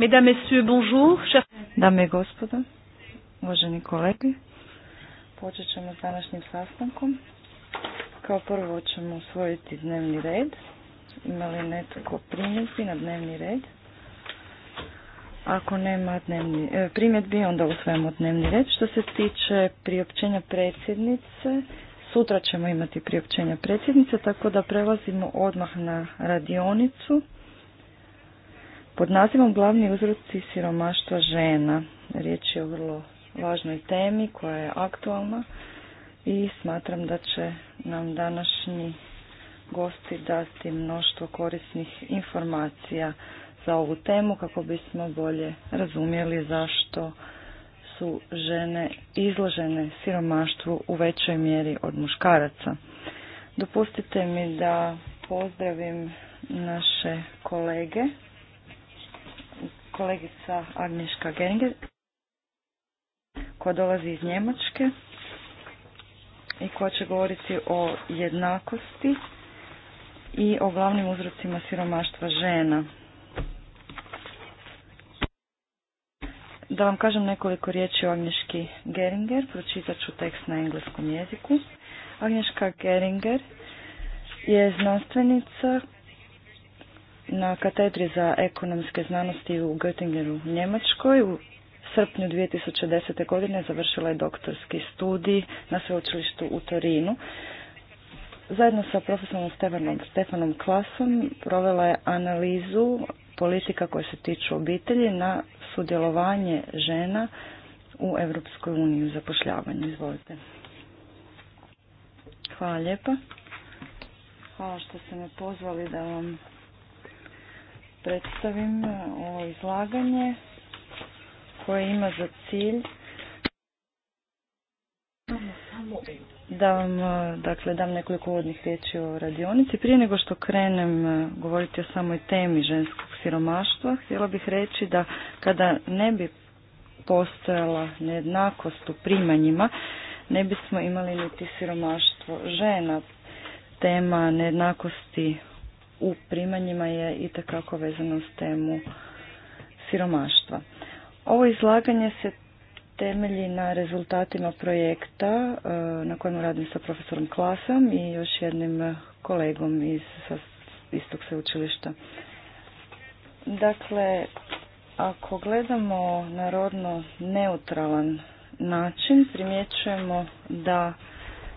Mesdames, Messieurs, bonjour. Dame i gospodo, uvaženi kolegi, počet ćemo s današnjim sastankom. Kao prvo ćemo usvojiti dnevni red. Ima li netko primjedbi na dnevni red? Ako nema dnevni, e, primjedbi, onda usvajamo dnevni red. Što se tiče priopćenja predsjednice, sutra ćemo imati priopćenja predsjednice, tako da prelazimo odmah na radionicu. Pod nazivom Glavni uzroci siromaštva žena. Riječ je o vrlo važnoj temi koja je aktualna i smatram da će nam današnji gosti dati mnoštvo korisnih informacija za ovu temu kako bismo bolje razumjeli zašto su žene izložene siromaštvu u većoj mjeri od muškaraca. Dopustite mi da pozdravim naše kolege kolegica Agnieszka Geringer, koja dolazi iz Njemačke i koja će govoriti o jednakosti i o glavnim uzrocima siromaštva žena. Da vam kažem nekoliko riječi o Agnješki Geringer, pročitat ću tekst na engleskom jeziku. Agnieszka Geringer je znanstvenica na katedri za ekonomske znanosti u Göttingenu, Njemačkoj. U srpnju 2010. godine završila je doktorski studij na sveučilištu u Torinu. Zajedno sa profesorom Stefanom, Stefanom Klasom provela je analizu politika koje se tiču obitelji na sudjelovanje žena u Europskoj uniji u zapošljavanju. Izvolite. Hvala lijepa. Hvala što ste me pozvali da vam predstavim e, ovo izlaganje koje ima za cilj da vam e, dakle, dam nekoliko uvodnih riječi o radionici. Prije nego što krenem e, govoriti o samoj temi ženskog siromaštva, htjela bih reći da kada ne bi postojala nejednakost u primanjima, ne bismo imali niti siromaštvo žena. Tema nejednakosti u primanjima je itekako vezano s temu siromaštva. Ovo izlaganje se temelji na rezultatima projekta e, na kojem radim sa profesorom Klasom i još jednim kolegom iz istog sveučilišta. Dakle, ako gledamo na rodno neutralan način, primjećujemo da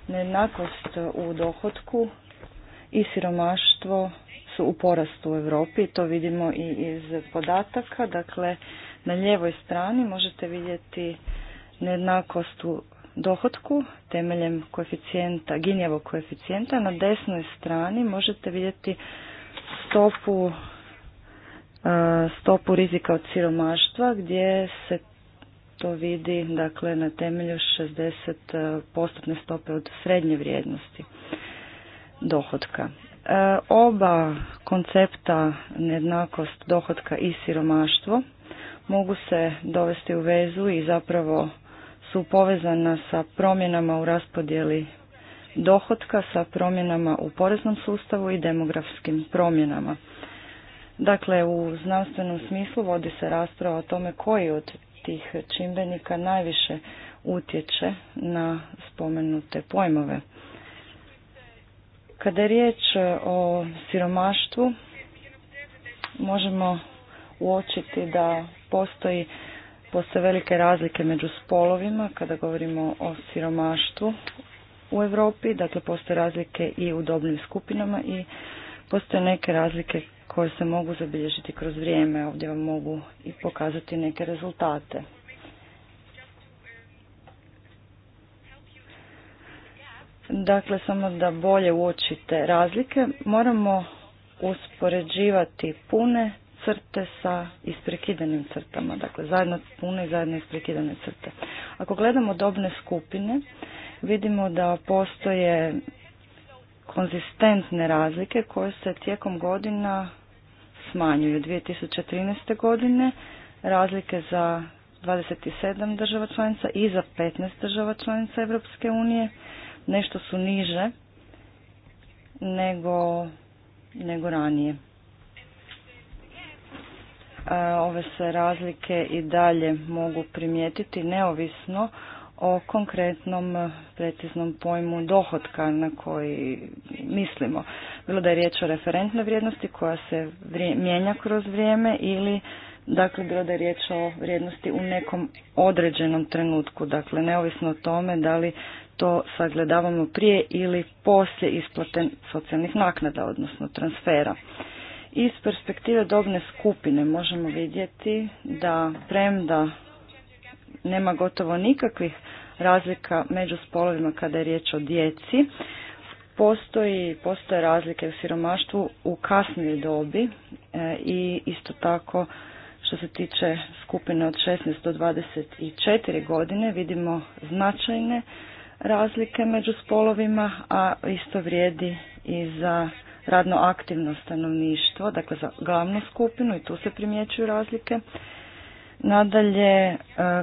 nejednakost u dohotku i siromaštvo su u porastu u Europi, to vidimo i iz podataka. Dakle, na ljevoj strani možete vidjeti nejednakost u dohotku temeljem koeficijenta, ginjevog koeficijenta. Na desnoj strani možete vidjeti stopu e, stopu rizika od siromaštva gdje se to vidi dakle na temelju 60 postupne stope od srednje vrijednosti dohotka. E, oba koncepta nejednakost dohotka i siromaštvo mogu se dovesti u vezu i zapravo su povezana sa promjenama u raspodjeli dohotka, sa promjenama u poreznom sustavu i demografskim promjenama. Dakle, u znanstvenom smislu vodi se rasprava o tome koji od tih čimbenika najviše utječe na spomenute pojmove. Kada je riječ e, o siromaštvu, možemo uočiti da postoji postoje velike razlike među spolovima kada govorimo o siromaštvu u Europi, dakle postoje razlike i u dobnim skupinama i postoje neke razlike koje se mogu zabilježiti kroz vrijeme. Ovdje vam mogu i pokazati neke rezultate. Dakle, samo da bolje uočite razlike, moramo uspoređivati pune crte sa isprekidanim crtama, dakle zajedno pune i zajedno isprekidane crte. Ako gledamo dobne skupine, vidimo da postoje konzistentne razlike koje se tijekom godina smanjuju. 2013. godine razlike za 27 država članica i za 15 država članica Europske unije nešto su niže nego, nego ranije. Ove se razlike i dalje mogu primijetiti neovisno o konkretnom preciznom pojmu dohotka na koji mislimo. Bilo da je riječ o referentnoj vrijednosti koja se mijenja kroz vrijeme ili dakle bilo da je riječ o vrijednosti u nekom određenom trenutku, dakle neovisno o tome da li to sagledavamo prije ili poslije isplate socijalnih naknada, odnosno transfera. Iz perspektive dobne skupine možemo vidjeti da premda nema gotovo nikakvih razlika među spolovima kada je riječ o djeci, postoji, postoje razlike u siromaštvu u kasnijoj dobi e, i isto tako što se tiče skupine od 16 do 24 godine vidimo značajne razlike među spolovima, a isto vrijedi i za radno aktivno stanovništvo, dakle za glavnu skupinu i tu se primjećuju razlike. Nadalje, e,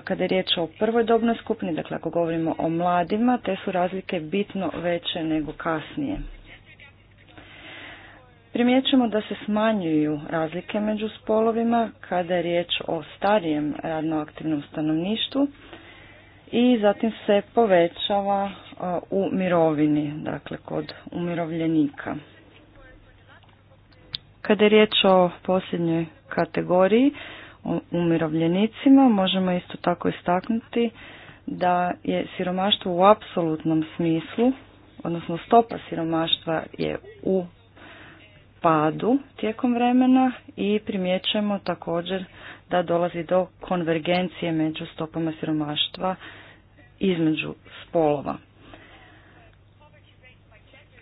kada je riječ o prvoj dobnoj skupini, dakle ako govorimo o mladima, te su razlike bitno veće nego kasnije. Primjećujemo da se smanjuju razlike među spolovima kada je riječ o starijem radnoaktivnom stanovništvu, i zatim se povećava uh, u mirovini, dakle kod umirovljenika. Kada je riječ o posljednjoj kategoriji, o umirovljenicima, možemo isto tako istaknuti da je siromaštvo u apsolutnom smislu, odnosno stopa siromaštva je u padu tijekom vremena i primjećujemo također da dolazi do konvergencije među stopama siromaštva između spolova.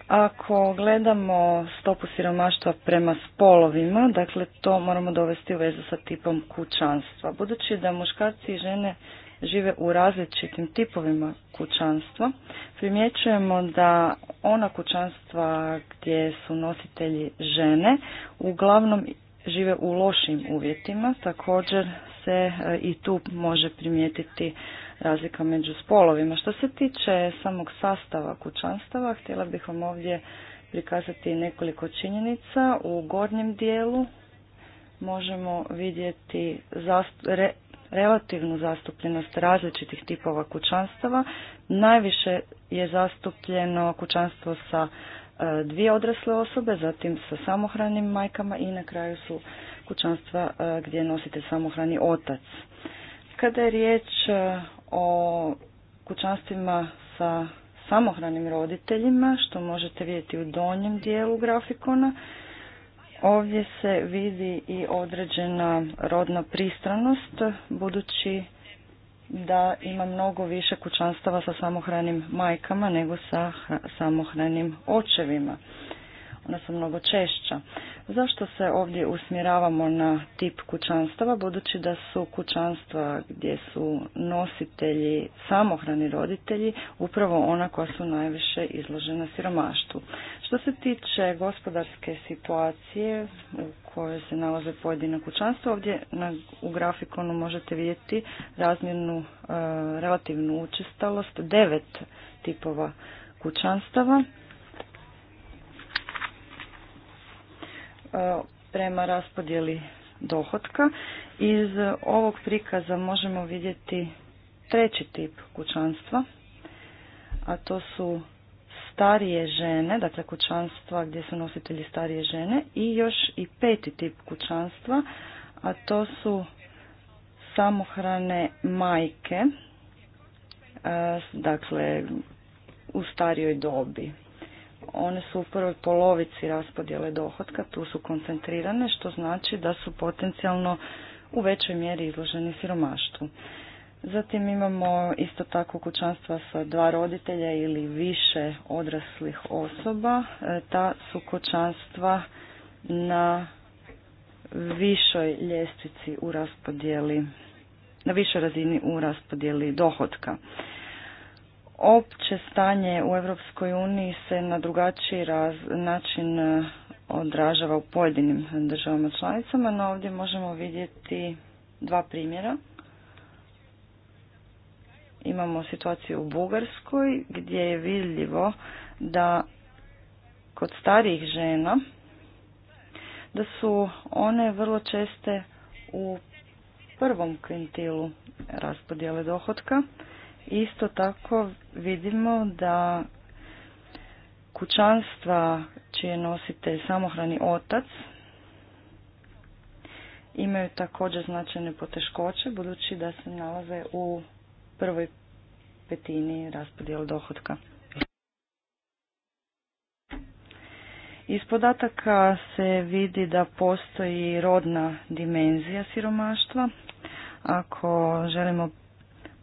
Ako gledamo stopu siromaštva prema spolovima, dakle to moramo dovesti u vezu sa tipom kućanstva. Budući da muškarci i žene žive u različitim tipovima kućanstva, primjećujemo da ona kućanstva gdje su nositelji žene uglavnom žive u lošim uvjetima. Također se e, i tu može primijetiti razlika među spolovima. Što se tiče samog sastava kućanstava, htjela bih vam ovdje prikazati nekoliko činjenica. U gornjem dijelu možemo vidjeti relativnu zastupljenost različitih tipova kućanstava. Najviše je zastupljeno kućanstvo sa E, dvije odrasle osobe, zatim sa samohranim majkama i na kraju su kućanstva e, gdje nosite samohrani otac. Kada je riječ e, o kućanstvima sa samohranim roditeljima, što možete vidjeti u donjem dijelu grafikona, ovdje se vidi i određena rodna pristranost, budući da ima mnogo više kućanstava sa samohranim majkama nego sa samohranim očevima. Ona su mnogo češća. Zašto se ovdje usmjeravamo na tip kućanstava, budući da su kućanstva gdje su nositelji samohrani roditelji upravo ona koja su najviše izložena siromaštvu. Što se tiče gospodarske situacije u kojoj se nalaze pojedina kućanstva, ovdje na, u grafikonu možete vidjeti razmjernu e, relativnu učestalost devet tipova kućanstava. E, prema raspodjeli dohotka. Iz ovog prikaza možemo vidjeti treći tip kućanstva, a to su starije žene, dakle kućanstva gdje su nositelji starije žene i još i peti tip kućanstva, a to su samohrane majke, e, dakle u starijoj dobi. One su u prvoj polovici raspodjele dohotka, tu su koncentrirane, što znači da su potencijalno u većoj mjeri izloženi siromaštvu. Zatim imamo isto tako kućanstva sa dva roditelja ili više odraslih osoba. E, ta su kućanstva na višoj ljestvici u raspodjeli, na višoj razini u raspodjeli dohotka. Opće stanje u Europskoj uniji se na drugačiji raz, način e, odražava u pojedinim državama članicama, no ovdje možemo vidjeti dva primjera imamo situaciju u Bugarskoj gdje je vidljivo da kod starijih žena da su one vrlo česte u prvom kvintilu raspodjele dohotka. Isto tako vidimo da kućanstva čije nosite samohrani otac imaju također značajne poteškoće budući da se nalaze u prvoj petini raspodjel dohotka. Iz podataka se vidi da postoji rodna dimenzija siromaštva. Ako želimo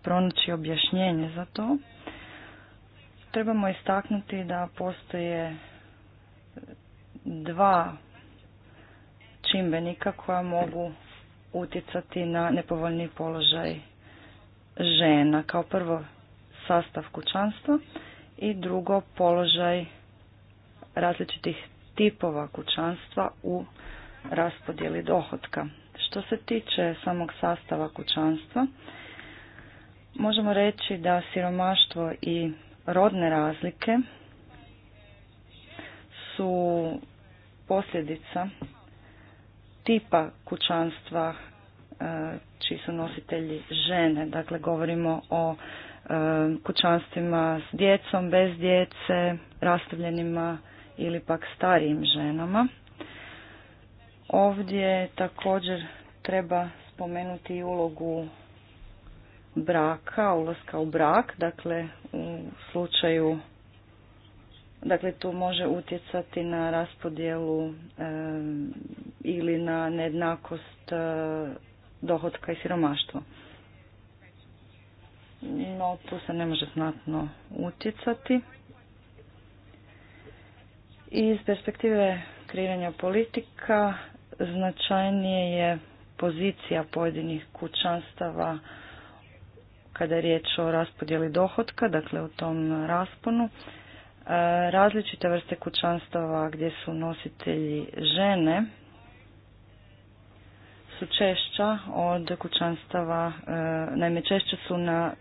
pronaći objašnjenje za to, trebamo istaknuti da postoje dva čimbenika koja mogu utjecati na nepovoljni položaj žena. Kao prvo sastav kućanstva i drugo položaj različitih tipova kućanstva u raspodjeli dohotka. Što se tiče samog sastava kućanstva, možemo reći da siromaštvo i rodne razlike su posljedica tipa kućanstva E, čiji su nositelji žene. Dakle, govorimo o e, kućanstvima s djecom, bez djece, rastavljenima ili pak starijim ženama. Ovdje također treba spomenuti i ulogu braka, ulaska u brak, dakle u slučaju dakle tu može utjecati na raspodjelu e, ili na nejednakost dohotka i siromaštvo. No, tu se ne može znatno utjecati. iz perspektive kreiranja politika značajnije je pozicija pojedinih kućanstava kada je riječ o raspodjeli dohotka, dakle u tom rasponu. E, različite vrste kućanstava gdje su nositelji žene su češća od kućanstava, e, naime češće su na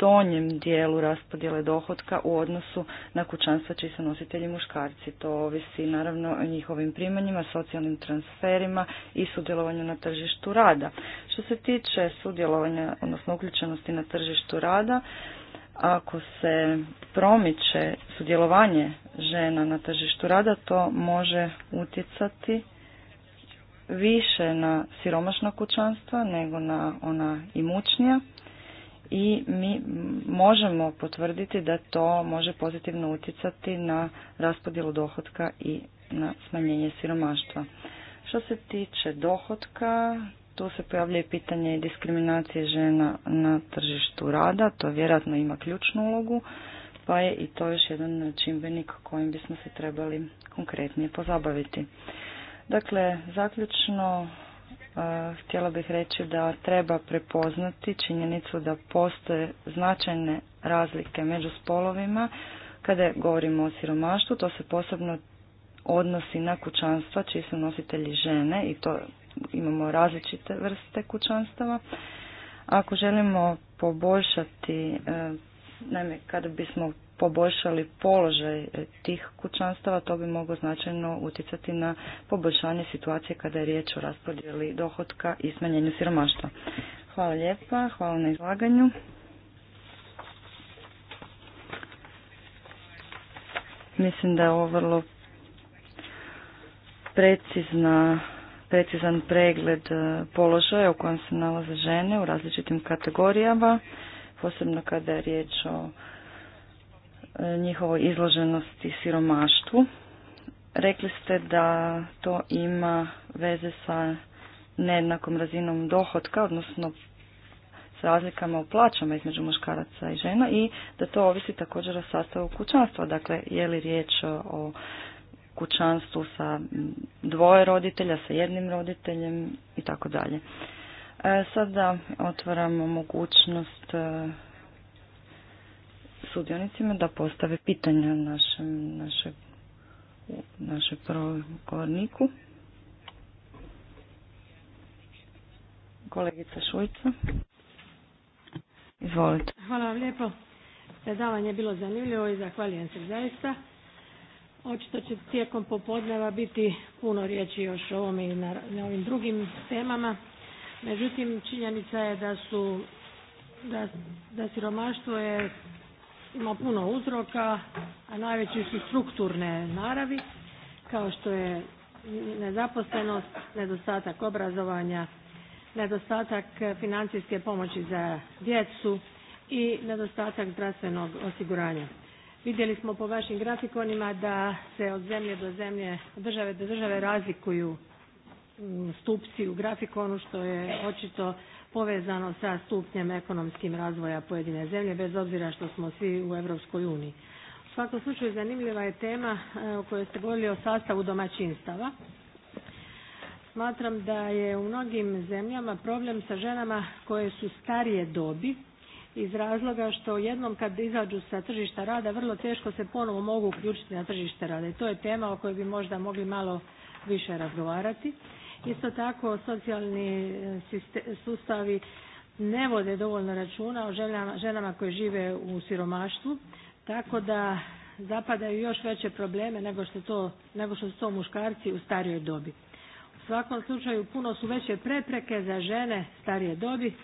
donjem dijelu raspodjele dohotka u odnosu na kućanstva čiji su nositelji muškarci. To ovisi naravno o njihovim primanjima, socijalnim transferima i sudjelovanju na tržištu rada. Što se tiče sudjelovanja, odnosno uključenosti na tržištu rada, ako se promiče sudjelovanje žena na tržištu rada, to može utjecati više na siromašna kućanstva nego na ona imućnija i mi možemo potvrditi da to može pozitivno utjecati na raspodjelu dohotka i na smanjenje siromaštva. Što se tiče dohotka, tu se pojavljuje i pitanje diskriminacije žena na tržištu rada, to vjerojatno ima ključnu ulogu, pa je i to još jedan čimbenik kojim bismo se trebali konkretnije pozabaviti. Dakle, zaključno htjela bih reći da treba prepoznati činjenicu da postoje značajne razlike među spolovima kada govorimo o siromaštvu, to se posebno odnosi na kućanstva čiji su nositelji žene i to imamo različite vrste kućanstava. Ako želimo poboljšati, e, naime, kada bismo poboljšali položaj e, tih kućanstava, to bi moglo značajno utjecati na poboljšanje situacije kada je riječ o raspodjeli dohotka i smanjenju siromaštva. Hvala lijepa, hvala na izlaganju. Mislim da je ovo vrlo precizna, precizan pregled e, položaja u kojem se nalaze žene u različitim kategorijama, posebno kada je riječ o njihovoj izloženosti siromaštvu. Rekli ste da to ima veze sa nejednakom razinom dohotka, odnosno s razlikama u plaćama između muškaraca i žena i da to ovisi također o sastavu kućanstva. Dakle, je li riječ o kućanstvu sa dvoje roditelja, sa jednim roditeljem i tako dalje. E, sada otvaramo mogućnost e, sudionicima da postave pitanja našem, našem, našem govorniku. Kolegica Izvolite. Hvala vam lijepo. Predavanje je bilo zanimljivo i zahvaljujem se zaista. Očito će tijekom popodneva biti puno riječi još o ovom i na, ovim drugim temama. Međutim, činjenica je da su da, da siromaštvo je ima puno uzroka, a najveći su strukturne naravi, kao što je nezaposlenost, nedostatak obrazovanja, nedostatak financijske pomoći za djecu i nedostatak zdravstvenog osiguranja. Vidjeli smo po vašim grafikonima da se od zemlje do zemlje, od države do države razlikuju mm, stupci u grafikonu, što je očito povezano sa stupnjem ekonomskim razvoja pojedine zemlje bez obzira što smo svi u Europskoj uniji. U svakom slučaju zanimljiva je tema e, o kojoj ste govorili o sastavu domaćinstava. Smatram da je u mnogim zemljama problem sa ženama koje su starije dobi iz razloga što jednom kad izađu sa tržišta rada vrlo teško se ponovo mogu uključiti na tržište rada i to je tema o kojoj bi možda mogli malo više razgovarati. Isto tako socijalni eh, sustavi ne vode dovoljno računa o ženama, koje žive u siromaštvu, tako da zapadaju još veće probleme nego što, to, nego što su to muškarci u starijoj dobi. U svakom slučaju puno su veće prepreke za žene starije dobi eh,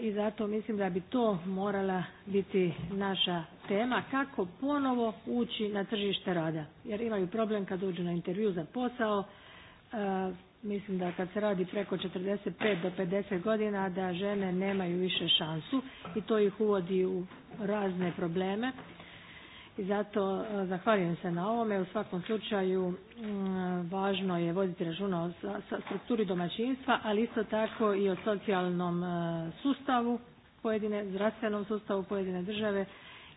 i zato mislim da bi to morala biti naša tema kako ponovo ući na tržište rada jer imaju problem kad uđu na intervju za posao eh, mislim da kad se radi preko 45 do 50 godina da žene nemaju više šansu i to ih uvodi u razne probleme. I zato e, zahvaljujem se na ovome. U svakom slučaju važno je voditi računa o strukturi domaćinstva, ali isto tako i o socijalnom e, sustavu pojedine, zdravstvenom sustavu pojedine države.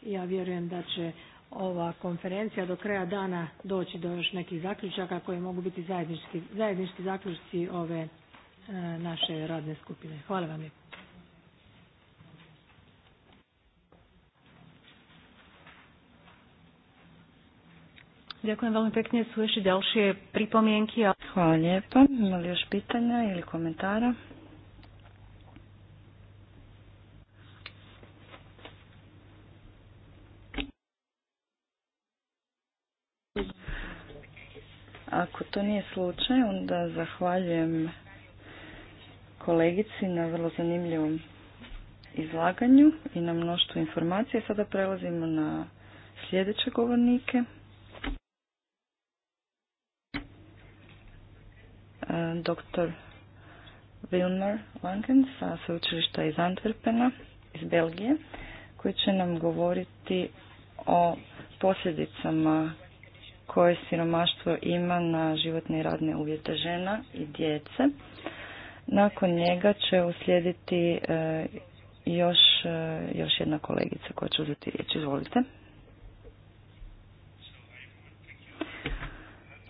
Ja vjerujem da će ova konferencija do kraja dana doći do još nekih zaključaka koji mogu biti zajednički, zajednički zaključci ove e, naše radne skupine. Hvala vam lijepo. veoma veľmi pekne. Sú ešte ďalšie pripomienky. Hvala lijepa. Imali još pitanja ili komentara? Ako to nije slučaj, onda zahvaljujem kolegici na vrlo zanimljivom izlaganju i na mnoštvu informacija. Sada prelazimo na sljedeće govornike. Dr. Wilmer Langen sa sveučilišta iz Antwerpena, iz Belgije, koji će nam govoriti o posljedicama koje siromaštvo ima na životne i radne uvjete žena i djece. Nakon njega će uslijediti e, još, e, još jedna kolegica koja će uzeti riječ. Izvolite.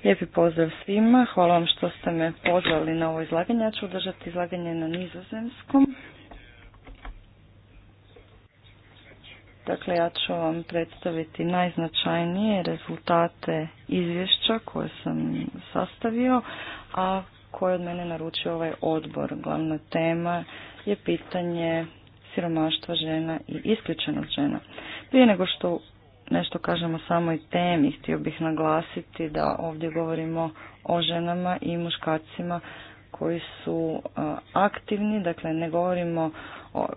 Lijepi pozdrav svima. Hvala vam što ste me pozvali na ovo izlaganje. Ja ću održati izlaganje na nizozemskom. Dakle, ja ću vam predstaviti najznačajnije rezultate izvješća koje sam sastavio, a koje od mene naručio ovaj odbor. Glavna tema je pitanje siromaštva žena i isključenost žena. Prije nego što nešto kažemo o samoj temi, htio bih naglasiti da ovdje govorimo o ženama i muškacima koji su aktivni, dakle ne govorimo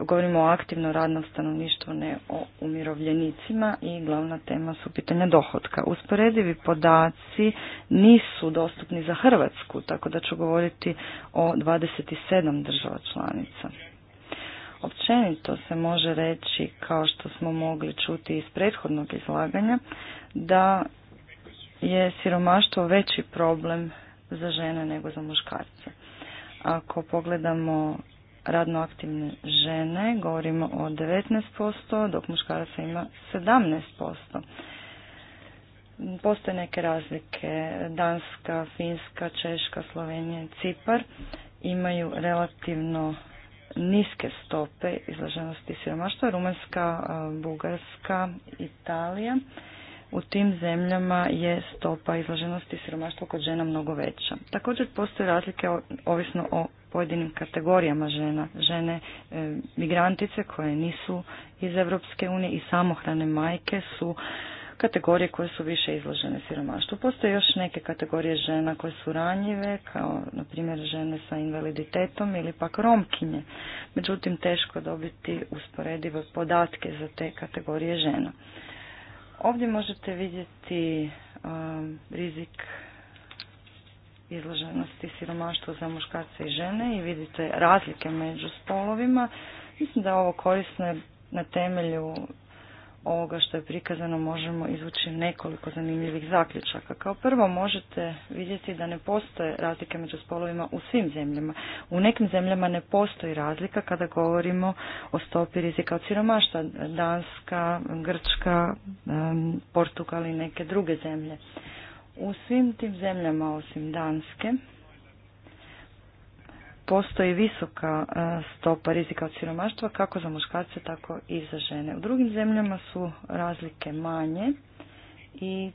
govorimo o aktivno radnom stanovništvu, ne o umirovljenicima i glavna tema su pitanja dohotka. Usporedivi podaci nisu dostupni za Hrvatsku, tako da ću govoriti o 27 država članica. Općenito se može reći, kao što smo mogli čuti iz prethodnog izlaganja, da je siromaštvo veći problem za žene nego za muškarce. Ako pogledamo radno aktivne žene, govorimo o 19%, dok muškaraca ima 17%. Postoje neke razlike, Danska, Finska, Češka, Slovenija Cipar imaju relativno niske stope izlaženosti siromaštva, Rumanska, Bugarska, Italija. U tim zemljama je stopa izloženosti siromaštva kod žena mnogo veća. Također postoje razlike ovisno o pojedinim kategorijama žena. Žene e, migrantice koje nisu iz Europske unije i samohrane majke su kategorije koje su više izložene siromaštvu. Postoje još neke kategorije žena koje su ranjive, kao na primjer žene sa invaliditetom ili pak romkinje. Međutim, teško dobiti usporedive podatke za te kategorije žena. Ovdje možete vidjeti rizik izloženosti siromaštvu za muškarce i žene i vidite razlike među spolovima. Mislim da ovo korisno na temelju ovoga što je prikazano možemo izvući nekoliko zanimljivih zaključaka. Kao prvo možete vidjeti da ne postoje razlike među spolovima u svim zemljama. U nekim zemljama ne postoji razlika kada govorimo o stopi rizika od siromaštva, Danska, Grčka, Portugal i neke druge zemlje. U svim tim zemljama osim Danske postoji visoka e, stopa rizika od siromaštva kako za muškarce tako i za žene. U drugim zemljama su razlike manje i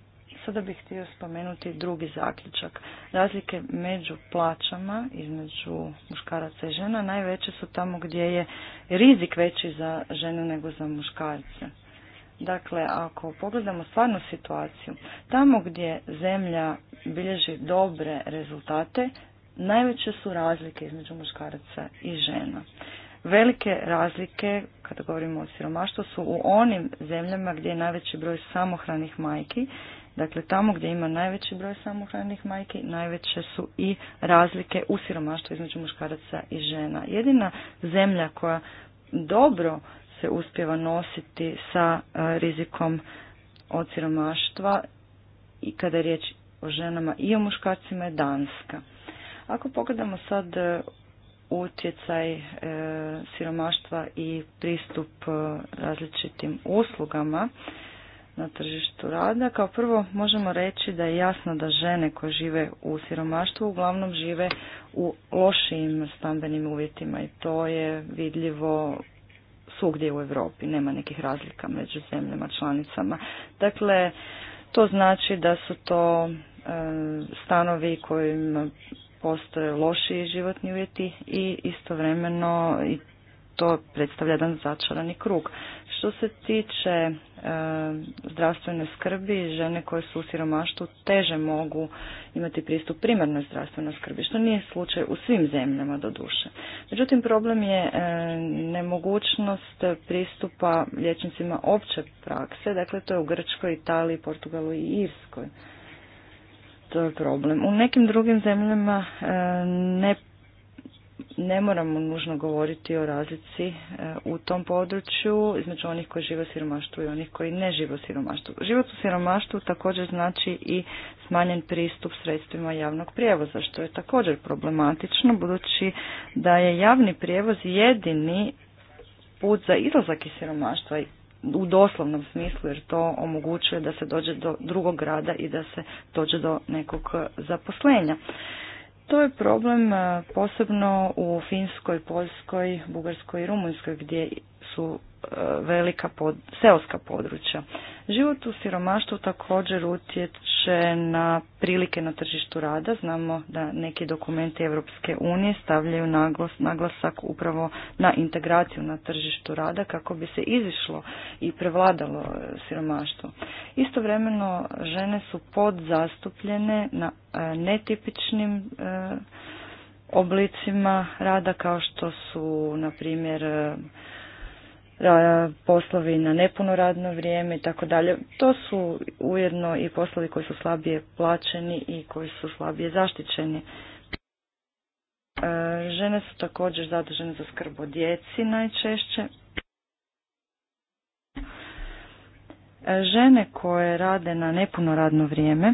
sada bih htio spomenuti drugi zaključak. Razlike među plaćama između muškaraca i žena najveće su tamo gdje je rizik veći za ženu nego za muškarce. Dakle, ako pogledamo stvarnu situaciju, tamo gdje zemlja bilježi dobre rezultate, najveće su razlike između muškaraca i žena. Velike razlike, kada govorimo o siromaštvu, su u onim zemljama gdje je najveći broj samohranih majki. Dakle, tamo gdje ima najveći broj samohranih majki, najveće su i razlike u siromaštvu između muškaraca i žena. Jedina zemlja koja dobro se uspjeva nositi sa e, rizikom od siromaštva i kada je riječ o ženama i o muškarcima je Danska. Ako pogledamo sad e, utjecaj e, siromaštva i pristup različitim uslugama na tržištu rada, kao prvo možemo reći da je jasno da žene koje žive u siromaštvu uglavnom žive u lošijim stambenim uvjetima i to je vidljivo svugdje u Europi, nema nekih razlika među zemljama članicama. Dakle, to znači da su to e, stanovi kojim postoje lošiji životni uvjeti i istovremeno i to predstavlja jedan začarani krug. Što se tiče e, zdravstvene skrbi, žene koje su u siromaštu teže mogu imati pristup primarnoj zdravstvenoj skrbi, što nije slučaj u svim zemljama do duše. Međutim, problem je e, nemogućnost pristupa liječnicima opće prakse, dakle to je u Grčkoj, Italiji, Portugalu i Irskoj. To je problem. U nekim drugim zemljama e, ne ne moramo nužno govoriti o razlici e, u tom području između onih koji žive u siromaštvu i onih koji ne žive u siromaštvu. Život u siromaštvu također znači i smanjen pristup sredstvima javnog prijevoza, što je također problematično budući da je javni prijevoz jedini put za izlazak iz siromaštva u doslovnom smislu jer to omogućuje da se dođe do drugog grada i da se dođe do nekog zaposlenja. To je problem posebno u Finskoj, Poljskoj, Bugarskoj i Rumunjskoj gdje su E, velika pod, seoska područja. Život u siromaštvu također utječe na prilike na tržištu rada. Znamo da neki dokumenti Europske unije stavljaju naglasak upravo na integraciju na tržištu rada kako bi se izišlo i prevladalo siromaštvo. Istovremeno žene su podzastupljene na e, netipičnim e, oblicima rada kao što su na primjer poslovi na nepuno radno vrijeme i tako dalje. To su ujedno i poslovi koji su slabije plaćeni i koji su slabije zaštićeni. E, žene su također zadržene za skrb o djeci najčešće. E, žene koje rade na nepuno radno vrijeme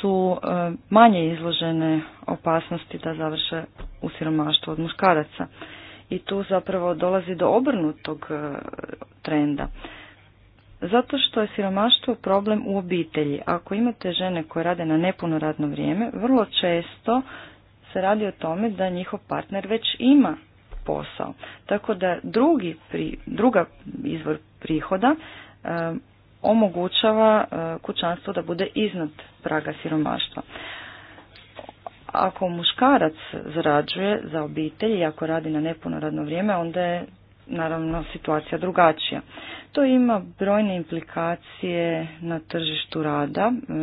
su e, manje izložene opasnosti da završe u siromaštvu od muškaraca i tu zapravo dolazi do obrnutog e, trenda. Zato što je siromaštvo problem u obitelji. Ako imate žene koje rade na nepuno radno vrijeme, vrlo često se radi o tome da njihov partner već ima posao. Tako da drugi pri, druga izvor prihoda e, omogućava e, kućanstvo da bude iznad praga siromaštva ako muškarac zarađuje za obitelj i ako radi na nepuno radno vrijeme, onda je naravno situacija drugačija. To ima brojne implikacije na tržištu rada. E,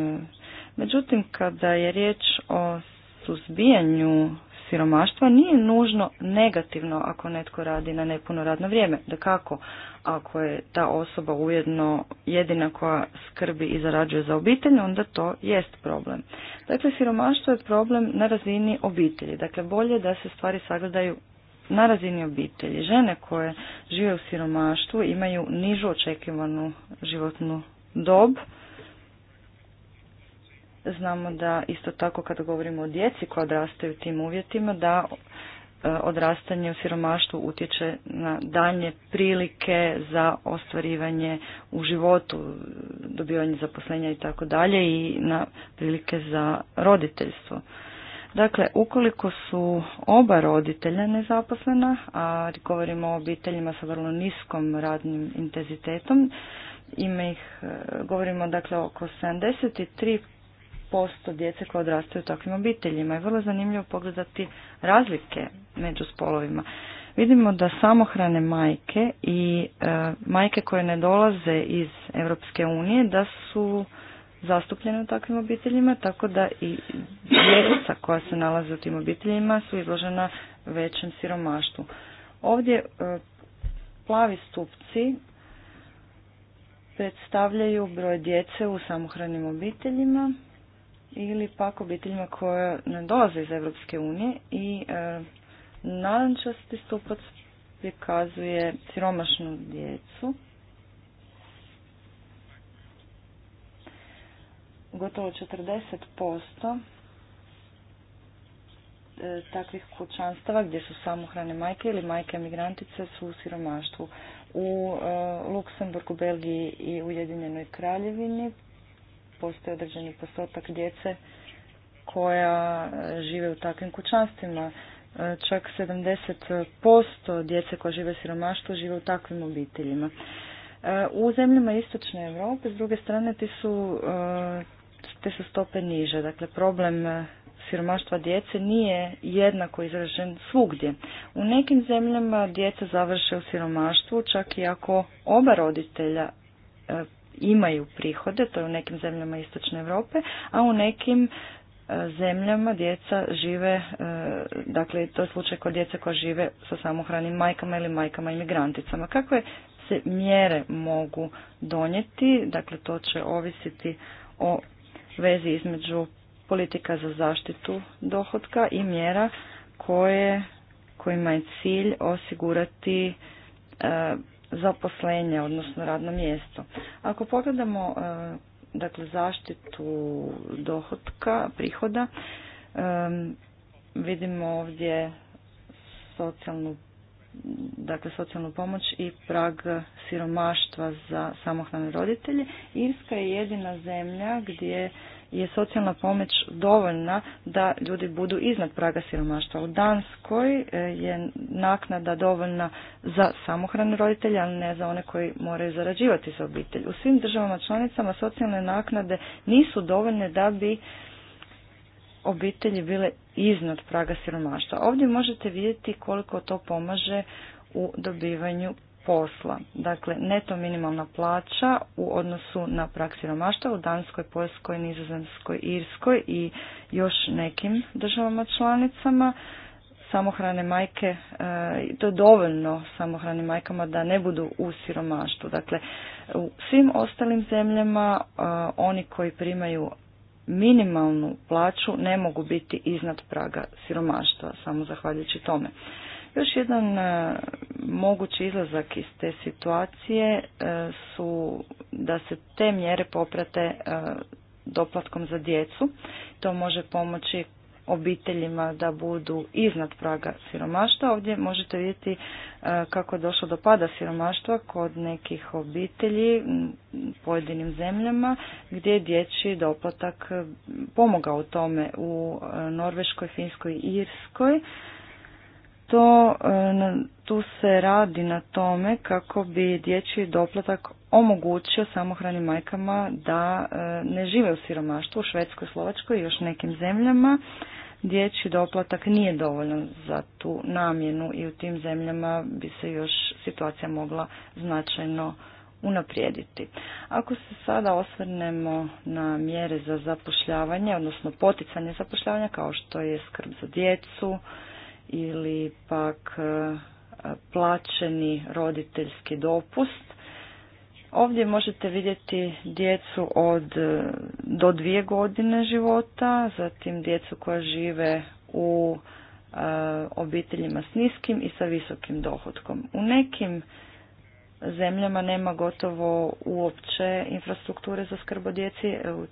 međutim, kada je riječ o suzbijanju siromaštva nije nužno negativno ako netko radi na nepuno radno vrijeme. Da kako, ako je ta osoba ujedno jedina koja skrbi i zarađuje za obitelj, onda to jest problem. Dakle, siromaštvo je problem na razini obitelji. Dakle, bolje da se stvari sagledaju na razini obitelji. Žene koje žive u siromaštvu imaju nižu očekivanu životnu dob, Znamo da isto tako kada govorimo o djeci koja odrastaju u tim uvjetima, da e, odrastanje u siromaštvu utječe na dalje prilike za ostvarivanje u životu, dobivanje zaposlenja i tako dalje i na prilike za roditeljstvo. Dakle, ukoliko su oba roditelja nezaposlena, a govorimo o obiteljima sa vrlo niskom radnim intenzitetom, ima ih, e, govorimo dakle oko 73 posto djece koja odrastaju u takvim obiteljima. I vrlo zanimljivo pogledati razlike među spolovima. Vidimo da samohrane majke i e, majke koje ne dolaze iz Europske unije da su zastupljene u takvim obiteljima, tako da i djeca koja se nalaze u tim obiteljima su izložena većem siromaštvu. Ovdje e, plavi stupci predstavljaju broj djece u samohranim obiteljima ili pak obiteljima koje ne dolaze iz Europske unije i e, narančasti stupac prikazuje siromašnu djecu. Gotovo 40% e, takvih kućanstava gdje su samohrane majke ili majke emigrantice su u siromaštvu. U e, Luksemburgu, Belgiji i Ujedinjenoj kraljevini postoji određeni postotak djece koja e, žive u takvim kućanstvima. E, čak 70% djece koja žive u siromaštvu žive u takvim obiteljima. E, u zemljama istočne Europe, s druge strane, ti su, te su stope niže. Dakle, problem siromaštva djece nije jednako izražen svugdje. U nekim zemljama djeca završe u siromaštvu, čak i ako oba roditelja imaju prihode, to je u nekim zemljama istočne Europe, a u nekim e, zemljama djeca žive, e, dakle to je slučaj kod djece koja žive sa samohranim majkama ili majkama imigranticama. Kakve se mjere mogu donijeti, dakle to će ovisiti o vezi između politika za zaštitu dohotka i mjera koje, kojima je cilj osigurati e, zaposlenje, odnosno radno mjesto. Ako pogledamo e, dakle, zaštitu dohotka, prihoda, e, vidimo ovdje socijalnu dakle socijalnu pomoć i prag siromaštva za samohrane roditelje. Irska je jedina zemlja gdje je socijalna pomoć dovoljna da ljudi budu iznad praga siromaštva. U Danskoj e, je naknada dovoljna za samohrane roditelje, ali ne za one koji moraju zarađivati za obitelj. U svim državama članicama socijalne naknade nisu dovoljne da bi obitelji bile iznad praga siromaštva. Ovdje možete vidjeti koliko to pomaže u dobivanju posla. Dakle, neto minimalna plaća u odnosu na prak siromaštva u Danskoj, Poljskoj, Nizozemskoj, Irskoj i još nekim državama članicama samohrane majke, e, to je dovoljno samohranim majkama da ne budu u siromaštvu. Dakle, u svim ostalim zemljama e, oni koji primaju minimalnu plaću ne mogu biti iznad praga siromaštva, samo zahvaljujući tome. Još jedan e, mogući izlazak iz te situacije e, su da se te mjere poprate e, doplatkom za djecu. To može pomoći obiteljima da budu iznad praga siromaštva. Ovdje možete vidjeti kako je došlo do pada siromaštva kod nekih obitelji u pojedinim zemljama gdje je dječji doplatak pomogao u tome u Norveškoj, Finskoj i Irskoj to e, tu se radi na tome kako bi dječji doplatak omogućio samohranim majkama da e, ne žive u siromaštvu u Švedskoj, Slovačkoj i još nekim zemljama. Dječji doplatak nije dovoljan za tu namjenu i u tim zemljama bi se još situacija mogla značajno unaprijediti. Ako se sada osvrnemo na mjere za zapošljavanje, odnosno poticanje zapošljavanja kao što je skrb za djecu, ili pak e, plaćeni roditeljski dopust. Ovdje možete vidjeti djecu od e, do dvije godine života, zatim djecu koja žive u e, obiteljima s niskim i sa visokim dohodkom. U nekim zemljama nema gotovo uopće infrastrukture za skrbo djeci u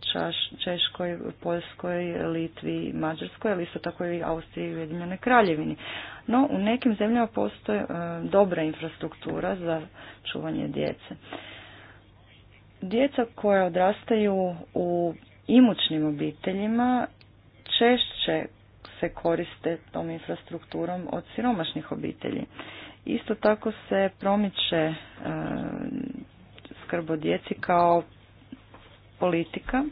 Češkoj, Poljskoj, Litvi, Mađarskoj, ali isto tako i Austriji i Ujedinjenoj Kraljevini. No, u nekim zemljama postoji e, dobra infrastruktura za čuvanje djece. Djeca koja odrastaju u imućnim obiteljima češće se koriste tom infrastrukturom od siromašnih obitelji. Isto tako se promiče e, skrb o djeci kao politika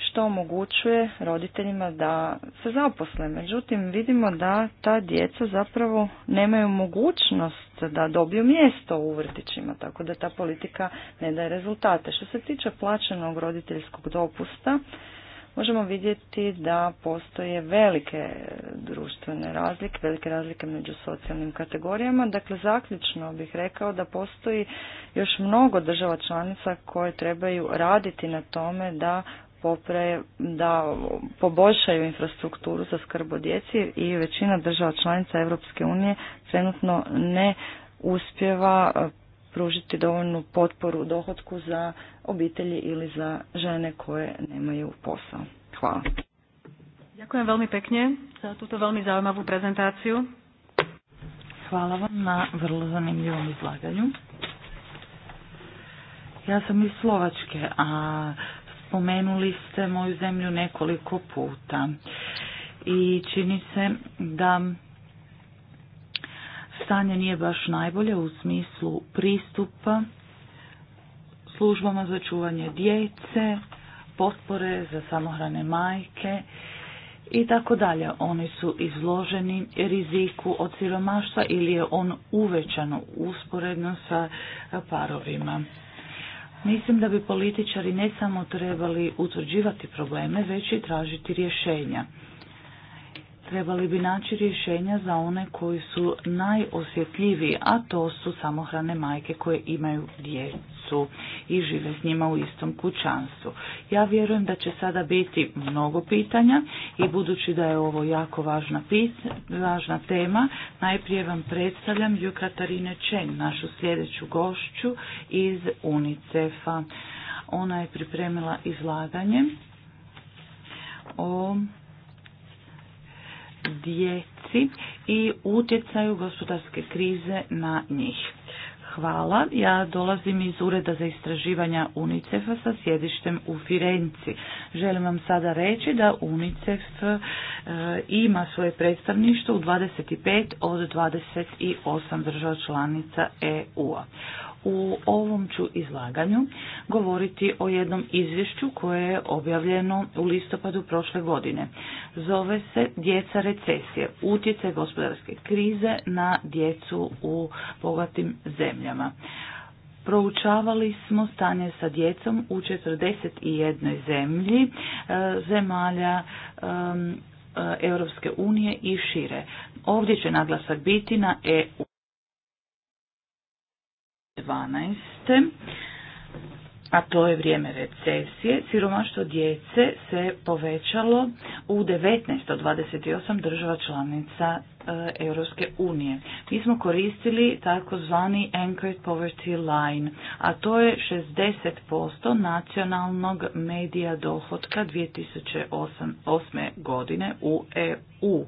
što omogućuje roditeljima da se zaposle. Međutim, vidimo da ta djeca zapravo nemaju mogućnost da dobiju mjesto u vrtićima, tako da ta politika ne daje rezultate. Što se tiče plaćenog roditeljskog dopusta, možemo vidjeti da postoje velike društvene razlike, velike razlike među socijalnim kategorijama. Dakle, zaključno bih rekao da postoji još mnogo država članica koje trebaju raditi na tome da popre, da poboljšaju infrastrukturu za skrb o djeci i većina država članica Europske unije trenutno ne uspjeva pružiti dovoljnu potporu dohotku za obitelji ili za žene koje nemaju posao. Hvala. Ďakujem veľmi pekne za túto veľmi zaujímavú prezentáciu. Hvala vam na vrlo zanimljivom izlaganju. Ja sam iz Slovačke, a spomenuli ste moju zemlju nekoliko puta. I čini se da stanje nije baš najbolje u smislu pristupa službama za čuvanje djece, potpore za samohrane majke i tako dalje. Oni su izloženi riziku od siromaštva ili je on uvećano usporedno sa parovima. Mislim da bi političari ne samo trebali utvrđivati probleme, već i tražiti rješenja trebali bi naći rješenja za one koji su najosjetljiviji, a to su samohrane majke koje imaju djecu i žive s njima u istom kućanstvu. Ja vjerujem da će sada biti mnogo pitanja i budući da je ovo jako važna, pit, važna tema, najprije vam predstavljam Ju Katarine Čen, našu sljedeću gošću iz UNICEF-a. Ona je pripremila izlaganje o djeci i utjecaju gospodarske krize na njih. Hvala. Ja dolazim iz Ureda za istraživanja UNICEF-a sa sjedištem u Firenci. Želim vam sada reći da UNICEF e, ima svoje predstavništvo u 25 od 28 država članica EU-a. U ovom ću izlaganju govoriti o jednom izvješću koje je objavljeno u listopadu prošle godine. Zove se Djeca recesije, utjecaj gospodarske krize na djecu u bogatim zemljama. Proučavali smo stanje sa djecom u 41 zemlji, e, zemalja e, Europske unije i šire. Ovdje će naglasak biti na EU 2012. A to je vrijeme recesije. Siromaštvo djece se povećalo u 19 od 28 država članica e, Europske unije. Mi smo koristili takozvani anchored poverty line, a to je 60% nacionalnog medija dohotka 2008. godine u EU.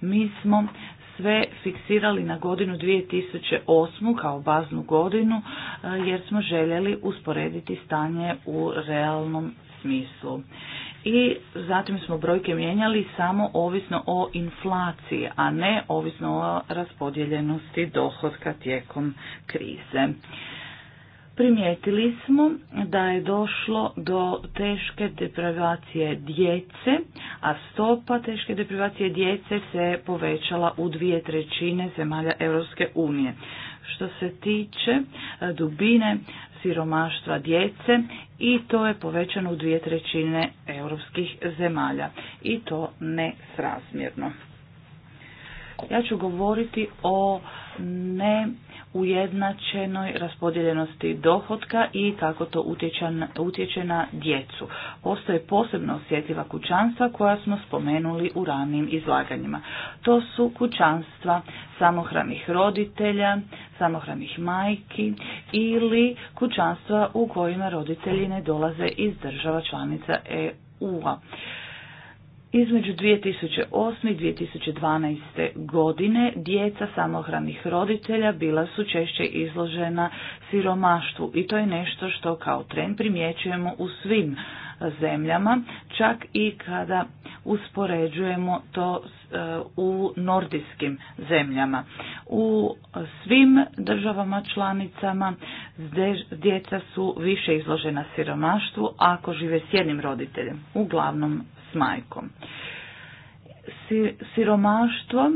Mi smo sve fiksirali na godinu 2008. kao baznu godinu e, jer smo željeli usporediti stanje u realnom smislu. I zatim smo brojke mijenjali samo ovisno o inflaciji, a ne ovisno o raspodjeljenosti dohodka tijekom krize primijetili smo da je došlo do teške deprivacije djece, a stopa teške deprivacije djece se povećala u dvije trećine zemalja Europske unije. Što se tiče e, dubine siromaštva djece i to je povećano u dvije trećine europskih zemalja i to nesrazmjerno. Ja ću govoriti o ne ujednačenoj raspodjeljenosti dohotka i kako to utječe na djecu. Postoje posebno osjetljiva kućanstva koja smo spomenuli u ranijim izlaganjima. To su kućanstva samohranih roditelja, samohranih majki ili kućanstva u kojima roditelji ne dolaze iz država članica EU-a. Između 2008. i 2012. godine djeca samohranih roditelja bila su češće izložena siromaštvu i to je nešto što kao trend primjećujemo u svim zemljama, čak i kada uspoređujemo to e, u nordijskim zemljama. U svim državama članicama djeca su više izložena siromaštvu ako žive s jednim roditeljem, uglavnom majkom. Siromaštvo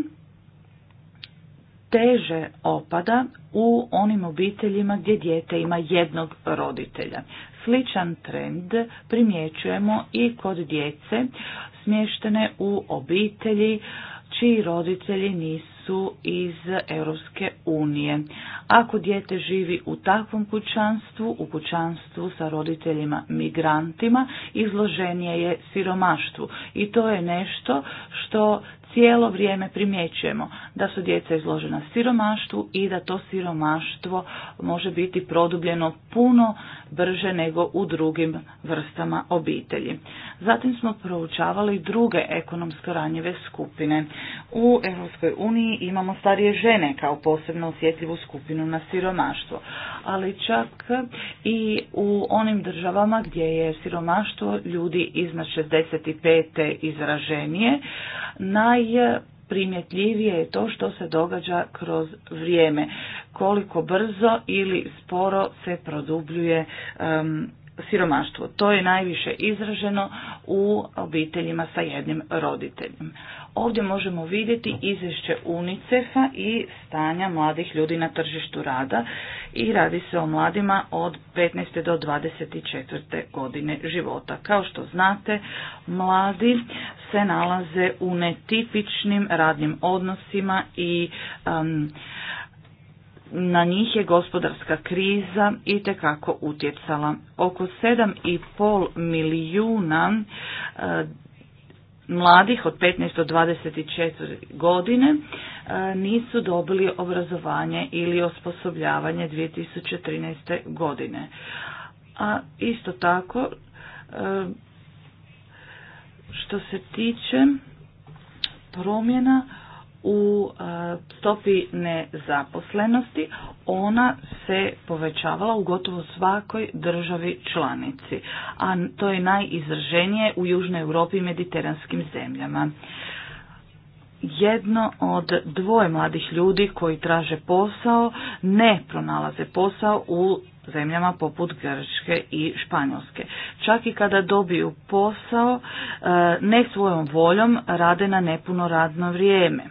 teže opada u onim obiteljima gdje dijete ima jednog roditelja. Sličan trend primjećujemo i kod djece smještene u obitelji čiji roditelji nisu su iz Europske unije. Ako dijete živi u takvom kućanstvu, u kućanstvu sa roditeljima migrantima, izloženje je siromaštvu i to je nešto što cijelo vrijeme primjećujemo da su djeca izložena siromaštvu i da to siromaštvo može biti produbljeno puno brže nego u drugim vrstama obitelji. Zatim smo proučavali druge ekonomsko ranjive skupine. U Europskoj uniji imamo starije žene kao posebno osjetljivu skupinu na siromaštvo. Ali čak i u onim državama gdje je siromaštvo ljudi iznad 65. izraženije, najprimjetljivije je to što se događa kroz vrijeme, koliko brzo ili sporo se produbljuje siromaštvu. To je najviše izraženo u obiteljima sa jednim roditeljem. Ovdje možemo vidjeti izvješće UNICEF-a i stanja mladih ljudi na tržištu rada i radi se o mladima od 15. do 24. godine života. Kao što znate, mladi se nalaze u netipičnim radnim odnosima i um, na njih je gospodarska kriza i tekako utjecala. Oko 7,5 milijuna e, mladih od 15 do 24 godine e, nisu dobili obrazovanje ili osposobljavanje 2013. godine. A isto tako, e, što se tiče promjena, u e, stopi nezaposlenosti ona se povećavala u gotovo svakoj državi članici, a to je najizraženije u Južnoj Europi i mediteranskim zemljama. Jedno od dvoje mladih ljudi koji traže posao ne pronalaze posao u zemljama poput Grčke i Španjolske. Čak i kada dobiju posao, e, ne svojom voljom rade na nepuno radno vrijeme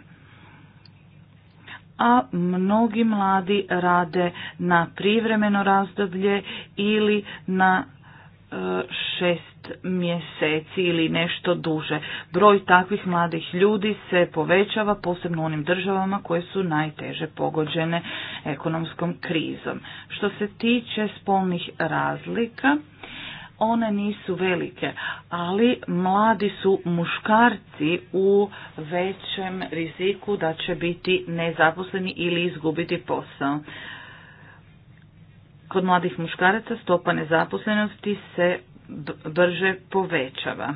a mnogi mladi rade na privremeno razdoblje ili na e, šest mjeseci ili nešto duže. Broj takvih mladih ljudi se povećava posebno u onim državama koje su najteže pogođene ekonomskom krizom. Što se tiče spolnih razlika, one nisu velike, ali mladi su muškarci u većem riziku da će biti nezaposleni ili izgubiti posao. Kod mladih muškaraca stopa nezaposlenosti se brže povećava.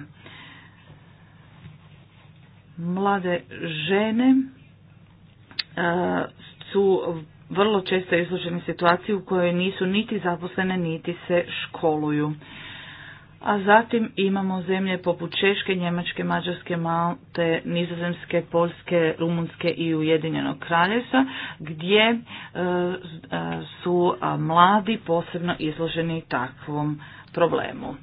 Mlade žene e, su vrlo često izložene situaciji u kojoj nisu niti zaposlene, niti se školuju a zatim imamo zemlje poput Češke, Njemačke, Mađarske, Malte, Nizozemske, Poljske, Rumunske i Ujedinjenog kraljevstva gdje e, e, su mladi posebno izloženi takvom problemu.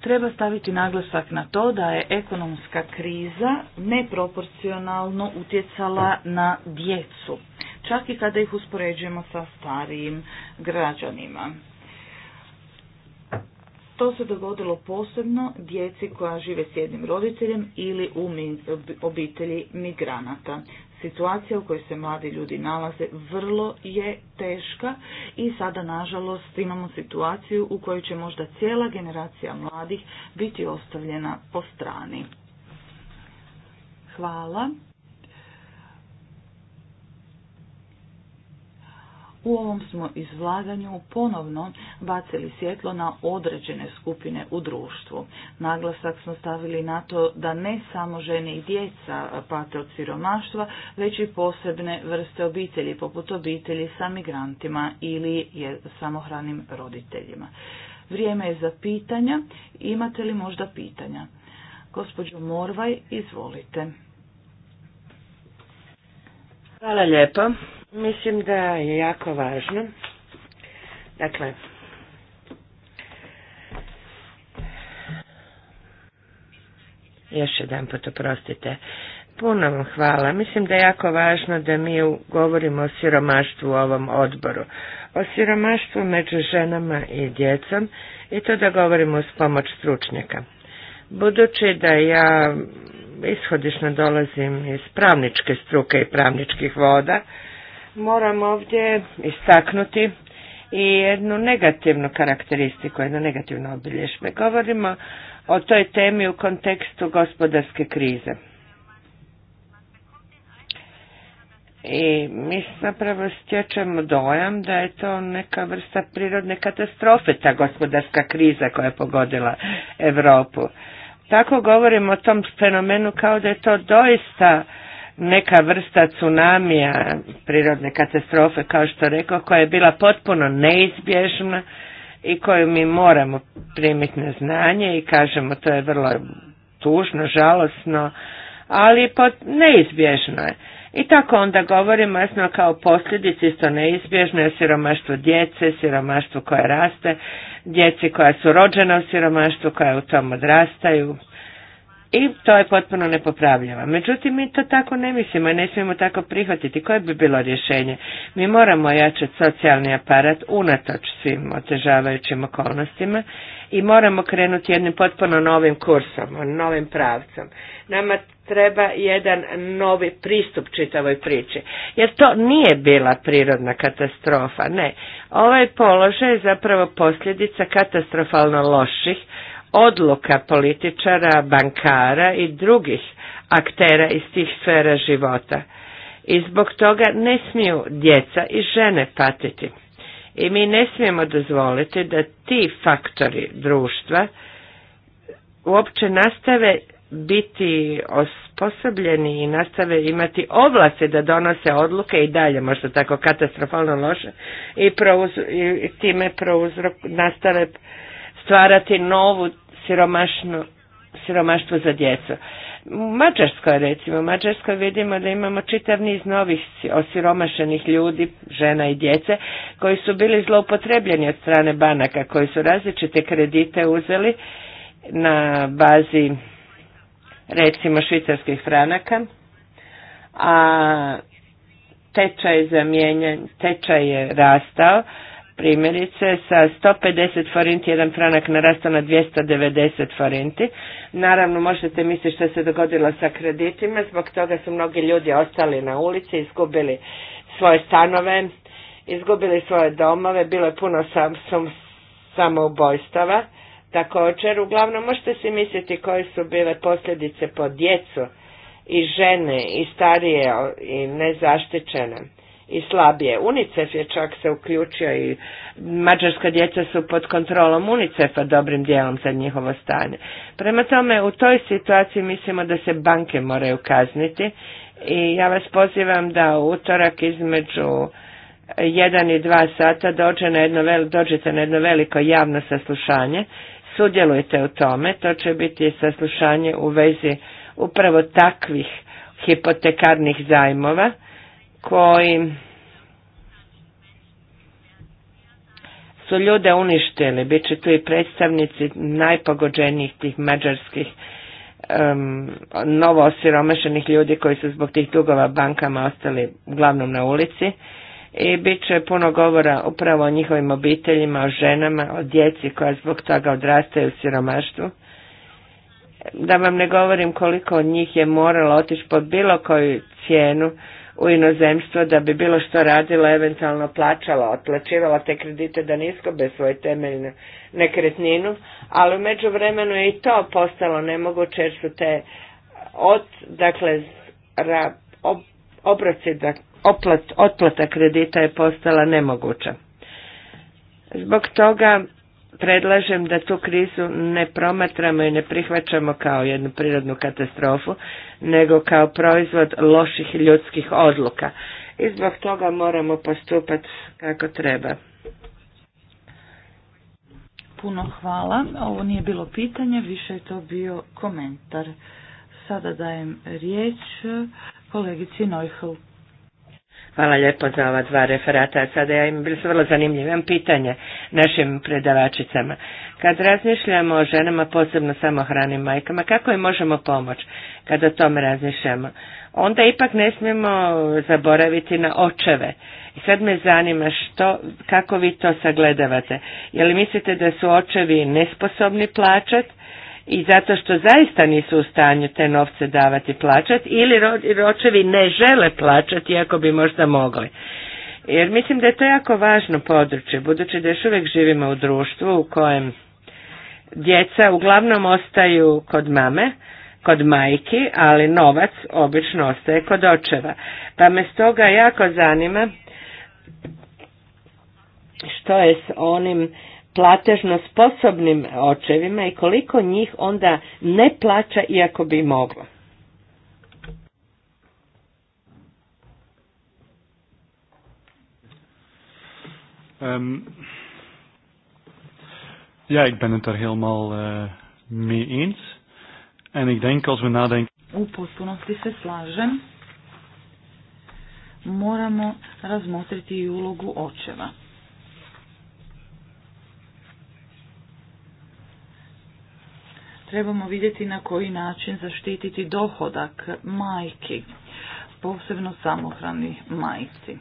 Treba staviti naglasak na to da je ekonomska kriza neproporcionalno utjecala na djecu, čak i kada ih uspoređujemo sa starijim građanima. To se dogodilo posebno djeci koja žive s jednim roditeljem ili u obitelji migranata. Situacija u kojoj se mladi ljudi nalaze vrlo je teška i sada nažalost imamo situaciju u kojoj će možda cijela generacija mladih biti ostavljena po strani. Hvala. U ovom smo izlaganju ponovno bacili svjetlo na određene skupine u društvu. Naglasak smo stavili na to da ne samo žene i djeca pate od siromaštva, već i posebne vrste obitelji, poput obitelji sa migrantima ili je samohranim roditeljima. Vrijeme je za pitanja. Imate li možda pitanja? Gospođo Morvaj, izvolite. Hvala lijepo. Mislim da je jako važno. Dakle, još jedan put oprostite. Puno vam hvala. Mislim da je jako važno da mi govorimo o siromaštvu u ovom odboru. O siromaštvu među ženama i djecom i to da govorimo s pomoć stručnjaka. Budući da ja ishodišno dolazim iz pravničke struke i pravničkih voda, Moram ovdje istaknuti i jednu negativnu karakteristiku, jednu negativnu obilježbe. Govorimo o toj temi u kontekstu gospodarske krize. I mi zapravo stječemo dojam da je to neka vrsta prirodne katastrofe, ta gospodarska kriza koja je pogodila Europu. Tako govorimo o tom fenomenu kao da je to doista neka vrsta tsunamija prirodne katastrofe, kao što rekao, koja je bila potpuno neizbježna i koju mi moramo primiti na znanje i kažemo to je vrlo tužno, žalosno, ali pot, neizbježno je. I tako onda govorimo jasno kao posljedici isto neizbježno je siromaštvo djece, siromaštvo koje raste, djeci koja su rođena u siromaštvu, koja u tom odrastaju, i to je potpuno nepopravljava. Međutim, mi to tako ne mislimo i ne smijemo tako prihvatiti. Koje bi bilo rješenje? Mi moramo jačati socijalni aparat unatoč svim otežavajućim okolnostima i moramo krenuti jednim potpuno novim kursom, novim pravcom. Nama treba jedan novi pristup čitavoj priči. Jer to nije bila prirodna katastrofa, ne. Ovaj položaj je zapravo posljedica katastrofalno loših odluka političara, bankara i drugih aktera iz tih sfera života. I zbog toga ne smiju djeca i žene patiti. I mi ne smijemo dozvoliti da ti faktori društva uopće nastave biti osposobljeni i nastave imati ovlasti da donose odluke i dalje možda tako katastrofalno loše i, i time prouzrok nastave stvarati novu siromašnu, siromaštvo za djecu. U Mađarskoj recimo, u Mađarskoj vidimo da imamo čitav niz novih osiromašenih ljudi, žena i djece, koji su bili zloupotrebljeni od strane banaka, koji su različite kredite uzeli na bazi recimo švicarskih franaka, a tečaj, zamijenjen, tečaj je rastao, primjerice sa 150 forinti jedan franak narastao na 290 forinti. Naravno možete misliti što se dogodilo sa kreditima, zbog toga su mnogi ljudi ostali na ulici, izgubili svoje stanove, izgubili svoje domove, bilo je puno sam, sam, samoubojstava. Također, uglavnom možete si misliti koje su bile posljedice po djecu i žene i starije i nezaštićene i slabije. UNICEF je čak se uključio i mađarska djeca su pod kontrolom UNICEF-a dobrim dijelom za njihovo stanje. Prema tome, u toj situaciji mislimo da se banke moraju kazniti i ja vas pozivam da u utorak između jedan i dva sata dođe na jedno, dođete na jedno veliko javno saslušanje, sudjelujte u tome, to će biti saslušanje u vezi upravo takvih hipotekarnih zajmova koji su ljude uništili. će tu i predstavnici najpogođenijih tih mađarskih um, novo osiromašenih ljudi koji su zbog tih dugova bankama ostali uglavnom na ulici i bit će puno govora upravo o njihovim obiteljima, o ženama, o djeci koja zbog toga odrastaju u siromaštvu. Da vam ne govorim koliko od njih je moralo otići pod bilo koju cijenu u inozemstvo da bi bilo što radila, eventualno plaćala, otplaćivala te kredite da nisko bez svoje temeljne nekretninu, ali u međuvremenu je i to postalo nemoguće jer su te od, dakle, ra, obroci, da, oplat, otplata kredita je postala nemoguća. Zbog toga predlažem da tu krizu ne promatramo i ne prihvaćamo kao jednu prirodnu katastrofu, nego kao proizvod loših ljudskih odluka. I zbog toga moramo postupati kako treba. Puno hvala. Ovo nije bilo pitanje, više je to bio komentar. Sada dajem riječ kolegici Neuhelt. Hvala lijepo za ova dva referata. Sada ja imam, bilo vrlo zanimljivo Imam pitanje našim predavačicama. Kad razmišljamo o ženama, posebno samohranim majkama, kako im možemo pomoći kad o tom razmišljamo? Onda ipak ne smijemo zaboraviti na očeve. I sad me zanima što, kako vi to sagledavate. Je li mislite da su očevi nesposobni plaćati i zato što zaista nisu u stanju te novce davati plaćati ili ročevi ne žele plaćati iako bi možda mogli. Jer mislim da je to jako važno područje, budući da još uvijek živimo u društvu u kojem djeca uglavnom ostaju kod mame, kod majki, ali novac obično ostaje kod očeva. Pa me stoga jako zanima što je s onim platežno sposobnim očevima i koliko njih onda ne plaća iako bi moglo. Um, ja, ik ben het er helemaal eh, mee eens. En ik denk als we nadenken... U potpunosti se slažem. Moramo razmotriti i ulogu očeva. Trebamo vidjeti na koji način zaštititi dohodak majki, posebno samohrani majci.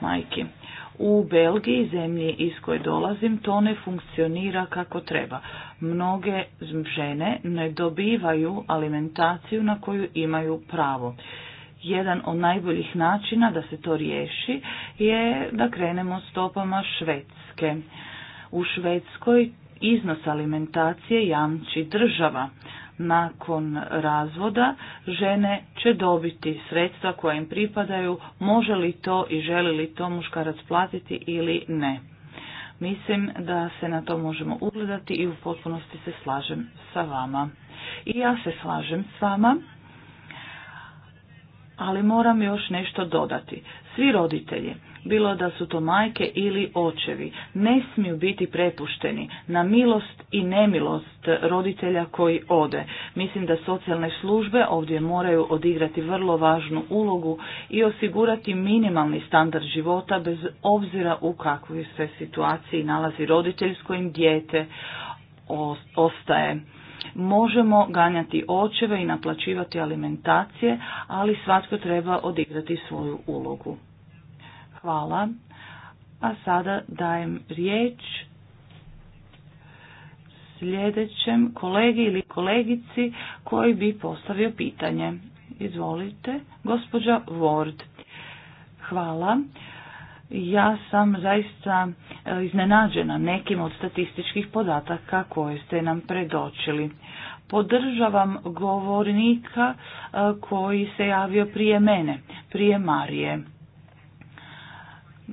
Majki. U Belgiji, zemlji iz koje dolazim, to ne funkcionira kako treba. Mnoge žene ne dobivaju alimentaciju na koju imaju pravo. Jedan od najboljih načina da se to riješi je da krenemo stopama Švedske. U Švedskoj Iznos alimentacije jamči država. Nakon razvoda žene će dobiti sredstva koja im pripadaju, može li to i želi li to muškarac platiti ili ne. Mislim da se na to možemo ugledati i u potpunosti se slažem sa vama. I ja se slažem s vama, ali moram još nešto dodati. Svi roditelji bilo da su to majke ili očevi, ne smiju biti prepušteni na milost i nemilost roditelja koji ode. Mislim da socijalne službe ovdje moraju odigrati vrlo važnu ulogu i osigurati minimalni standard života bez obzira u kakvoj se situaciji nalazi roditelj s kojim dijete ostaje. Možemo ganjati očeve i naplaćivati alimentacije, ali svatko treba odigrati svoju ulogu. Hvala. A sada dajem riječ sljedećem kolegi ili kolegici koji bi postavio pitanje. Izvolite, gospođa Ward. Hvala. Ja sam zaista e, iznenađena nekim od statističkih podataka koje ste nam predočili. Podržavam govornika e, koji se javio prije mene, prije Marije.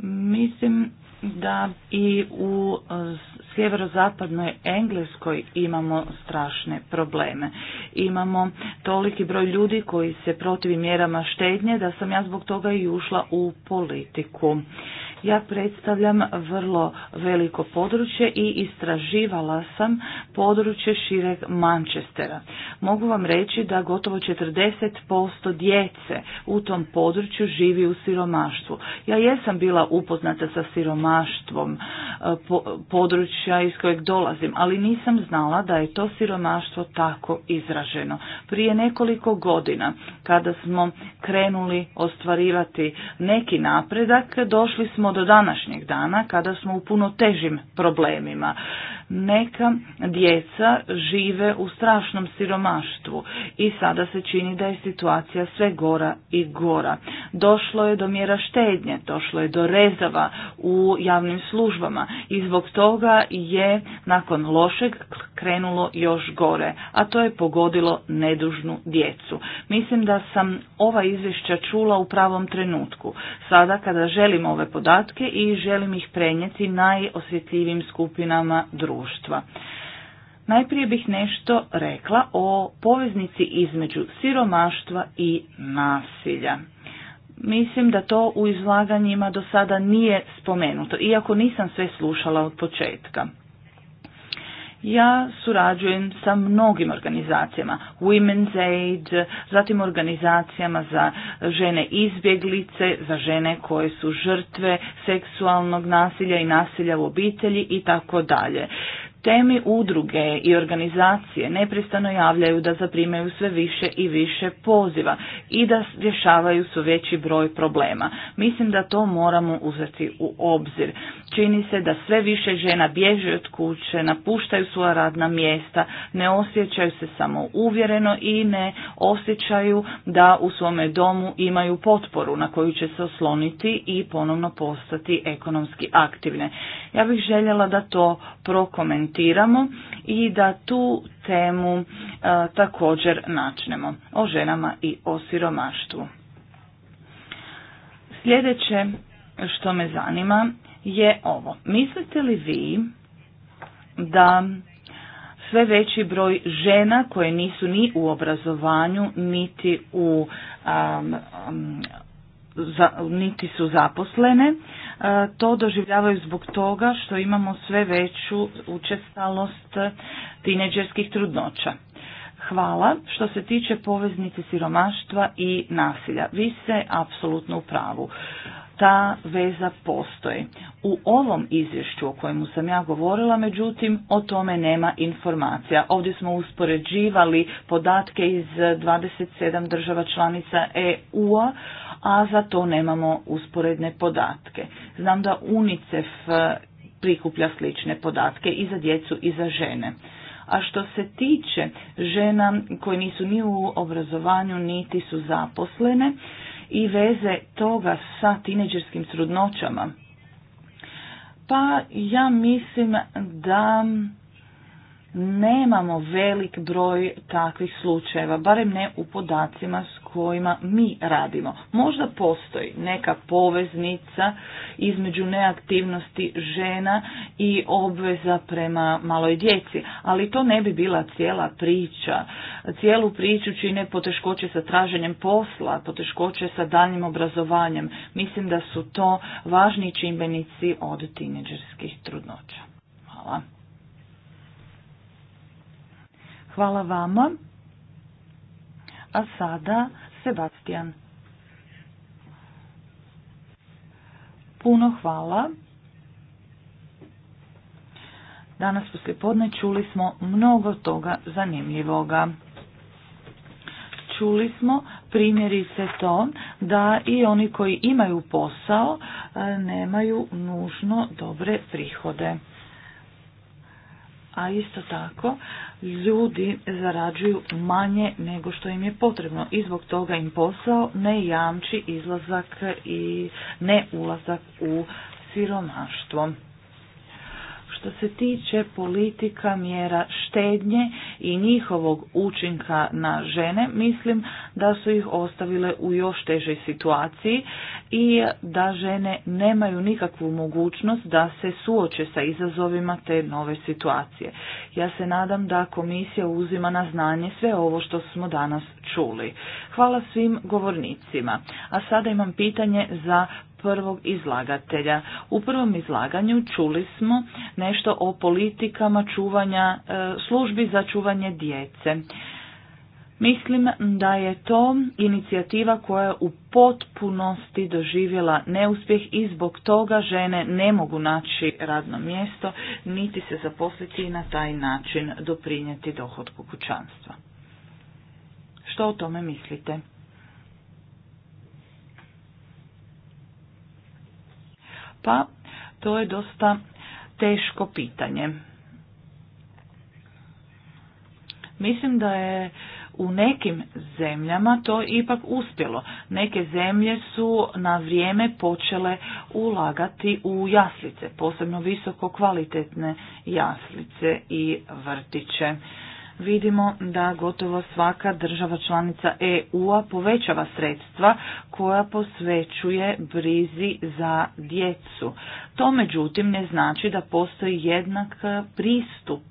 Mislim da i u e, sjeverozapadnoj Engleskoj imamo strašne probleme. Imamo toliki broj ljudi koji se protivi mjerama štednje da sam ja zbog toga i ušla u politiku. Ja predstavljam vrlo veliko područje i istraživala sam područje šireg Manchestera. Mogu vam reći da gotovo 40% djece u tom području živi u siromaštvu. Ja jesam bila upoznata sa siromaštvom e, područja iz kojeg dolazim, ali nisam znala da je to siromaštvo tako izraženo. Prije nekoliko godina kada smo krenuli ostvarivati neki napredak, došli smo do današnjeg dana kada smo u puno težim problemima. Neka djeca žive u strašnom siromaštvu i sada se čini da je situacija sve gora i gora. Došlo je do mjera štednje, došlo je do rezava u javnim službama i zbog toga je nakon lošeg krenulo još gore, a to je pogodilo nedužnu djecu. Mislim da sam ova izvješća čula u pravom trenutku. Sada kada želim ove podatke i želim ih prenijeti najosjetljivim skupinama društva društva. Najprije bih nešto rekla o poveznici između siromaštva i nasilja. Mislim da to u izlaganjima do sada nije spomenuto, iako nisam sve slušala od početka. Ja surađujem sa mnogim organizacijama, Women's Aid, zatim organizacijama za žene izbjeglice, za žene koje su žrtve seksualnog nasilja i nasilja u obitelji i tako dalje temi udruge i organizacije nepristano javljaju da zaprimaju sve više i više poziva i da rješavaju su veći broj problema. Mislim da to moramo uzeti u obzir. Čini se da sve više žena bježe od kuće, napuštaju svoja radna mjesta, ne osjećaju se samo uvjereno i ne osjećaju da u svome domu imaju potporu na koju će se osloniti i ponovno postati ekonomski aktivne. Ja bih željela da to prokomentiramo komentiramo i da tu temu e, također načnemo o ženama i o siromaštvu. Sljedeće što me zanima je ovo. Mislite li vi da sve veći broj žena koje nisu ni u obrazovanju niti u niti su zaposlene E, to doživljavaju zbog toga što imamo sve veću učestalost tineđerskih trudnoća. Hvala. Što se tiče poveznice siromaštva i nasilja, vi ste apsolutno u pravu ta veza postoji. U ovom izvješću o kojemu sam ja govorila, međutim, o tome nema informacija. Ovdje smo uspoređivali podatke iz 27 država članica EU-a, a za to nemamo usporedne podatke. Znam da UNICEF e, prikuplja slične podatke i za djecu i za žene. A što se tiče žena koje nisu ni u obrazovanju niti su zaposlene, i veze toga sa tineđerskim trudnoćama? Pa ja mislim da nemamo velik broj takvih slučajeva, barem ne u podacima s kojima mi radimo. Možda postoji neka poveznica između neaktivnosti žena i obveza prema maloj djeci, ali to ne bi bila cijela priča. Cijelu priču čine poteškoće sa traženjem posla, poteškoće sa daljnjim obrazovanjem. Mislim da su to važni čimbenici od tineđerskih trudnoća. Hvala. Hvala vama. A sada Sebastian. Puno hvala. Danas podne čuli smo mnogo toga zanimljivoga. Čuli smo primjerice to da i oni koji imaju posao e, nemaju nužno dobre prihode a isto tako ljudi zarađuju manje nego što im je potrebno i zbog toga im posao ne jamči izlazak i ne ulazak u siromaštvo. Što se tiče politika mjera štednje i njihovog učinka na žene, mislim da su ih ostavile u još težoj situaciji i da žene nemaju nikakvu mogućnost da se suoče sa izazovima te nove situacije. Ja se nadam da komisija uzima na znanje sve ovo što smo danas čuli. Hvala svim govornicima. A sada imam pitanje za prvog izlagatelja. U prvom izlaganju čuli smo nešto o politikama čuvanja e, službi za čuvanje djece. Mislim da je to inicijativa koja je u potpunosti doživjela neuspjeh i zbog toga žene ne mogu naći radno mjesto, niti se zaposliti i na taj način doprinjeti dohodku kućanstva. Što o tome mislite? Pa to je dosta teško pitanje. Mislim da je u nekim zemljama to ipak uspjelo. Neke zemlje su na vrijeme počele ulagati u jaslice, posebno visoko kvalitetne jaslice i vrtiće vidimo da gotovo svaka država članica EU-a povećava sredstva koja posvećuje brizi za djecu. To međutim ne znači da postoji jednak pristup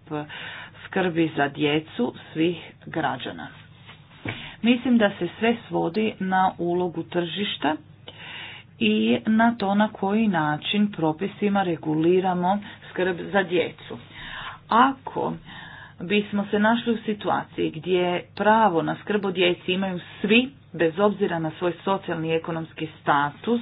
skrbi za djecu svih građana. Mislim da se sve svodi na ulogu tržišta i na to na koji način propisima reguliramo skrb za djecu. Ako bismo se našli u situaciji gdje pravo na skrb djeci imaju svi, bez obzira na svoj socijalni i ekonomski status,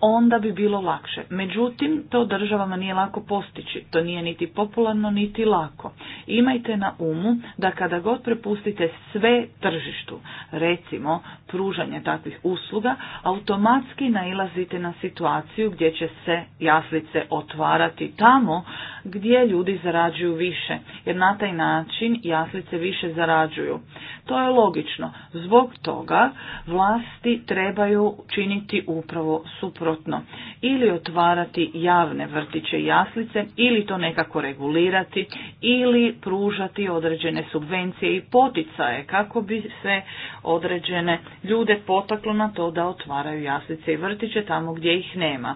onda bi bilo lakše. Međutim, to državama nije lako postići. To nije niti popularno, niti lako. Imajte na umu da kada god prepustite sve tržištu, recimo pružanje takvih usluga, automatski nailazite na situaciju gdje će se jaslice otvarati tamo gdje ljudi zarađuju više, jer na taj način jaslice više zarađuju. To je logično. Zbog toga vlasti trebaju činiti upravo suprotno suprotno. Ili otvarati javne vrtiće i jaslice, ili to nekako regulirati, ili pružati određene subvencije i poticaje kako bi se određene ljude potaklo na to da otvaraju jaslice i vrtiće tamo gdje ih nema.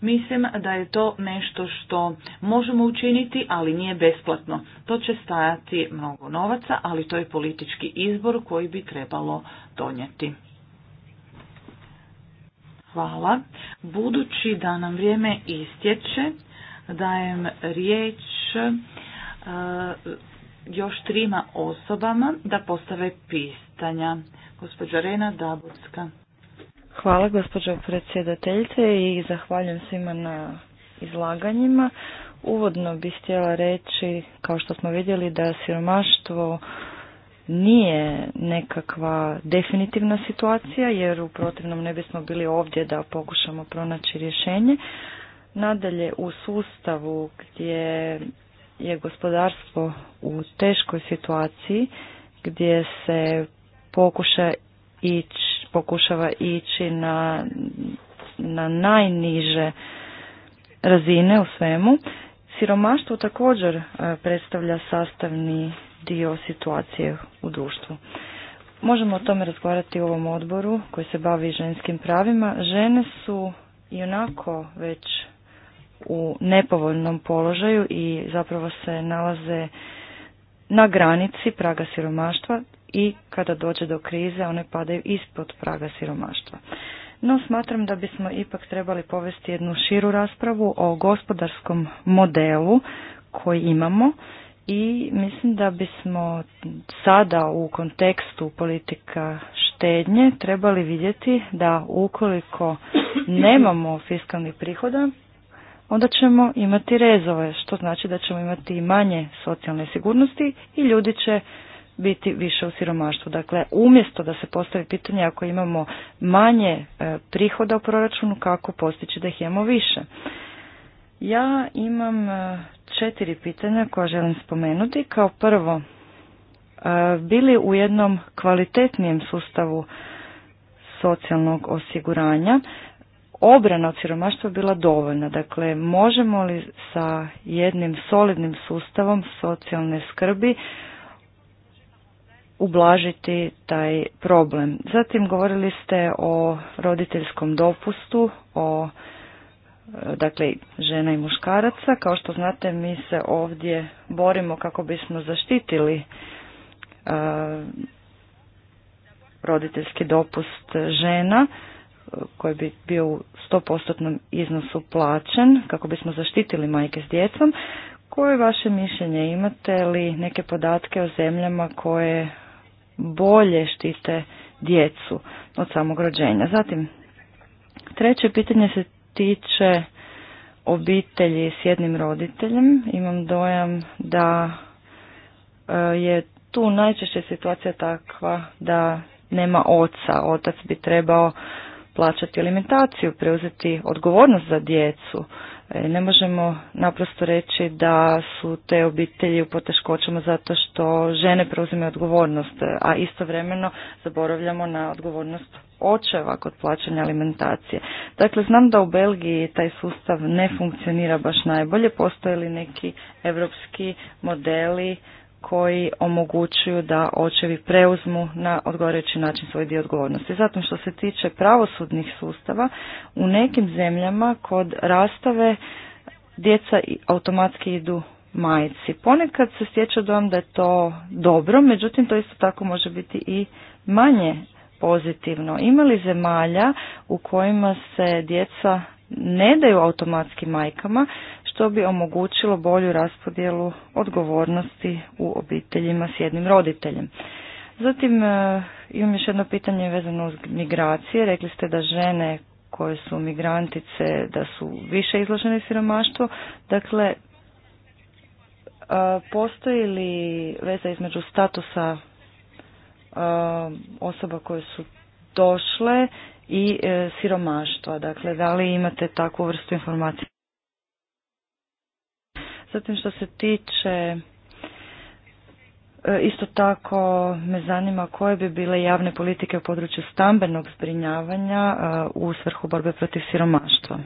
Mislim da je to nešto što možemo učiniti, ali nije besplatno. To će stajati mnogo novaca, ali to je politički izbor koji bi trebalo donijeti. Hvala. Budući da nam vrijeme istječe, dajem riječ eh, još trima osobama da postave pitanja. Gospođa Rena Daburska. Hvala gospođo predsjedateljice i zahvaljujem svima na izlaganjima. Uvodno bih htjela reći, kao što smo vidjeli, da siromaštvo nije nekakva definitivna situacija jer u protivnom ne bismo bili ovdje da pokušamo pronaći rješenje. Nadalje u sustavu gdje je gospodarstvo u teškoj situaciji gdje se pokuša ić, pokušava ići na, na najniže razine u svemu. Siromaštvo također e, predstavlja sastavni dio situacije u društvu. Možemo o tome razgovarati u ovom odboru koji se bavi ženskim pravima. Žene su i onako već u nepovoljnom položaju i zapravo se nalaze na granici praga siromaštva i kada dođe do krize one padaju ispod praga siromaštva. No smatram da bismo ipak trebali povesti jednu širu raspravu o gospodarskom modelu koji imamo i mislim da bismo sada u kontekstu politika štednje trebali vidjeti da ukoliko nemamo fiskalnih prihoda, onda ćemo imati rezove, što znači da ćemo imati manje socijalne sigurnosti i ljudi će biti više u siromaštvu. Dakle, umjesto da se postavi pitanje ako imamo manje e, prihoda u proračunu, kako postići da ih imamo više. Ja imam e, četiri pitanja koja želim spomenuti. Kao prvo, e, bili u jednom kvalitetnijem sustavu socijalnog osiguranja, obrana od siromaštva bila dovoljna. Dakle, možemo li sa jednim solidnim sustavom socijalne skrbi ublažiti taj problem. Zatim govorili ste o roditeljskom dopustu, o dakle žena i muškaraca. Kao što znate mi se ovdje borimo kako bismo zaštitili e, roditeljski dopust žena e, koji bi bio u 100% iznosu plaćen kako bismo zaštitili majke s djecom. Koje vaše mišljenje imate li neke podatke o zemljama koje bolje štite djecu od samog rođenja? Zatim, treće pitanje se tiče obitelji s jednim roditeljem, imam dojam da e, je tu najčešće situacija takva da nema oca. Otac bi trebao plaćati alimentaciju, preuzeti odgovornost za djecu. E, ne možemo naprosto reći da su te obitelji u poteškoćama zato što žene preuzime odgovornost, a istovremeno zaboravljamo na odgovornost očeva kod plaćanja alimentacije. Dakle, znam da u Belgiji taj sustav ne funkcionira baš najbolje. Postoje li neki evropski modeli koji omogućuju da očevi preuzmu na odgovarajući način svoj dio odgovornosti. Zato što se tiče pravosudnih sustava, u nekim zemljama kod rastave djeca automatski idu majci. Ponekad se stječe dojam da je to dobro, međutim to isto tako može biti i manje pozitivno. Ima li zemalja u kojima se djeca ne daju automatski majkama, što bi omogućilo bolju raspodjelu odgovornosti u obiteljima s jednim roditeljem. Zatim, e, imam još jedno pitanje vezano uz migracije. Rekli ste da žene koje su migrantice, da su više izložene siromaštvu. Dakle, e, postoji li veza između statusa Eh, osoba koje su došle i eh, siromaštva. Dakle, da li imate takvu vrstu informacije Zatim što se tiče eh, Isto tako me zanima koje bi bile javne politike u području stambenog zbrinjavanja u svrhu borbe protiv siromaštva.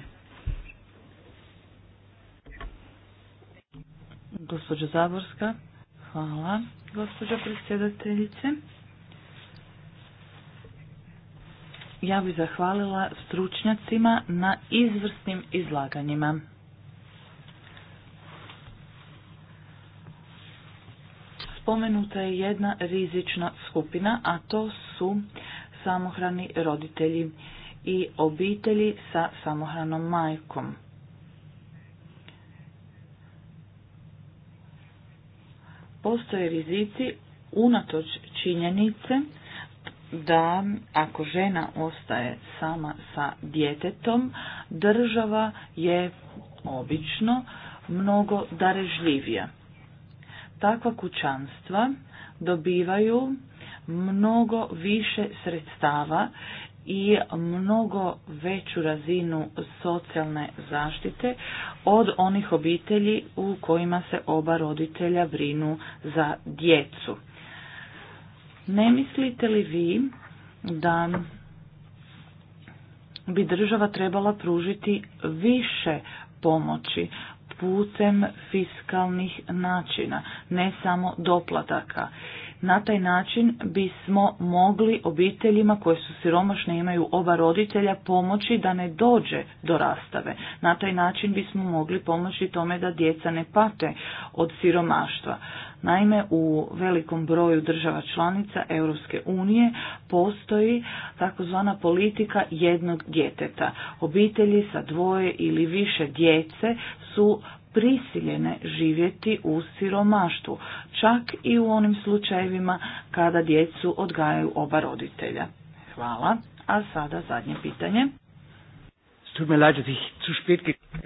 Gospođo Zaborska, hvala. Gospođo predsjedateljice. ja bih zahvalila stručnjacima na izvrsnim izlaganjima. Spomenuta je jedna rizična skupina, a to su samohrani roditelji i obitelji sa samohranom majkom. Postoje rizici unatoč činjenice da ako žena ostaje sama sa djetetom, država je obično mnogo darežljivija. Takva kućanstva dobivaju mnogo više sredstava i mnogo veću razinu socijalne zaštite od onih obitelji u kojima se oba roditelja brinu za djecu. Ne mislite li vi da bi država trebala pružiti više pomoći putem fiskalnih načina, ne samo doplataka. Na taj način bismo mogli obiteljima koje su siromašne imaju oba roditelja pomoći da ne dođe do rastave. Na taj način bismo mogli pomoći tome da djeca ne pate od siromaštva. Naime, u velikom broju država članica Europske unije postoji takozvana politika jednog djeteta. Obitelji sa dvoje ili više djece su prisiljene živjeti u siromaštvu, čak i u onim slučajevima kada djecu odgajaju oba roditelja. Hvala. A sada zadnje pitanje.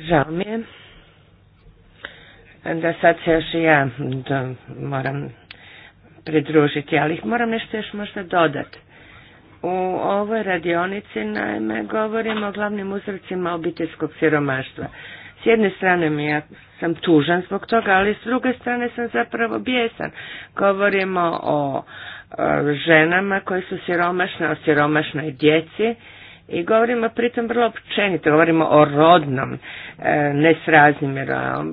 Žao mi je da sad se još i ja moram pridružiti, ali moram nešto još možda dodati. U ovoj radionici naime govorimo o glavnim uzrocima obiteljskog siromaštva. S jedne strane mi ja sam tužan zbog toga, ali s druge strane sam zapravo bijesan. Govorimo o, e, ženama koje su siromašne, o siromašnoj djeci i govorimo pritom vrlo općenito, govorimo o rodnom e, o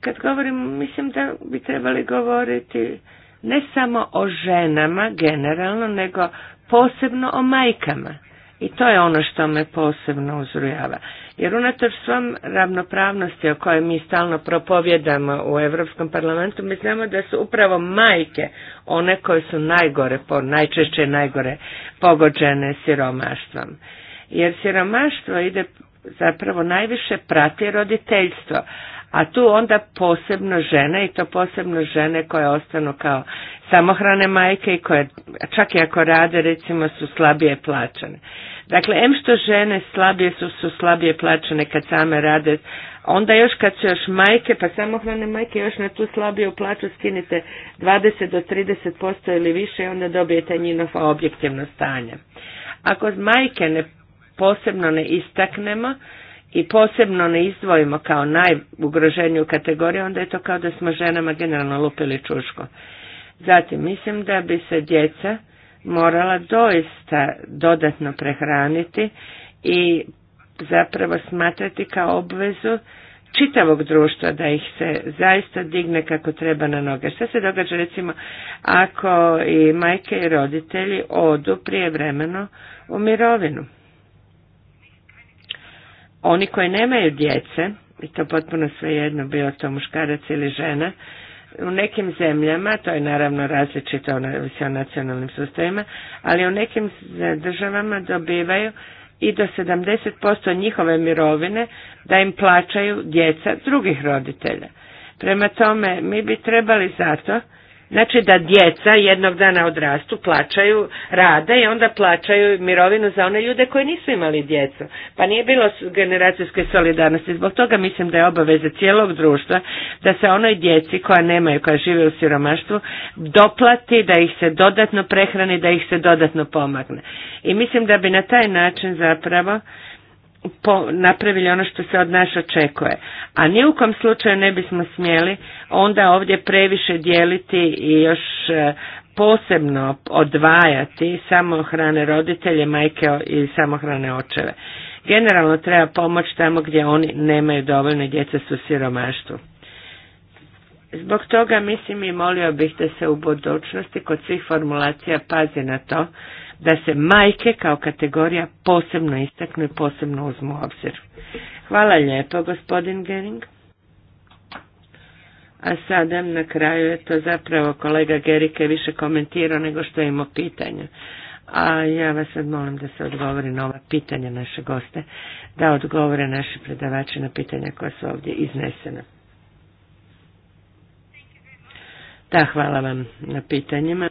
kad govorim, mislim da bi trebali govoriti ne samo o ženama generalno, nego posebno o majkama. I to je ono što me posebno uzrujava. Jer unatoč svom ravnopravnosti o kojoj mi stalno propovjedamo u Europskom parlamentu, mi znamo da su upravo majke one koje su najgore, po, najčešće najgore pogođene siromaštvom. Jer siromaštvo ide zapravo najviše prati roditeljstvo, a tu onda posebno žene i to posebno žene koje ostanu kao samohrane majke i koje čak i ako rade recimo su slabije plaćene. Dakle, em što žene slabije su, su slabije plaćene kad same rade, onda još kad su još majke, pa samohrane majke još na tu slabiju plaću skinite 20 do 30% ili više i onda dobijete njinov objektivno stanje. Ako majke ne posebno ne istaknemo, i posebno ne izdvojimo kao najugroženiju kategoriju, onda je to kao da smo ženama generalno lupili čuško. Zatim, mislim da bi se djeca morala doista dodatno prehraniti i zapravo smatrati kao obvezu čitavog društva da ih se zaista digne kako treba na noge. Što se događa recimo ako i majke i roditelji odu prijevremeno u mirovinu? oni koji nemaju djece, i to potpuno svejedno bilo to muškarac ili žena, u nekim zemljama, to je naravno različito ono, o nacionalnim sustavima, ali u nekim državama dobivaju i do 70% njihove mirovine da im plaćaju djeca drugih roditelja. Prema tome, mi bi trebali zato Znači da djeca jednog dana odrastu, plaćaju, rade i onda plaćaju mirovinu za one ljude koji nisu imali djecu. Pa nije bilo generacijske solidarnosti. Zbog toga mislim da je obaveza cijelog društva da se onoj djeci koja nemaju, koja žive u siromaštvu, doplati, da ih se dodatno prehrani, da ih se dodatno pomagne. I mislim da bi na taj način zapravo po, napravili ono što se od nas očekuje. A ni u kom slučaju ne bismo smjeli onda ovdje previše dijeliti i još e, posebno odvajati samohrane roditelje, majke i samohrane očeve. Generalno treba pomoć tamo gdje oni nemaju dovoljno djece su siromaštvu. Zbog toga mislim i molio bih da se u budućnosti kod svih formulacija pazi na to da se majke kao kategorija posebno istaknu i posebno uzmu u obzir. Hvala lijepo, gospodin Gering. A sada na kraju je to zapravo kolega Gerike više komentirao nego što je imao pitanja. A ja vas sad molim da se odgovori na ova pitanja naše goste, da odgovore naši predavači na pitanja koja su ovdje iznesena. Da, hvala vam na pitanjima.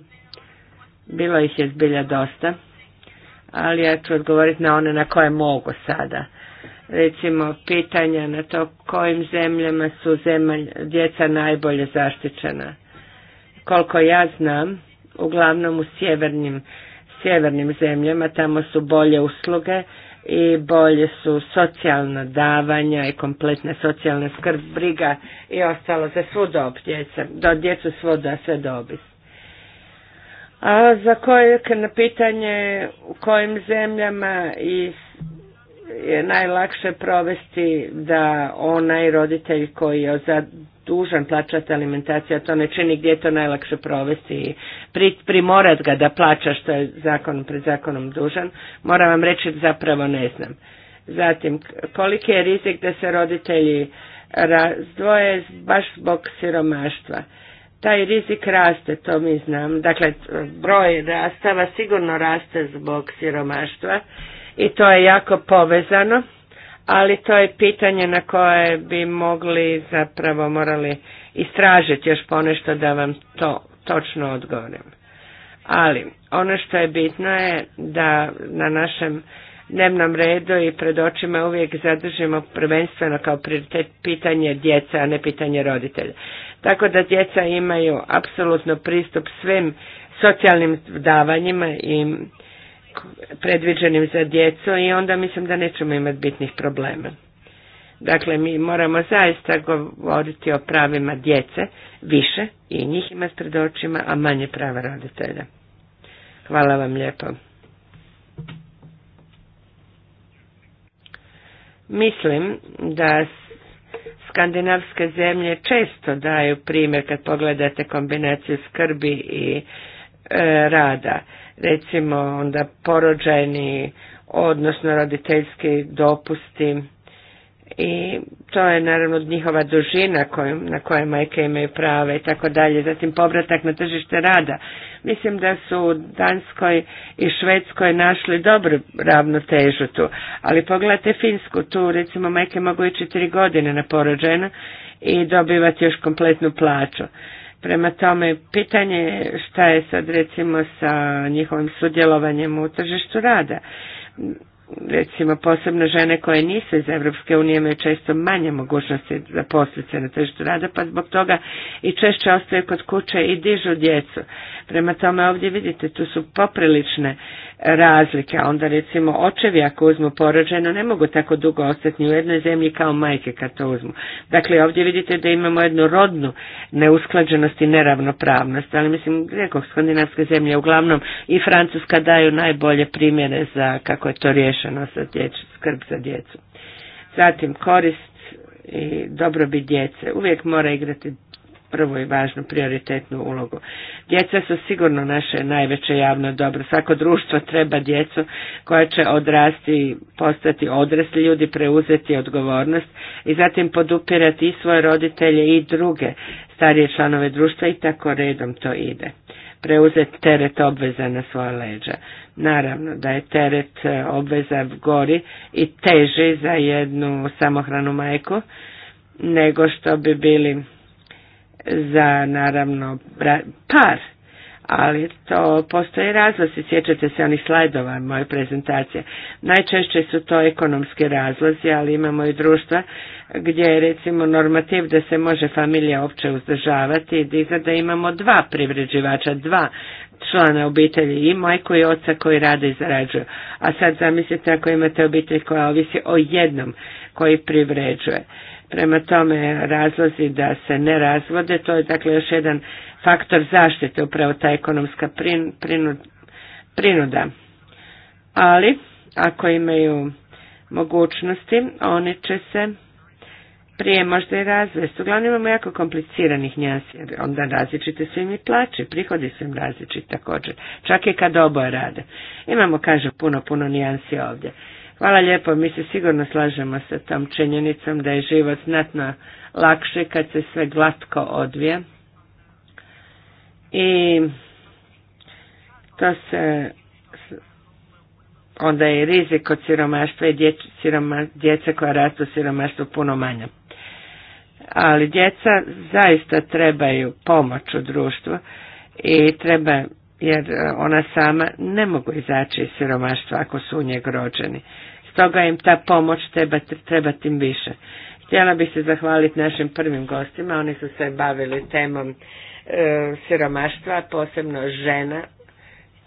Bilo ih je zbilja dosta, ali ja ću odgovoriti na one na koje mogu sada. Recimo, pitanja na to kojim zemljama su djeca najbolje zaštićena. Koliko ja znam, uglavnom u sjevernim, sjevernim zemljama, tamo su bolje usluge i bolje su socijalna davanja i kompletna socijalna skrb, briga i ostalo za svu dob djeca, do djecu svuda sve dobi a za koje na pitanje u kojim zemljama i je najlakše provesti da onaj roditelj koji je dužan plaćati alimentaciju, a to ne čini gdje je to najlakše provesti i primorat ga da plaća što je zakon, pred zakonom dužan, moram vam reći zapravo ne znam. Zatim, koliki je rizik da se roditelji razdvoje baš zbog siromaštva? taj rizik raste, to mi znam. Dakle, broj rastava sigurno raste zbog siromaštva i to je jako povezano, ali to je pitanje na koje bi mogli zapravo morali istražiti još ponešto da vam to točno odgovorim. Ali ono što je bitno je da na našem dnevnom redu i pred očima uvijek zadržimo prvenstveno kao prioritet pitanje djeca, a ne pitanje roditelja. Tako da djeca imaju apsolutno pristup svim socijalnim davanjima i predviđenim za djecu i onda mislim da nećemo imati bitnih problema. Dakle, mi moramo zaista govoriti o pravima djece više i njih ima pred očima, a manje prava roditelja. Hvala vam lijepo. Mislim da skandinavske zemlje često daju primjer kad pogledate kombinaciju skrbi i e, rada. Recimo onda porođajni, odnosno roditeljski dopusti i to je naravno njihova dužina na kojoj majke imaju prave i tako dalje, zatim povratak na tržište rada. Mislim da su u Danskoj i Švedskoj našli dobru ravnotežu tu, ali pogledajte Finsku, tu recimo majke mogu ići tri godine na porođeno i dobivati još kompletnu plaću. Prema tome, pitanje šta je sad recimo sa njihovim sudjelovanjem u tržištu rada recimo posebno žene koje nisu iz Europske unije imaju često manje mogućnosti za poslice na tržištu rada, pa zbog toga i češće ostaju kod kuće i dižu djecu. Prema tome ovdje vidite, tu su poprilične razlike, a onda recimo očevi ako uzmu porođeno ne mogu tako dugo ostati u jednoj zemlji kao majke kad to uzmu. Dakle ovdje vidite da imamo jednu rodnu neusklađenost i neravnopravnost, ali mislim nekog skandinavske zemlje uglavnom i Francuska daju najbolje primjere za kako je to rješeno sa skrb za djecu. Zatim korist i dobrobit djece. Uvijek mora igrati prvu i važnu prioritetnu ulogu. Djeca su sigurno naše najveće javno dobro. Svako društvo treba djecu koja će odrasti, postati odrasli ljudi, preuzeti odgovornost i zatim podupirati i svoje roditelje i druge starije članove društva i tako redom to ide. Preuzeti teret obveza na svoje leđa. Naravno da je teret e, obveza gori i teži za jednu samohranu majku nego što bi bili za naravno par, ali to postoje razlozi, sjećate se onih slajdova moje prezentacije. Najčešće su to ekonomski razlozi, ali imamo i društva gdje je recimo normativ da se može familija opće uzdržavati i da imamo dva privređivača, dva člana obitelji i majku i oca koji rade i zarađuju. A sad zamislite ako imate obitelj koja ovisi o jednom koji privređuje. Prema tome, razlozi da se ne razvode, to je dakle još jedan faktor zaštite, upravo ta ekonomska prinud, prinuda. Ali, ako imaju mogućnosti, oni će se prije možda i razvesti. Uglavnom imamo jako kompliciranih njansi, jer onda različite su im i plaće, prihodi su im različiti također, čak i kad oboje rade. Imamo, kažem, puno, puno nijansi ovdje. Hvala lijepo, mi se sigurno slažemo sa tom činjenicom da je život znatno lakše kad se sve glatko odvije. I to se onda je rizik od siromaštva i djeca koja rastu u siromaštvu puno manja. Ali djeca zaista trebaju pomoć u društvu i treba, jer ona sama ne mogu izaći iz siromaštva ako su u njeg rođeni stoga im ta pomoć treba, treba tim više. Htjela bih se zahvaliti našim prvim gostima, oni su se bavili temom e, siromaštva, posebno žena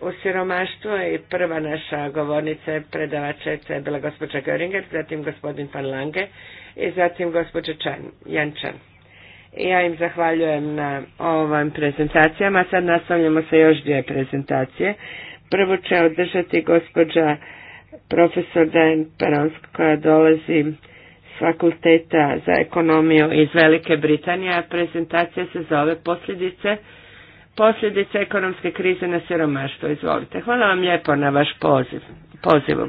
u siromaštvu i prva naša govornica je predavačica je bila gospođa Göringer, zatim gospodin Van Lange i zatim gospođa Čan, Jančan. Ja im zahvaljujem na ovim prezentacijama, sad nastavljamo sa još dvije prezentacije. Prvo će održati gospođa profesor Dan Peronsk koja dolazi s fakulteta za ekonomiju iz Velike Britanije, a prezentacija se zove posljedice posljedice ekonomske krize na siromaštvo. Izvolite. Hvala vam lijepo na vaš poziv, pozivu.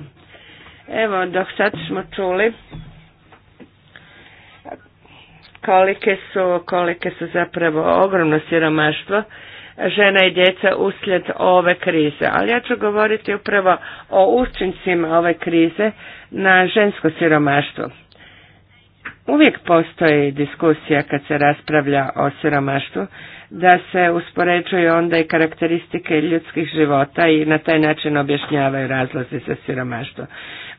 Evo, dok sad smo čuli kolike su, kolike su zapravo ogromno siromaštvo žena i djeca uslijed ove krize. Ali ja ću govoriti upravo o učincima ove krize na žensko siromaštvo. Uvijek postoji diskusija kad se raspravlja o siromaštvu, da se uspoređuju onda i karakteristike ljudskih života i na taj način objašnjavaju razlozi za siromaštvo.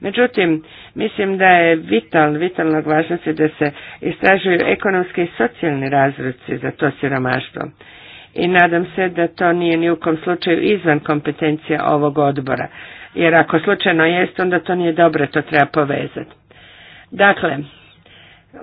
Međutim, mislim da je vital, vitalno važnosti da se istražuju ekonomski i socijalni razlozi za to siromaštvo i nadam se da to nije ni u kom slučaju izvan kompetencija ovog odbora. Jer ako slučajno jest, onda to nije dobro, to treba povezati. Dakle,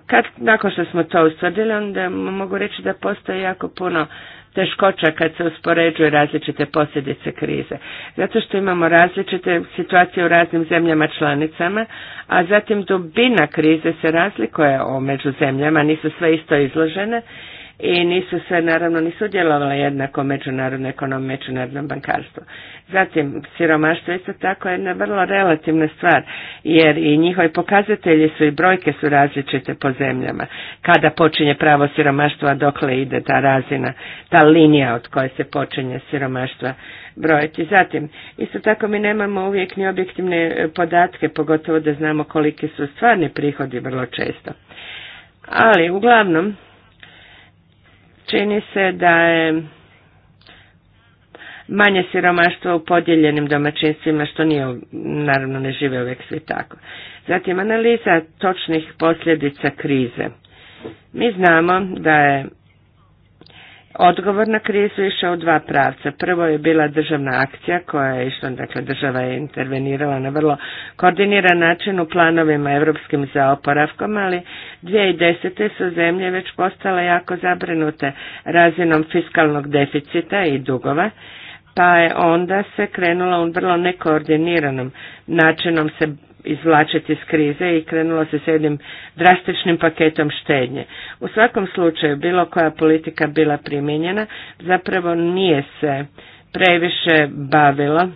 kad, nakon što smo to ustvrdili, onda mogu reći da postoji jako puno teškoća kad se uspoređuju različite posljedice krize. Zato što imamo različite situacije u raznim zemljama članicama, a zatim dubina krize se razlikuje o među zemljama, nisu sve isto izložene i nisu se naravno ni sudjelovala jednako međunarodno ekonomije, međunarodno bankarstvo. Zatim, siromaštvo je isto tako jedna vrlo relativna stvar, jer i njihovi pokazatelji su i brojke su različite po zemljama. Kada počinje pravo siromaštva, dokle ide ta razina, ta linija od koje se počinje siromaštva brojiti. Zatim, isto tako mi nemamo uvijek ni objektivne e, podatke, pogotovo da znamo koliki su stvarni prihodi vrlo često. Ali, uglavnom, Čini se da je manje siromaštvo u podijeljenim domaćinstvima, što nije, naravno ne žive uvijek svi tako. Zatim analiza točnih posljedica krize. Mi znamo da je Odgovor na krizu išao u dva pravca. Prvo je bila državna akcija koja je išla, dakle država je intervenirala na vrlo koordiniran način u planovima europskim za oporavkom, ali 2010. su zemlje već postale jako zabrinute razinom fiskalnog deficita i dugova, pa je onda se krenulo u vrlo nekoordiniranom načinom se izvlačiti iz krize i krenulo se s jednim drastičnim paketom štednje. U svakom slučaju bilo koja politika bila primijenjena zapravo nije se previše bavila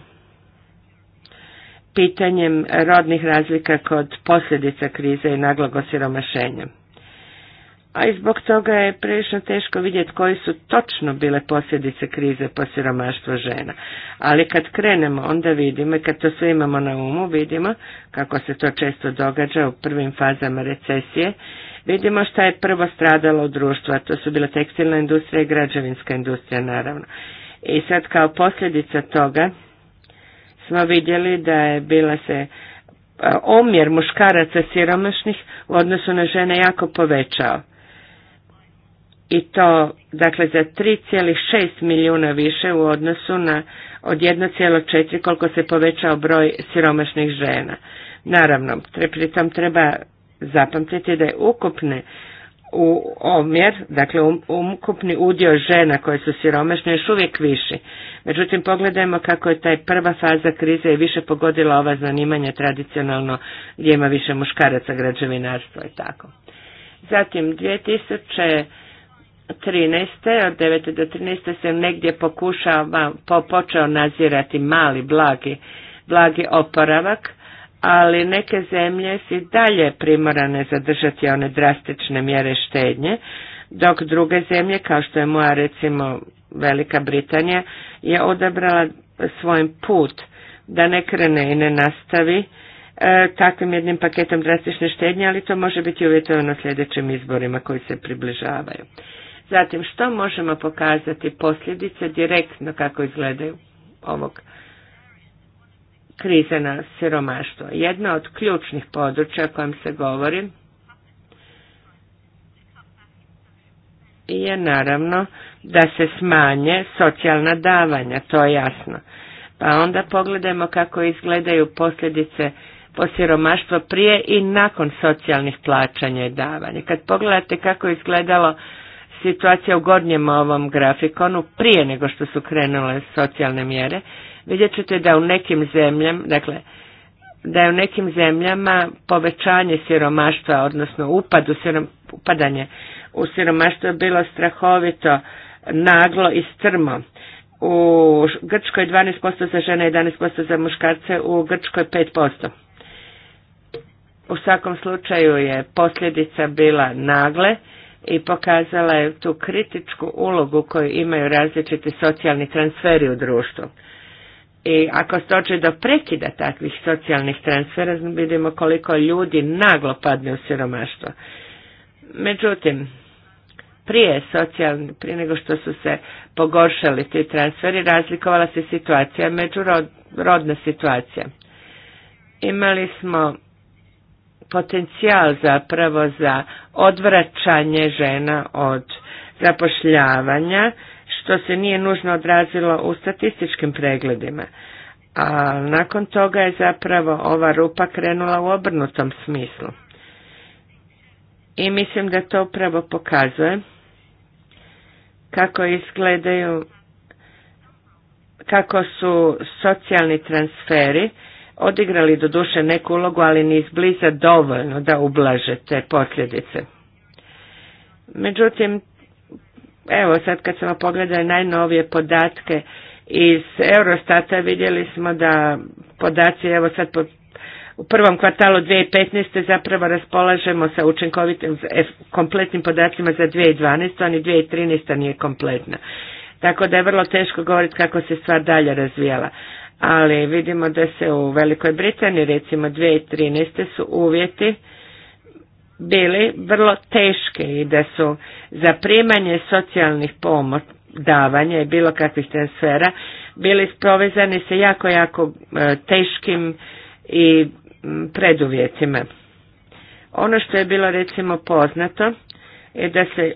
pitanjem rodnih razlika kod posljedica krize i naglog osiromašenja a i zbog toga je prilično teško vidjeti koji su točno bile posljedice krize po siromaštvo žena. Ali kad krenemo, onda vidimo i kad to sve imamo na umu, vidimo kako se to često događa u prvim fazama recesije, vidimo šta je prvo stradalo u društvu, a to su bila tekstilna industrija i građevinska industrija naravno. I sad kao posljedica toga smo vidjeli da je bila se e, omjer muškaraca siromašnih u odnosu na žene jako povećao i to dakle za 3,6 milijuna više u odnosu na od 1,4 koliko se povećao broj siromašnih žena. Naravno, tre, pritom treba zapamtiti da je ukupne u omjer, dakle um, ukupni udio žena koje su siromašne još uvijek viši. Međutim, pogledajmo kako je taj prva faza krize i više pogodila ova zanimanja tradicionalno gdje ima više muškaraca građevinarstvo i tako. Zatim, 2000 13. od 9. do 13. se negdje pokušava, po, počeo nazirati mali, blagi, blagi oporavak, ali neke zemlje si dalje primorane zadržati one drastične mjere štednje, dok druge zemlje, kao što je moja recimo Velika Britanija, je odabrala svoj put da ne krene i ne nastavi e, takvim jednim paketom drastične štednje, ali to može biti uvjetovano sljedećim izborima koji se približavaju. Zatim, što možemo pokazati posljedice direktno kako izgledaju ovog krize na siromaštvo. Jedna od ključnih područja o kojem se govori je naravno da se smanje socijalna davanja, to je jasno. Pa onda pogledajmo kako izgledaju posljedice po siromaštvo prije i nakon socijalnih plaćanja i davanja. Kad pogledate kako izgledalo situacija u gornjem ovom grafikonu prije nego što su krenule socijalne mjere, vidjet ćete da u nekim zemljama, dakle, da je u nekim zemljama povećanje siromaštva, odnosno upad u sirom, upadanje u siromaštvo je bilo strahovito naglo i strmo. U Grčkoj 12% za žene i 11% za muškarce, u Grčkoj 5%. U svakom slučaju je posljedica bila nagle i pokazala je tu kritičku ulogu koju imaju različiti socijalni transferi u društvu. I ako dođe do prekida takvih socijalnih transfera, vidimo koliko ljudi naglo padne u siromaštvo. Međutim, prije socijalni, prije nego što su se pogoršali ti transferi, razlikovala se situacija, međurodna situacija. Imali smo potencijal zapravo za odvraćanje žena od zapošljavanja, što se nije nužno odrazilo u statističkim pregledima. A nakon toga je zapravo ova rupa krenula u obrnutom smislu. I mislim da to upravo pokazuje kako izgledaju, kako su socijalni transferi odigrali duše neku ulogu, ali ni izbliza dovoljno da ublaže te posljedice. Međutim, evo sad kad smo pogledali najnovije podatke iz Eurostata vidjeli smo da podaci evo sad po, u prvom kvartalu 2015. zapravo raspolažemo sa učinkovitim e, kompletnim podacima za 2012. Oni 2013. nije kompletna. Tako da je vrlo teško govoriti kako se stvar dalje razvijela ali vidimo da se u Velikoj Britaniji recimo 2013. su uvjeti bili vrlo teški i da su za primanje socijalnih pomoć, davanja i bilo kakvih transfera bili povezani sa jako, jako e, teškim i preduvjetima. Ono što je bilo recimo poznato je da se,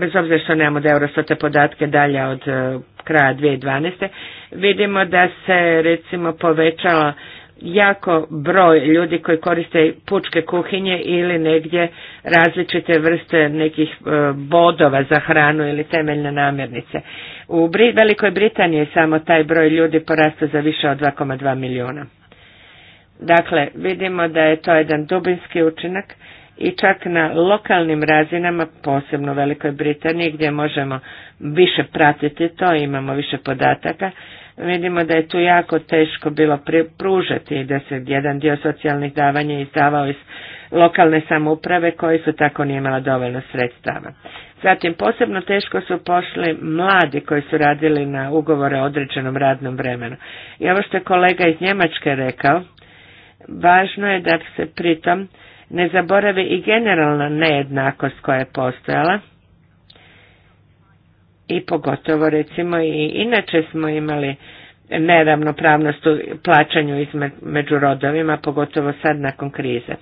bez obzira što nemamo da te podatke dalje od e, kraja 2012. vidimo da se recimo povećala jako broj ljudi koji koriste pučke kuhinje ili negdje različite vrste nekih e, bodova za hranu ili temeljne namirnice. U Velikoj Britaniji je samo taj broj ljudi porastao za više od 2,2 milijuna. Dakle, vidimo da je to jedan dubinski učinak i čak na lokalnim razinama, posebno u Velikoj Britaniji gdje možemo više pratiti to, imamo više podataka, vidimo da je tu jako teško bilo pružati da se jedan dio socijalnih davanja izdavao iz lokalne samouprave koji su tako nije imala dovoljno sredstava. Zatim posebno teško su pošli mladi koji su radili na ugovore o određenom radnom vremenu. I ovo što je kolega iz Njemačke rekao, važno je da se pritom ne zaboravi i generalna nejednakost koja je postojala i pogotovo recimo i inače smo imali neravnopravnost u plaćanju među rodovima, pogotovo sad nakon krize.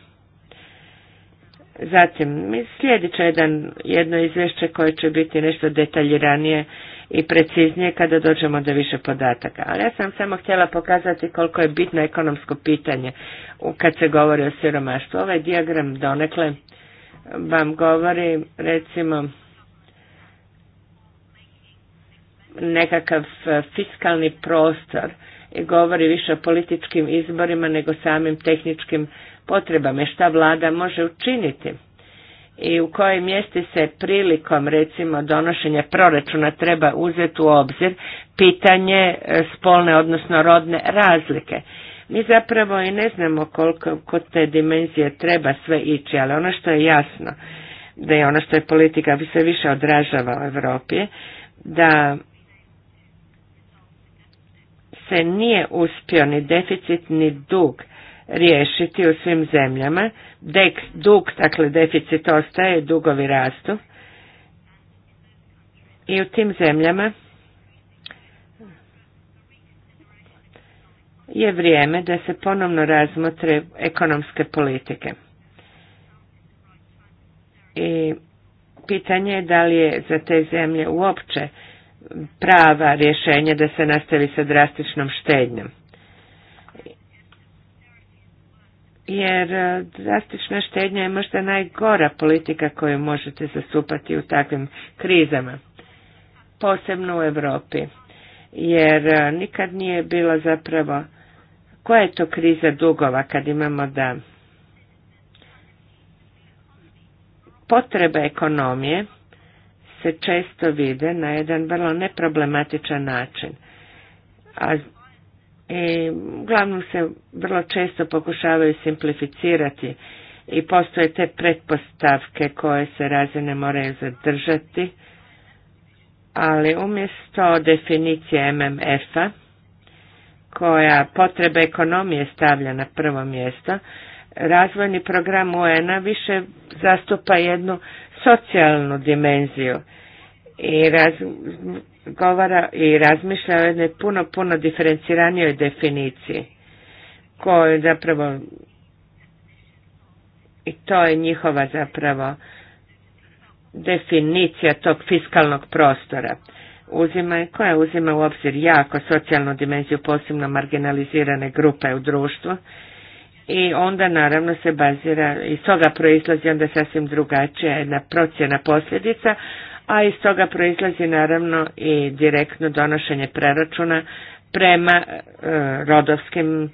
Zatim, sljedeće jedan, jedno izvješće koje će biti nešto detaljiranije i preciznije kada dođemo do više podataka. Ali ja sam samo htjela pokazati koliko je bitno ekonomsko pitanje kad se govori o siromaštvu. Ovaj dijagram donekle vam govori recimo nekakav e, fiskalni prostor i govori više o političkim izborima nego samim tehničkim potrebama i šta vlada može učiniti i u kojoj mjesti se prilikom recimo donošenja proračuna treba uzeti u obzir pitanje e, spolne odnosno rodne razlike. Mi zapravo i ne znamo koliko kod te dimenzije treba sve ići, ali ono što je jasno, da je ono što je politika bi se više odražava u Europi, da se nije uspio ni deficit ni dug riješiti u svim zemljama, dek, dug, dakle deficit ostaje, dugovi rastu. I u tim zemljama je vrijeme da se ponovno razmotre ekonomske politike. I pitanje je da li je za te zemlje uopće prava rješenja da se nastavi sa drastičnom štednjom. jer e, drastična štednja je možda najgora politika koju možete zastupati u takvim krizama, posebno u Europi, jer e, nikad nije bilo zapravo koja je to kriza dugova kad imamo da potrebe ekonomije se često vide na jedan vrlo neproblematičan način. A i uglavnom se vrlo često pokušavaju simplificirati i postoje te pretpostavke koje se razine moraju zadržati, ali umjesto definicije MMF-a, koja potrebe ekonomije stavlja na prvo mjesto, razvojni program UN-a više zastupa jednu socijalnu dimenziju i raz, govora i razmišlja o jednoj puno, puno diferenciranijoj definiciji koju zapravo i to je njihova zapravo definicija tog fiskalnog prostora uzima, koja uzima u obzir jako socijalnu dimenziju posebno marginalizirane grupe u društvu i onda naravno se bazira, iz toga proizlazi onda sasvim drugačija jedna procjena posljedica, a iz toga proizlazi naravno i direktno donošenje preračuna prema e, rodovskim,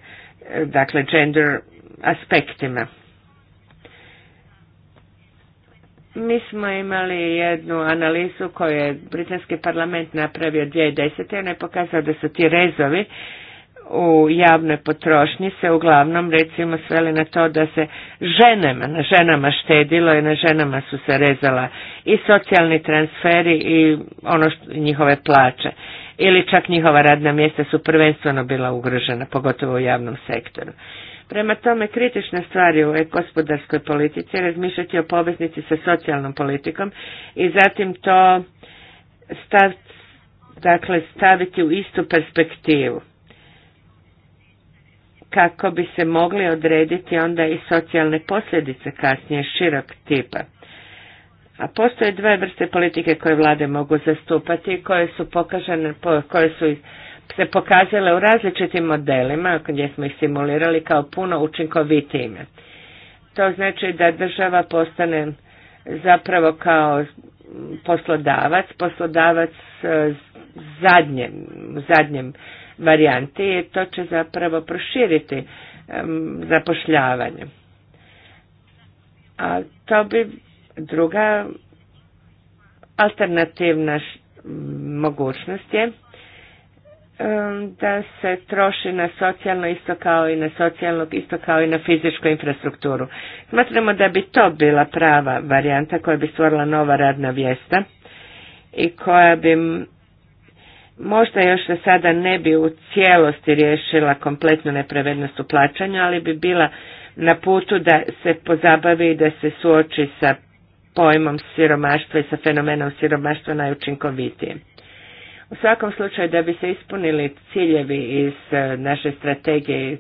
e, dakle gender aspektima. Mi smo imali jednu analizu koju je Britanski parlament napravio 2010. Ona je pokazao da su ti rezovi u javnoj potrošnji se uglavnom recimo sveli na to da se ženama, na ženama štedilo i na ženama su se rezala i socijalni transferi i ono njihove plaće ili čak njihova radna mjesta su prvenstveno bila ugrožena, pogotovo u javnom sektoru. Prema tome, kritične stvari je u gospodarskoj politici razmišljati o poveznici sa socijalnom politikom i zatim to stav, dakle, staviti u istu perspektivu kako bi se mogli odrediti onda i socijalne posljedice kasnije širok tipa. A postoje dve vrste politike koje vlade mogu zastupati i koje su pokažene, koje su se pokazale u različitim modelima gdje smo ih simulirali kao puno učinkovitijima. To znači da država postane zapravo kao poslodavac, poslodavac e, zadnjem, zadnjem varijanti i to će zapravo proširiti zapošljavanje. A to bi druga alternativna mogućnost je da se troši na socijalno isto kao i na socijalno isto kao i na fizičku infrastrukturu. Smatramo da bi to bila prava varijanta koja bi stvorila nova radna vijesta i koja bi možda još se sada ne bi u cijelosti riješila kompletnu nepravednost u plaćanju, ali bi bila na putu da se pozabavi i da se suoči sa pojmom siromaštva i sa fenomenom siromaštva najučinkovitije. U svakom slučaju da bi se ispunili ciljevi iz eh, naše strategije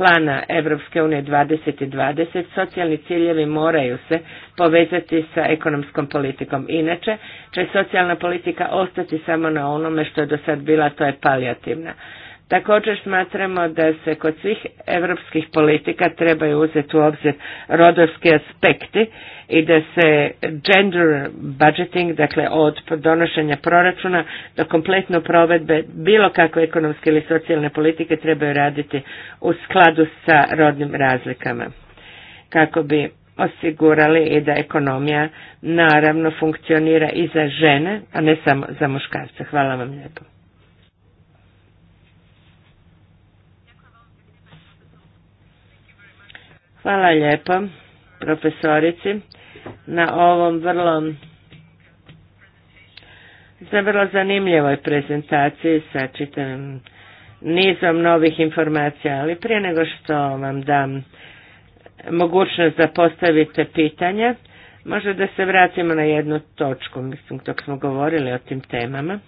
plana Evropske unije 2020 socijalni ciljevi moraju se povezati sa ekonomskom politikom. Inače će socijalna politika ostati samo na onome što je do sad bila, to je palijativna. Također smatramo da se kod svih europskih politika trebaju uzeti u obzir rodovski aspekti i da se gender budgeting, dakle od donošenja proračuna do kompletno provedbe bilo kakve ekonomske ili socijalne politike trebaju raditi u skladu sa rodnim razlikama kako bi osigurali i da ekonomija naravno funkcionira i za žene, a ne samo za muškarce. Hvala vam lijepo. Hvala lijepo profesorici na ovom vrlo za vrlo zanimljivoj prezentaciji sa čitavim nizom novih informacija, ali prije nego što vam dam mogućnost da postavite pitanja, možda da se vratimo na jednu točku, mislim, dok smo govorili o tim temama.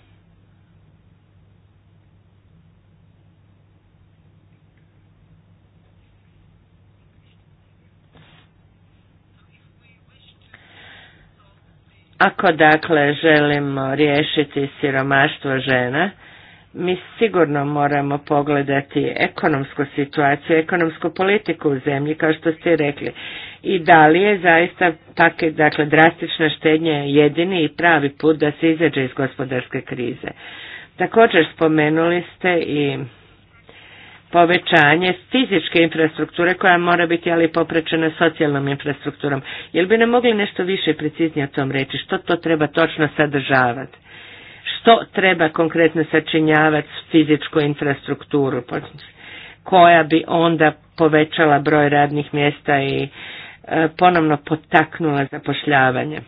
Ako dakle želimo riješiti siromaštvo žena, mi sigurno moramo pogledati ekonomsku situaciju, ekonomsku politiku u zemlji, kao što ste rekli. I da li je zaista takve, dakle, drastična štednja jedini i pravi put da se izađe iz gospodarske krize. Također spomenuli ste i povećanje fizičke infrastrukture koja mora biti ali poprečena socijalnom infrastrukturom. Jel bi nam mogli nešto više preciznije o tom reći? Što to treba točno sadržavati? Što treba konkretno sačinjavati fizičku infrastrukturu koja bi onda povećala broj radnih mjesta i e, ponovno potaknula zapošljavanje?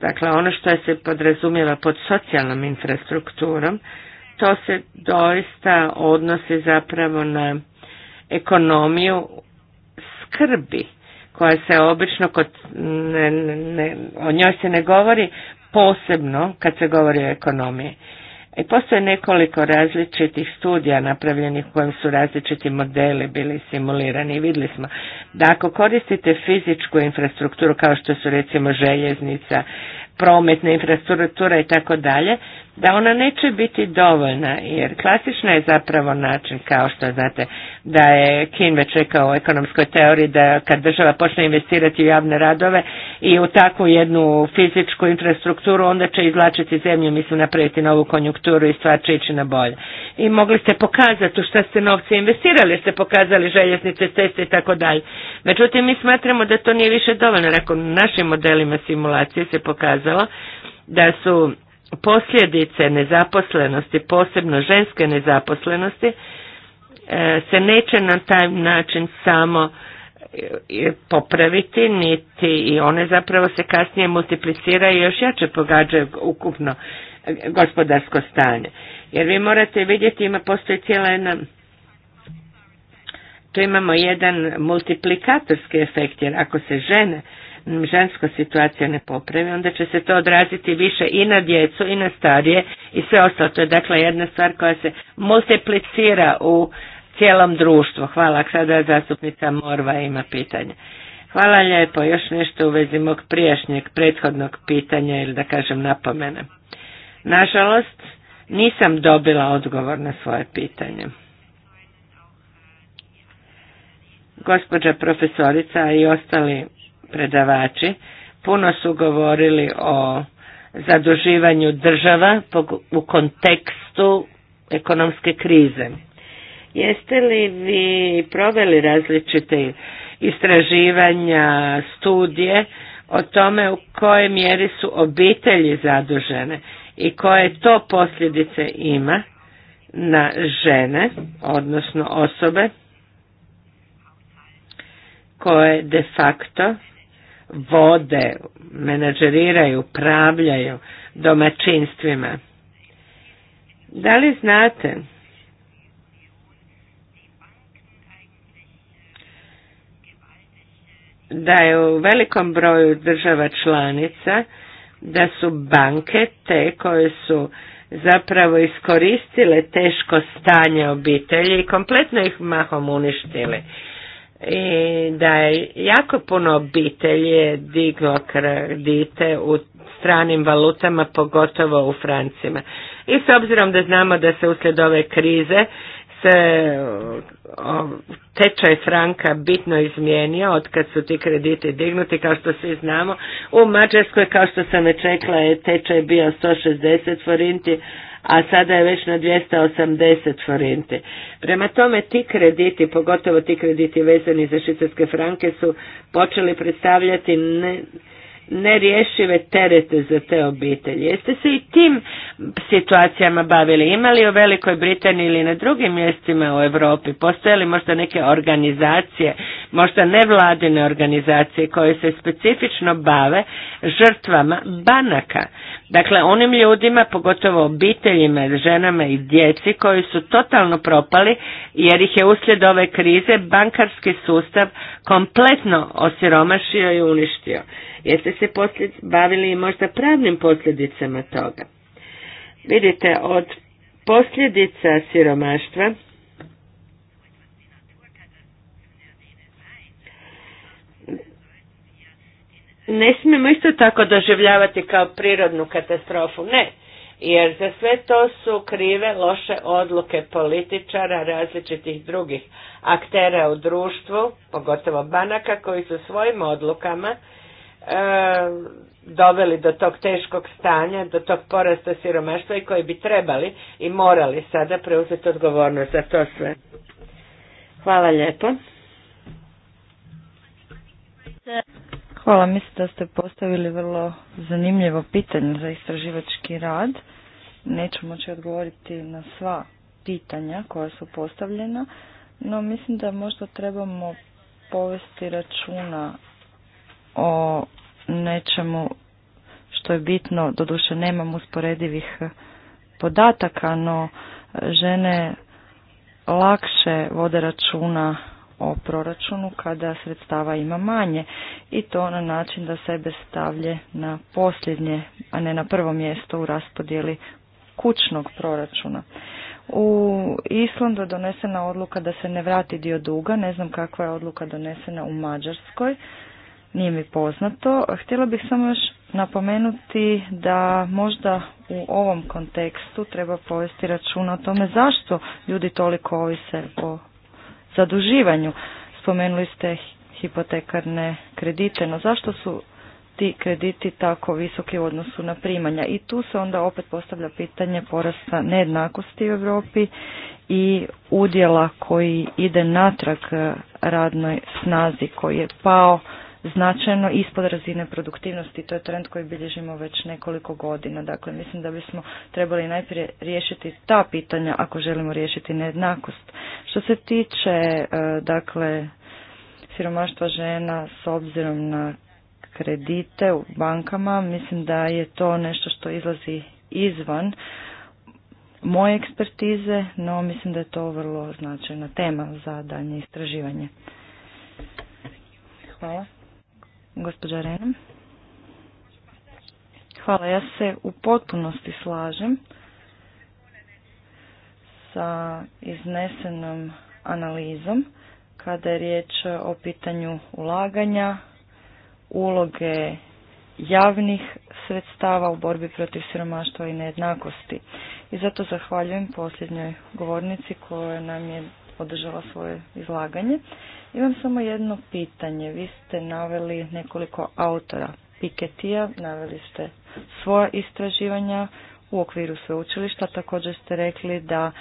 Dakle, ono što se podrazumijeva pod socijalnom infrastrukturom to se doista odnosi zapravo na ekonomiju skrbi koja se obično kod, ne, o njoj se ne govori posebno kad se govori o ekonomiji. I e, postoje nekoliko različitih studija napravljenih u kojem su različiti modeli bili simulirani i vidjeli smo da ako koristite fizičku infrastrukturu kao što su recimo željeznica, prometna infrastruktura i tako dalje, da ona neće biti dovoljna, jer klasična je zapravo način, kao što znate, da je Kin već rekao u ekonomskoj teoriji da kad država počne investirati u javne radove i u takvu jednu fizičku infrastrukturu, onda će izlačiti zemlju, mislim, napraviti novu konjunkturu i stvar će ići na bolje. I mogli ste pokazati u šta ste novce investirali, ste pokazali željeznice, ceste i tako dalje. Međutim, mi smatramo da to nije više dovoljno. Nakon našim modelima simulacije se pokazalo da su posljedice nezaposlenosti, posebno ženske nezaposlenosti, e, se neće na taj način samo e, popraviti, niti i one zapravo se kasnije multipliciraju i još jače pogađaju ukupno gospodarsko stanje. Jer vi morate vidjeti, ima postoji cijela jedna tu imamo jedan multiplikatorski efekt, jer ako se žene ženska situacija ne popravi, onda će se to odraziti više i na djecu i na starije i sve ostalo. To je dakle jedna stvar koja se multiplicira u cijelom društvu. Hvala, sada zastupnica Morva ima pitanje. Hvala lijepo, još nešto u vezi mog prijašnjeg, prethodnog pitanja ili da kažem napomene. Nažalost, nisam dobila odgovor na svoje pitanje. Gospođa profesorica i ostali predavači puno su govorili o zaduživanju država u kontekstu ekonomske krize. Jeste li vi proveli različite istraživanja, studije o tome u kojoj mjeri su obitelji zadužene i koje to posljedice ima na žene, odnosno osobe koje de facto vode, menadžeriraju, upravljaju domaćinstvima. Da li znate da je u velikom broju država članica da su banke te koje su zapravo iskoristile teško stanje obitelji i kompletno ih mahom uništile i da je jako puno obitelji diglo kredite u stranim valutama, pogotovo u francima. I s obzirom da znamo da se uslijed ove krize se tečaj franka bitno izmijenio od kad su ti krediti dignuti, kao što svi znamo. U Mađarskoj, kao što sam već rekla, je tečaj bio 160 forinti, a sada je već na 280 forente Prema tome ti krediti, pogotovo ti krediti vezani za švicarske franke su počeli predstavljati ne, nerješive terete za te obitelji. Jeste se i tim situacijama bavili? Imali u Velikoj Britaniji ili na drugim mjestima u Europi? Postoje li možda neke organizacije, možda nevladine organizacije koje se specifično bave žrtvama banaka? Dakle, onim ljudima, pogotovo obiteljima, ženama i djeci koji su totalno propali jer ih je uslijed ove krize bankarski sustav kompletno osiromašio i uništio. Jeste se posljed, bavili možda pravnim posljedicama toga? Vidite, od posljedica siromaštva ne smijemo isto tako doživljavati kao prirodnu katastrofu, ne. Jer za sve to su krive loše odluke političara, različitih drugih aktera u društvu, pogotovo banaka, koji su svojim odlukama e doveli do tog teškog stanja, do tog porasta siromaštva i koji bi trebali i morali sada preuzeti odgovornost za to sve. Hvala lijepo. Hvala, mislim da ste postavili vrlo zanimljivo pitanje za istraživački rad. Neću moći odgovoriti na sva pitanja koja su postavljena, no mislim da možda trebamo povesti računa o nečemu što je bitno, doduše nemam usporedivih eh, podataka, no eh, žene lakše vode računa o proračunu kada sredstava ima manje i to na način da sebe stavlje na posljednje, a ne na prvo mjesto u raspodjeli kućnog proračuna. U Islandu je donesena odluka da se ne vrati dio duga, ne znam kakva je odluka donesena u Mađarskoj, nije mi poznato. Htjela bih samo još napomenuti da možda u ovom kontekstu treba povesti računa o tome zašto ljudi toliko ovise o zaduživanju. Spomenuli ste hipotekarne kredite, no zašto su ti krediti tako visoki u odnosu na primanja. I tu se onda opet postavlja pitanje porasta nejednakosti u Europi i udjela koji ide natrag radnoj snazi koji je pao značajno ispod razine produktivnosti. To je trend koji bilježimo već nekoliko godina. Dakle, mislim da bismo trebali najprije riješiti ta pitanja ako želimo riješiti nejednakost. Što se tiče, e, dakle, siromaštva žena s obzirom na kredite u bankama, mislim da je to nešto što izlazi izvan moje ekspertize, no mislim da je to vrlo značajna tema za daljnje istraživanje. Hvala. Gospođa Renem. Hvala, ja se u potpunosti slažem sa iznesenom analizom kada je riječ o pitanju ulaganja, uloge javnih sredstava u borbi protiv siromaštva i nejednakosti. I zato zahvaljujem posljednjoj govornici koja nam je održala svoje izlaganje. Imam samo jedno pitanje. Vi ste naveli nekoliko autora Piketija, naveli ste svoja istraživanja u okviru sveučilišta. Također ste rekli da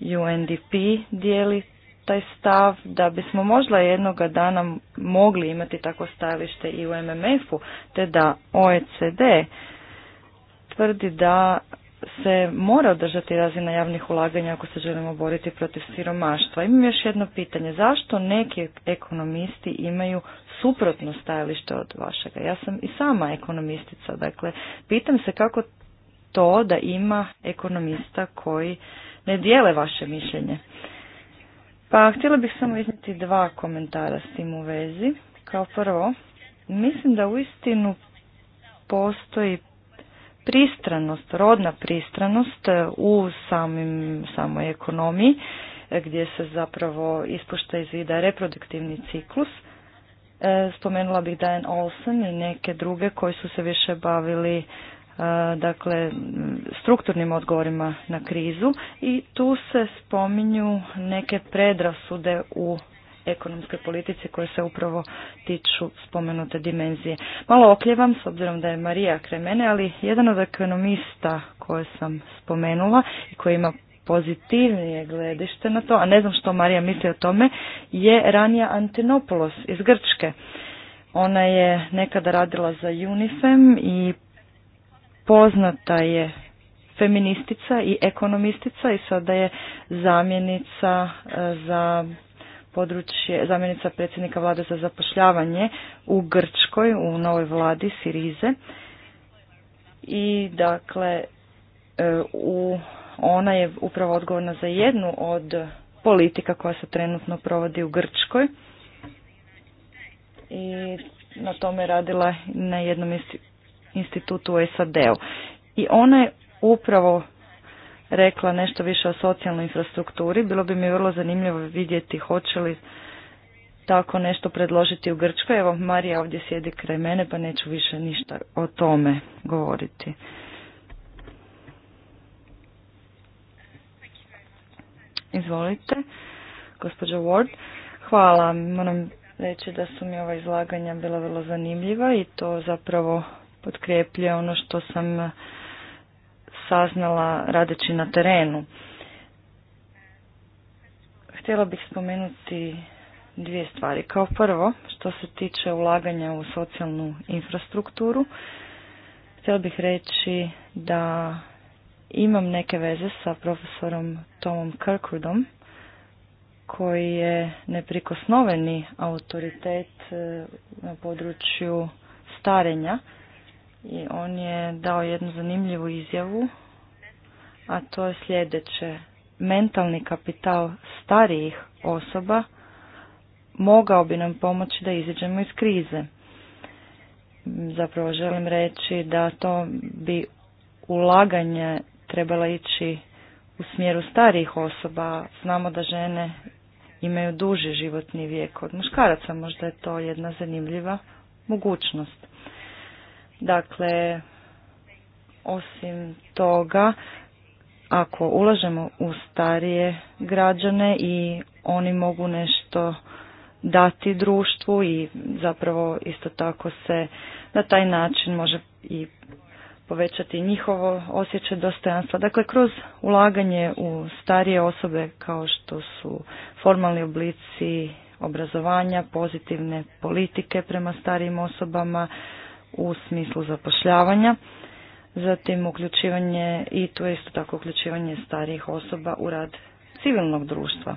UNDP dijeli taj stav da bismo možda jednoga dana mogli imati tako stajalište i u MMF-u, te da OECD tvrdi da se mora održati razina javnih ulaganja ako se želimo boriti protiv siromaštva. Imam još jedno pitanje. Zašto neki ekonomisti imaju suprotno stajalište od vašega? Ja sam i sama ekonomistica, dakle, pitam se kako to da ima ekonomista koji ne dijele vaše mišljenje. Pa htjela bih samo iznijeti dva komentara s tim u vezi. Kao prvo, mislim da u istinu postoji pristranost, rodna pristranost e, u samim, samoj ekonomiji e, gdje se zapravo ispušta iz vida reproduktivni ciklus. E, spomenula bih Diane Olsen i neke druge koji su se više bavili dakle strukturnim odgovorima na krizu i tu se spominju neke predrasude u ekonomskoj politici koje se upravo tiču spomenute dimenzije. Malo okljevam s obzirom da je Marija kremene, ali jedan od ekonomista koje sam spomenula i koji ima pozitivnije gledište na to, a ne znam što Marija misli o tome, je Ranija Antinopoulos iz Grčke. Ona je nekada radila za UNIFEM i poznata je feministica i ekonomistica i sada je zamjenica eh, za područje, zamjenica predsjednika vlade za zapošljavanje u Grčkoj, u novoj vladi Sirize. I dakle, e, u, ona je upravo odgovorna za jednu od politika koja se trenutno provodi u Grčkoj. I na tome radila na jednom institutu u SAD-u. I ona je upravo rekla nešto više o socijalnoj infrastrukturi. Bilo bi mi vrlo zanimljivo vidjeti hoće li tako nešto predložiti u Grčkoj. Evo, Marija ovdje sjedi kraj mene, pa neću više ništa o tome govoriti. Izvolite, gospođo Ward. Hvala, moram reći da su mi ova izlaganja bila vrlo zanimljiva i to zapravo potkrepljuje ono što sam saznala radeći na terenu. Htjela bih spomenuti dvije stvari. Kao prvo, što se tiče ulaganja u socijalnu infrastrukturu, htjela bih reći da imam neke veze sa profesorom Tomom Kirkwoodom, koji je neprikosnoveni autoritet eh, na području starenja i on je dao jednu zanimljivu izjavu, a to je sljedeće. Mentalni kapital starijih osoba mogao bi nam pomoći da iziđemo iz krize. Zapravo želim reći da to bi ulaganje trebala ići u smjeru starijih osoba. Znamo da žene imaju duži životni vijek od muškaraca, možda je to jedna zanimljiva mogućnost. Dakle, osim toga, ako ulažemo u starije građane i oni mogu nešto dati društvu i zapravo isto tako se na taj način može i povećati njihovo osjećaj dostojanstva. Dakle, kroz ulaganje u starije osobe kao što su formalni oblici obrazovanja, pozitivne politike prema starijim osobama, u smislu zapošljavanja, zatim uključivanje i tu je isto tako uključivanje starijih osoba u rad civilnog društva.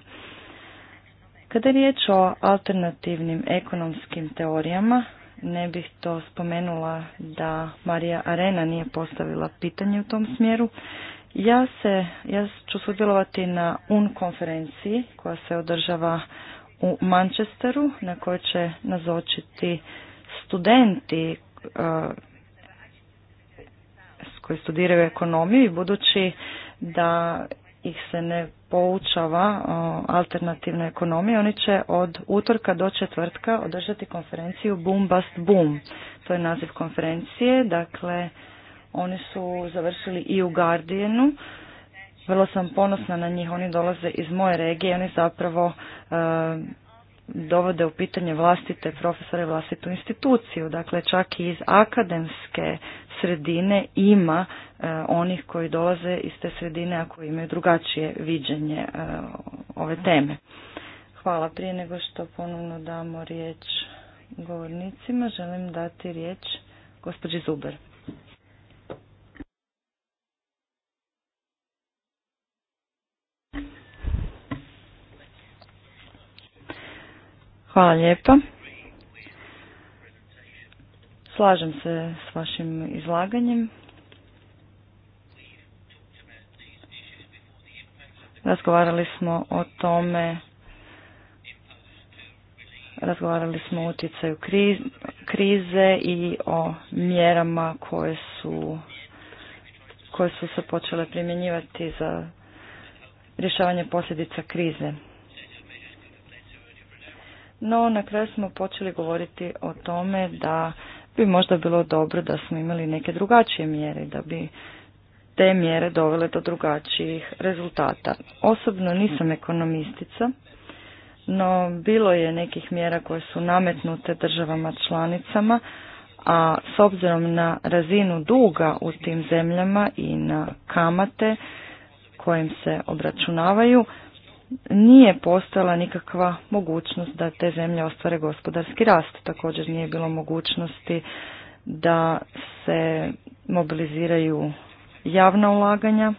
Kada je riječ o alternativnim ekonomskim teorijama, ne bih to spomenula da Marija Arena nije postavila pitanje u tom smjeru. Ja, se, ja ću sudjelovati na UN konferenciji koja se održava u Manchesteru na kojoj će nazočiti studenti Eh, koji studiraju ekonomiju i budući da ih se ne poučava eh, alternativna ekonomija, oni će od utorka do četvrtka održati konferenciju Boom Bust Boom. To je naziv konferencije, dakle oni su završili i u Guardianu. Vrlo sam ponosna na njih, oni dolaze iz moje regije, oni zapravo eh, dovode u pitanje vlastite profesore, vlastitu instituciju. Dakle, čak i iz akademske sredine ima e, onih koji dolaze iz te sredine ako imaju drugačije viđenje e, ove teme. Hvala. Prije nego što ponovno damo riječ govornicima, želim dati riječ gospođi Zuber. Hvala lijepa. Slažem se s vašim izlaganjem. Razgovarali smo o tome, razgovarali smo o utjecaju krize i o mjerama koje su, koje su se počele primjenjivati za rješavanje posljedica krize no na kraju smo počeli govoriti o tome da bi možda bilo dobro da smo imali neke drugačije mjere, da bi te mjere dovele do drugačijih rezultata. Osobno nisam ekonomistica, no bilo je nekih mjera koje su nametnute državama članicama, a s obzirom na razinu duga u tim zemljama i na kamate kojim se obračunavaju, nije postojala nikakva mogućnost da te zemlje ostvare gospodarski rast. Također nije bilo mogućnosti da se mobiliziraju javna ulaganja.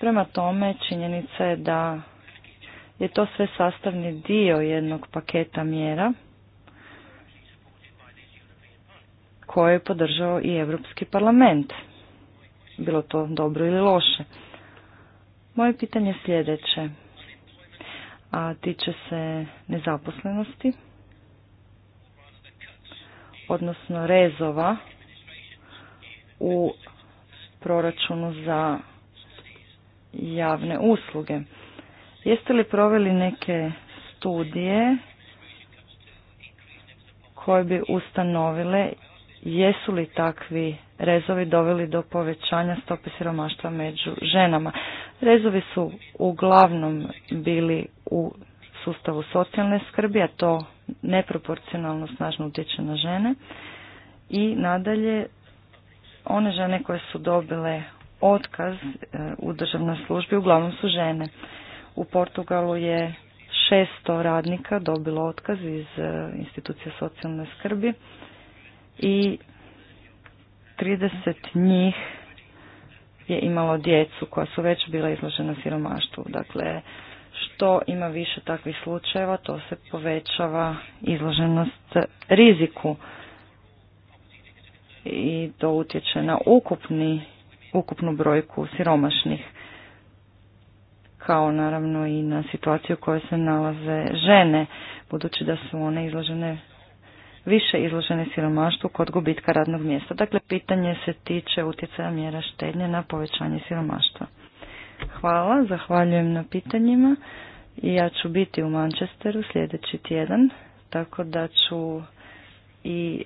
Prema tome činjenica je da je to sve sastavni dio jednog paketa mjera koje je podržao i Europski parlament bilo to dobro ili loše. Moje pitanje je sljedeće, a tiče se nezaposlenosti, odnosno rezova u proračunu za javne usluge. Jeste li proveli neke studije koje bi ustanovile jesu li takvi rezovi doveli do povećanja stope siromaštva među ženama. Rezovi su uglavnom bili u sustavu socijalne skrbi, a to neproporcionalno snažno utječe na žene. I nadalje, one žene koje su dobile otkaz e, u državnoj službi uglavnom su žene. U Portugalu je 600 radnika dobilo otkaz iz e, institucija socijalne skrbi i 30 njih je imalo djecu koja su već bila izložena siromaštvu. Dakle, što ima više takvih slučajeva, to se povećava izloženost riziku i to utječe na ukupni, ukupnu brojku siromašnih kao naravno i na situaciju u kojoj se nalaze žene, budući da su one izložene više izložene siromaštvu kod gubitka radnog mjesta. Dakle, pitanje se tiče utjecaja mjera štednje na povećanje siromaštva. Hvala, zahvaljujem na pitanjima. I Ja ću biti u Manchesteru sljedeći tjedan, tako da ću i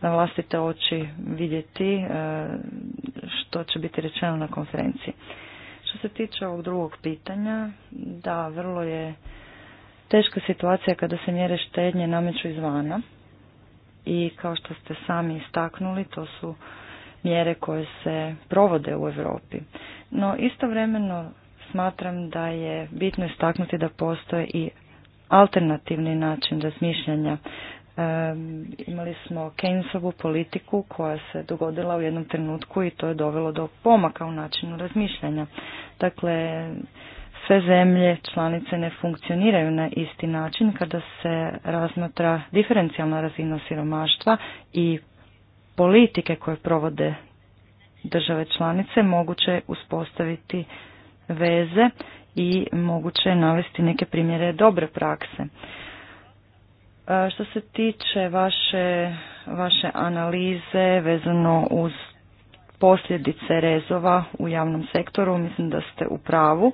na vlastite oči vidjeti e, što će biti rečeno na konferenciji. Što se tiče ovog drugog pitanja, da, vrlo je teška situacija kada se mjere štednje nameću izvana i kao što ste sami istaknuli, to su mjere koje se provode u Europi. No istovremeno smatram da je bitno istaknuti da postoje i alternativni način razmišljanja. E, imali smo Keynesovu politiku koja se dogodila u jednom trenutku i to je dovelo do pomaka u načinu razmišljanja. Dakle, sve zemlje članice ne funkcioniraju na isti način kada se razmatra diferencijalna razina siromaštva i politike koje provode države članice moguće uspostaviti veze i moguće je navesti neke primjere dobre prakse. E, što se tiče vaše, vaše analize vezano uz posljedice rezova u javnom sektoru, mislim da ste u pravu.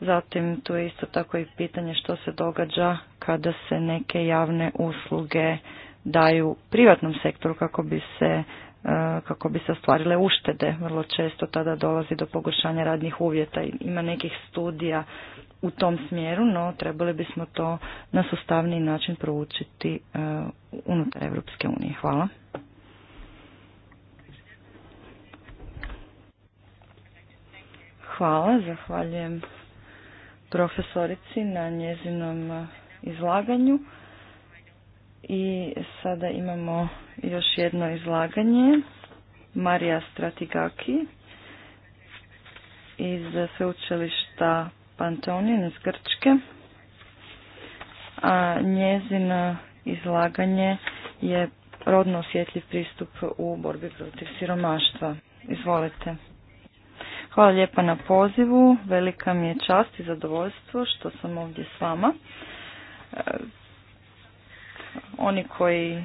Zatim tu je isto tako i pitanje što se događa kada se neke javne usluge daju privatnom sektoru kako bi se e, kako bi se ostvarile uštede. Vrlo često tada dolazi do pogoršanja radnih uvjeta. Ima nekih studija u tom smjeru, no trebali bismo to na sustavni način proučiti e, unutar Europske unije. Hvala. Hvala, zahvaljujem profesorici na njezinom e, izlaganju. I sada imamo još jedno izlaganje Marija Stratigaki iz sveučilišta Pantonin iz Grčke. A njezino izlaganje je rodno osjetljiv pristup u borbi protiv siromaštva. Izvolite. Hvala lijepa na pozivu. Velika mi je čast i zadovoljstvo što sam ovdje s vama. E, oni koji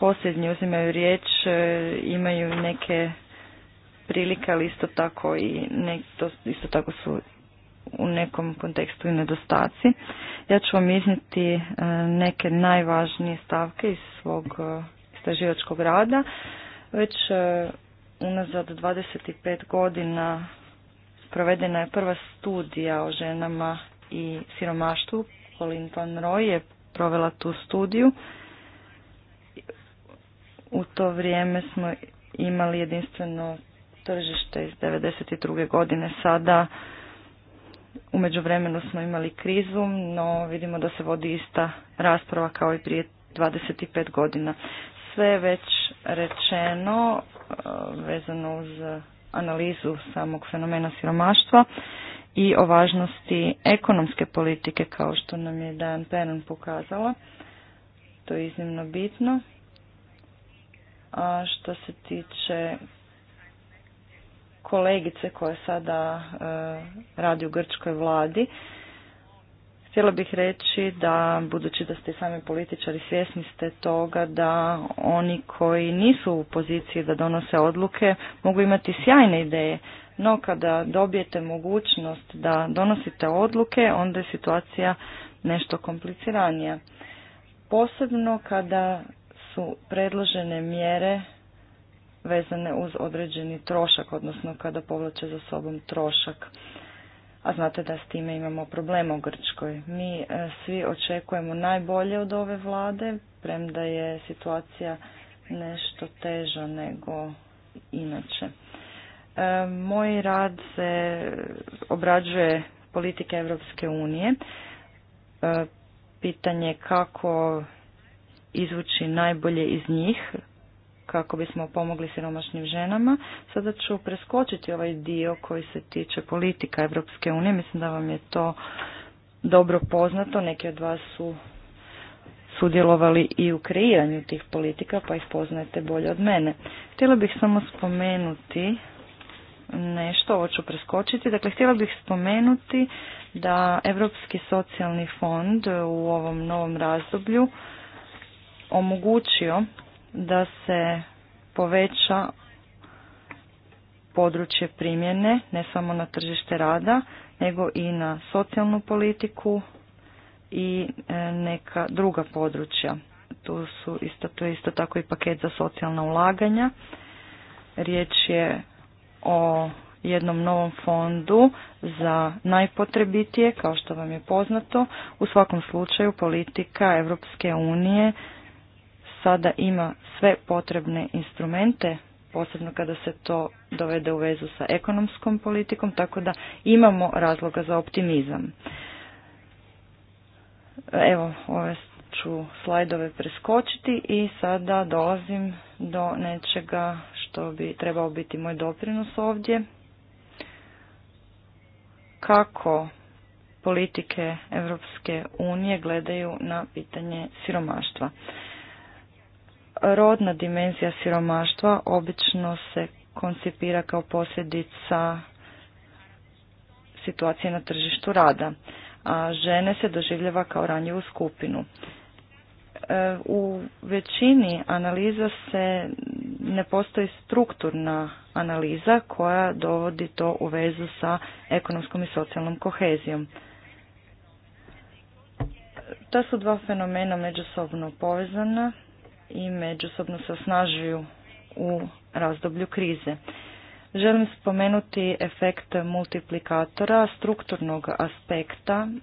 posljednji uzimaju riječ e, imaju neke prilike, ali isto tako i isto tako su u nekom kontekstu i nedostaci. Ja ću vam iznijeti e, neke najvažnije stavke iz svog istraživačkog rada. Već unazad 25 godina provedena je prva studija o ženama i siromaštvu. Pauline Van Roy je provela tu studiju. U to vrijeme smo imali jedinstveno tržište iz 1992. godine. Sada u međuvremenu smo imali krizu, no vidimo da se vodi ista rasprava kao i prije 25 godina. Sve je već rečeno e, vezano uz analizu samog fenomena siromaštva i o važnosti ekonomske politike kao što nam je Dan Pennon pokazala. To je iznimno bitno. A što se tiče kolegice koja sada e, radi u grčkoj vladi, Htjela bih reći da, budući da ste i sami političari, svjesni ste toga da oni koji nisu u poziciji da donose odluke mogu imati sjajne ideje, no kada dobijete mogućnost da donosite odluke, onda je situacija nešto kompliciranija. Posebno kada su predložene mjere vezane uz određeni trošak, odnosno kada povlače za sobom trošak a znate da s time imamo problema u Grčkoj. Mi e, svi očekujemo najbolje od ove vlade, premda je situacija nešto teža nego inače. E, moj rad se obrađuje politike Europske unije. E, pitanje kako izvući najbolje iz njih kako bismo pomogli siromašnim ženama. Sada ću preskočiti ovaj dio koji se tiče politika Europske unije. Mislim da vam je to dobro poznato. Neki od vas su sudjelovali i u kreiranju tih politika, pa ih poznajete bolje od mene. Htjela bih samo spomenuti nešto, ovo ću preskočiti. Dakle, htjela bih spomenuti da Europski socijalni fond u ovom novom razdoblju omogućio da se poveća područje primjene, ne samo na tržište rada, nego i na socijalnu politiku i e, neka druga područja. Tu su isto, tu je isto tako i paket za socijalna ulaganja. Riječ je o jednom novom fondu za najpotrebitije, kao što vam je poznato. U svakom slučaju politika Europske unije sada ima sve potrebne instrumente, posebno kada se to dovede u vezu sa ekonomskom politikom, tako da imamo razloga za optimizam. Evo, ove ću slajdove preskočiti i sada dolazim do nečega što bi trebao biti moj doprinos ovdje. Kako politike Europske unije gledaju na pitanje siromaštva. Rodna dimenzija siromaštva obično se koncipira kao posljedica situacije na tržištu rada, a žene se doživljava kao ranjivu skupinu. E, u većini analiza se ne postoji strukturna analiza koja dovodi to u vezu sa ekonomskom i socijalnom kohezijom. Ta su dva fenomena međusobno povezana i međusobno se osnažuju u razdoblju krize. Želim spomenuti efekt multiplikatora strukturnog aspekta e,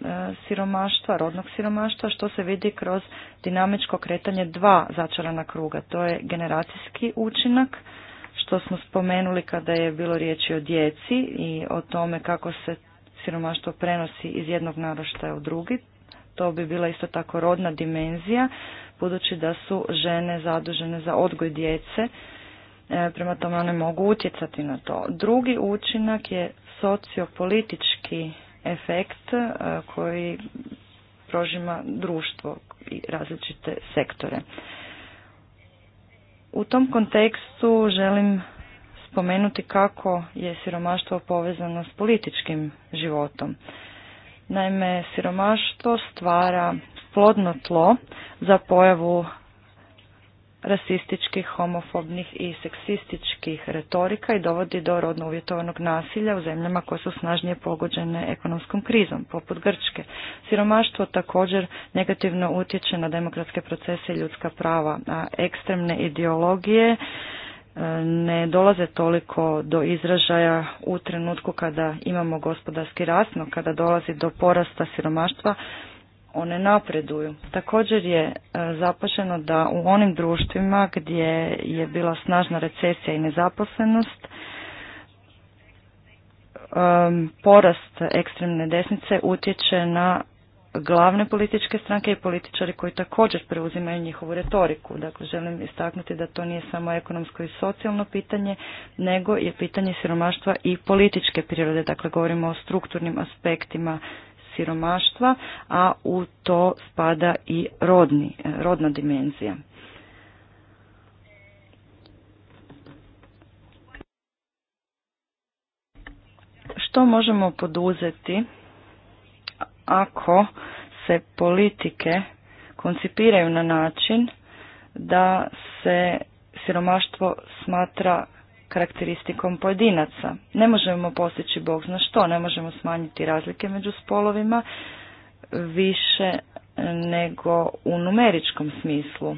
siromaštva, rodnog siromaštva, što se vidi kroz dinamičko kretanje dva začarana kruga. To je generacijski učinak, što smo spomenuli kada je bilo riječi o djeci i o tome kako se siromaštvo prenosi iz jednog naroštaja u drugi. To bi bila isto tako rodna dimenzija budući da su žene zadužene za odgoj djece, e, prema tome one mogu utjecati na to. Drugi učinak je sociopolitički efekt e, koji prožima društvo i različite sektore. U tom kontekstu želim spomenuti kako je siromaštvo povezano s političkim životom. Naime, siromaštvo stvara plodno tlo za pojavu rasističkih, homofobnih i seksističkih retorika i dovodi do rodno uvjetovanog nasilja u zemljama koje su snažnije pogođene ekonomskom krizom, poput Grčke. Siromaštvo također negativno utječe na demokratske procese i ljudska prava, a ekstremne ideologije e, ne dolaze toliko do izražaja u trenutku kada imamo gospodarski rast, no kada dolazi do porasta siromaštva, one napreduju. Također je e, započeno da u onim društvima gdje je bila snažna recesija i nezaposlenost, e, porast ekstremne desnice utječe na glavne političke stranke i političari koji također preuzimaju njihovu retoriku. Dakle, želim istaknuti da to nije samo ekonomsko i socijalno pitanje, nego je pitanje siromaštva i političke prirode. Dakle, govorimo o strukturnim aspektima siromaštva, a u to spada i rodni, e, rodna dimenzija. Što možemo poduzeti ako se politike koncipiraju na način da se siromaštvo smatra karakteristikom pojedinaca. Ne možemo postići Bog zna što, ne možemo smanjiti razlike među spolovima više nego u numeričkom smislu.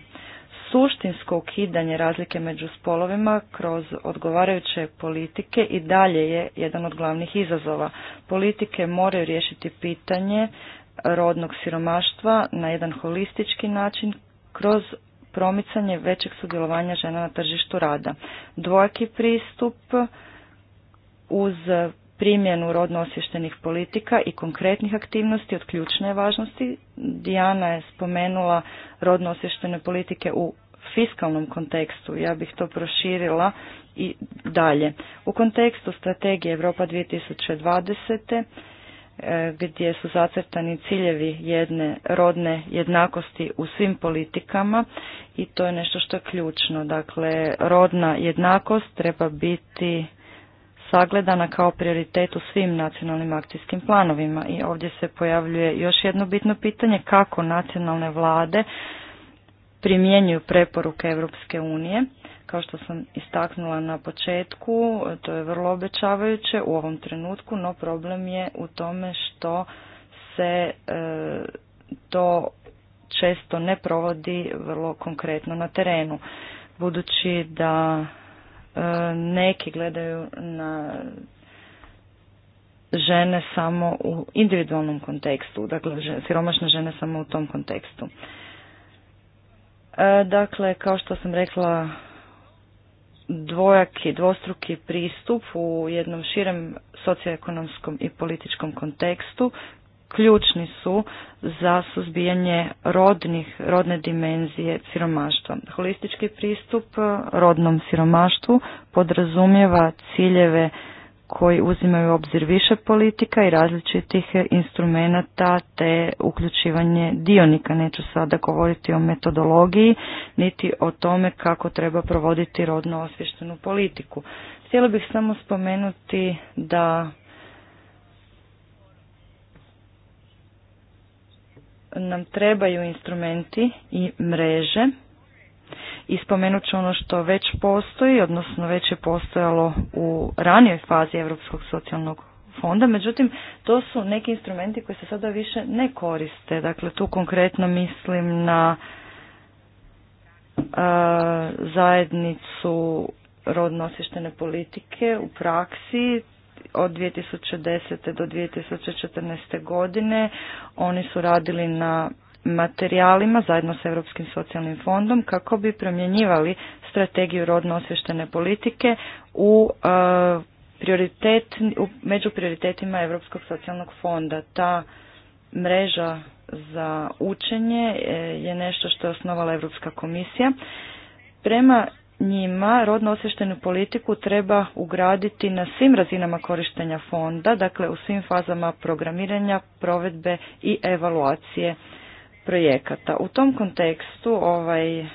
Suštinsko ukidanje razlike među spolovima kroz odgovarajuće politike i dalje je jedan od glavnih izazova. Politike moraju riješiti pitanje rodnog siromaštva na jedan holistički način kroz promicanje većeg sudjelovanja žena na tržištu rada. Dvojaki pristup uz primjenu rodno osvještenih politika i konkretnih aktivnosti od ključne važnosti. Dijana je spomenula rodno politike u fiskalnom kontekstu. Ja bih to proširila i dalje. U kontekstu strategije Europa 2020 E, gdje su zacrtani ciljevi jedne rodne jednakosti u svim politikama i to je nešto što je ključno. Dakle, rodna jednakost treba biti sagledana kao prioritet u svim nacionalnim akcijskim planovima i ovdje se pojavljuje još jedno bitno pitanje kako nacionalne vlade primjenjuju preporuke Europske unije kao što sam istaknula na početku, to je vrlo obećavajuće u ovom trenutku, no problem je u tome što se e, to često ne provodi vrlo konkretno na terenu. Budući da e, neki gledaju na žene samo u individualnom kontekstu, dakle siromašne žene samo u tom kontekstu. E, dakle, kao što sam rekla dvojaki, dvostruki pristup u jednom širem socioekonomskom i političkom kontekstu ključni su za suzbijanje rodnih, rodne dimenzije siromaštva. Holistički pristup rodnom siromaštvu podrazumijeva ciljeve koji uzimaju u obzir više politika i različitih instrumenata te uključivanje dionika. Neću sada govoriti o metodologiji niti o tome kako treba provoditi rodno osvještenu politiku. Htjela bih samo spomenuti da nam trebaju instrumenti i mreže i spomenut ću ono što već postoji, odnosno već je postojalo u ranijoj fazi Europskog socijalnog fonda, međutim to su neki instrumenti koji se sada više ne koriste. Dakle, tu konkretno mislim na e, zajednicu rodno politike u praksi od 2010. do 2014. godine. Oni su radili na materijalima zajedno s Europskim socijalnim fondom kako bi promjenjivali strategiju rodno osvještene politike u e, prioritet, među prioritetima Europskog socijalnog fonda. Ta mreža za učenje e, je nešto što je osnovala Europska komisija. Prema njima rodno osvještenu politiku treba ugraditi na svim razinama korištenja fonda, dakle u svim fazama programiranja, provedbe i evaluacije projekata. U tom kontekstu ovaj, e,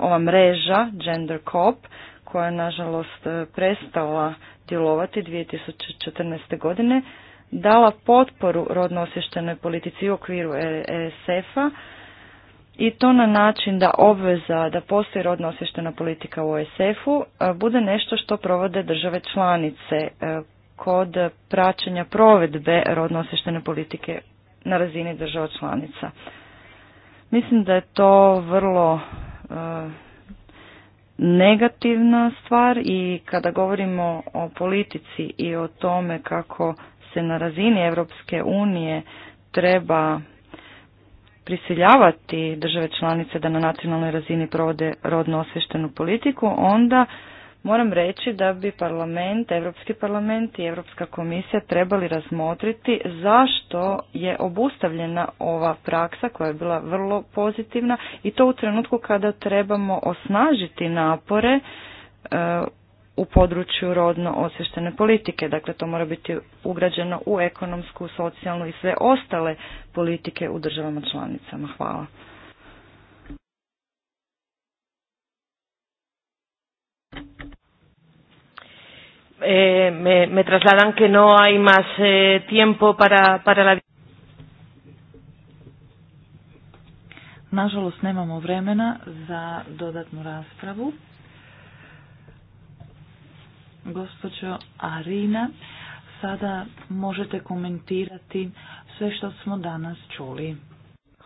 ova mreža Gender Cop koja je nažalost e, prestala djelovati 2014. godine dala potporu rodno osještenoj politici u okviru ESF-a e i to na način da obveza da postoji rodno osještena politika u ESF-u bude nešto što provode države članice kod praćenja provedbe rodno osvještene politike na razini država članica. Mislim da je to vrlo e, negativna stvar i kada govorimo o politici i o tome kako se na razini Europske unije treba prisiljavati države članice da na nacionalnoj razini provode rodno osvještenu politiku, onda Moram reći da bi parlament, Europski parlament i Europska komisija trebali razmotriti zašto je obustavljena ova praksa koja je bila vrlo pozitivna i to u trenutku kada trebamo osnažiti napore e, u području rodno osještene politike. Dakle, to mora biti ugrađeno u ekonomsku, socijalnu i sve ostale politike u državama članicama. Hvala. eh, me, me trasladan que no hay más eh, tiempo para, para la... Nažalost nemamo vremena za dodatnu raspravu. Gospođo Arina, sada možete komentirati sve što smo danas čuli.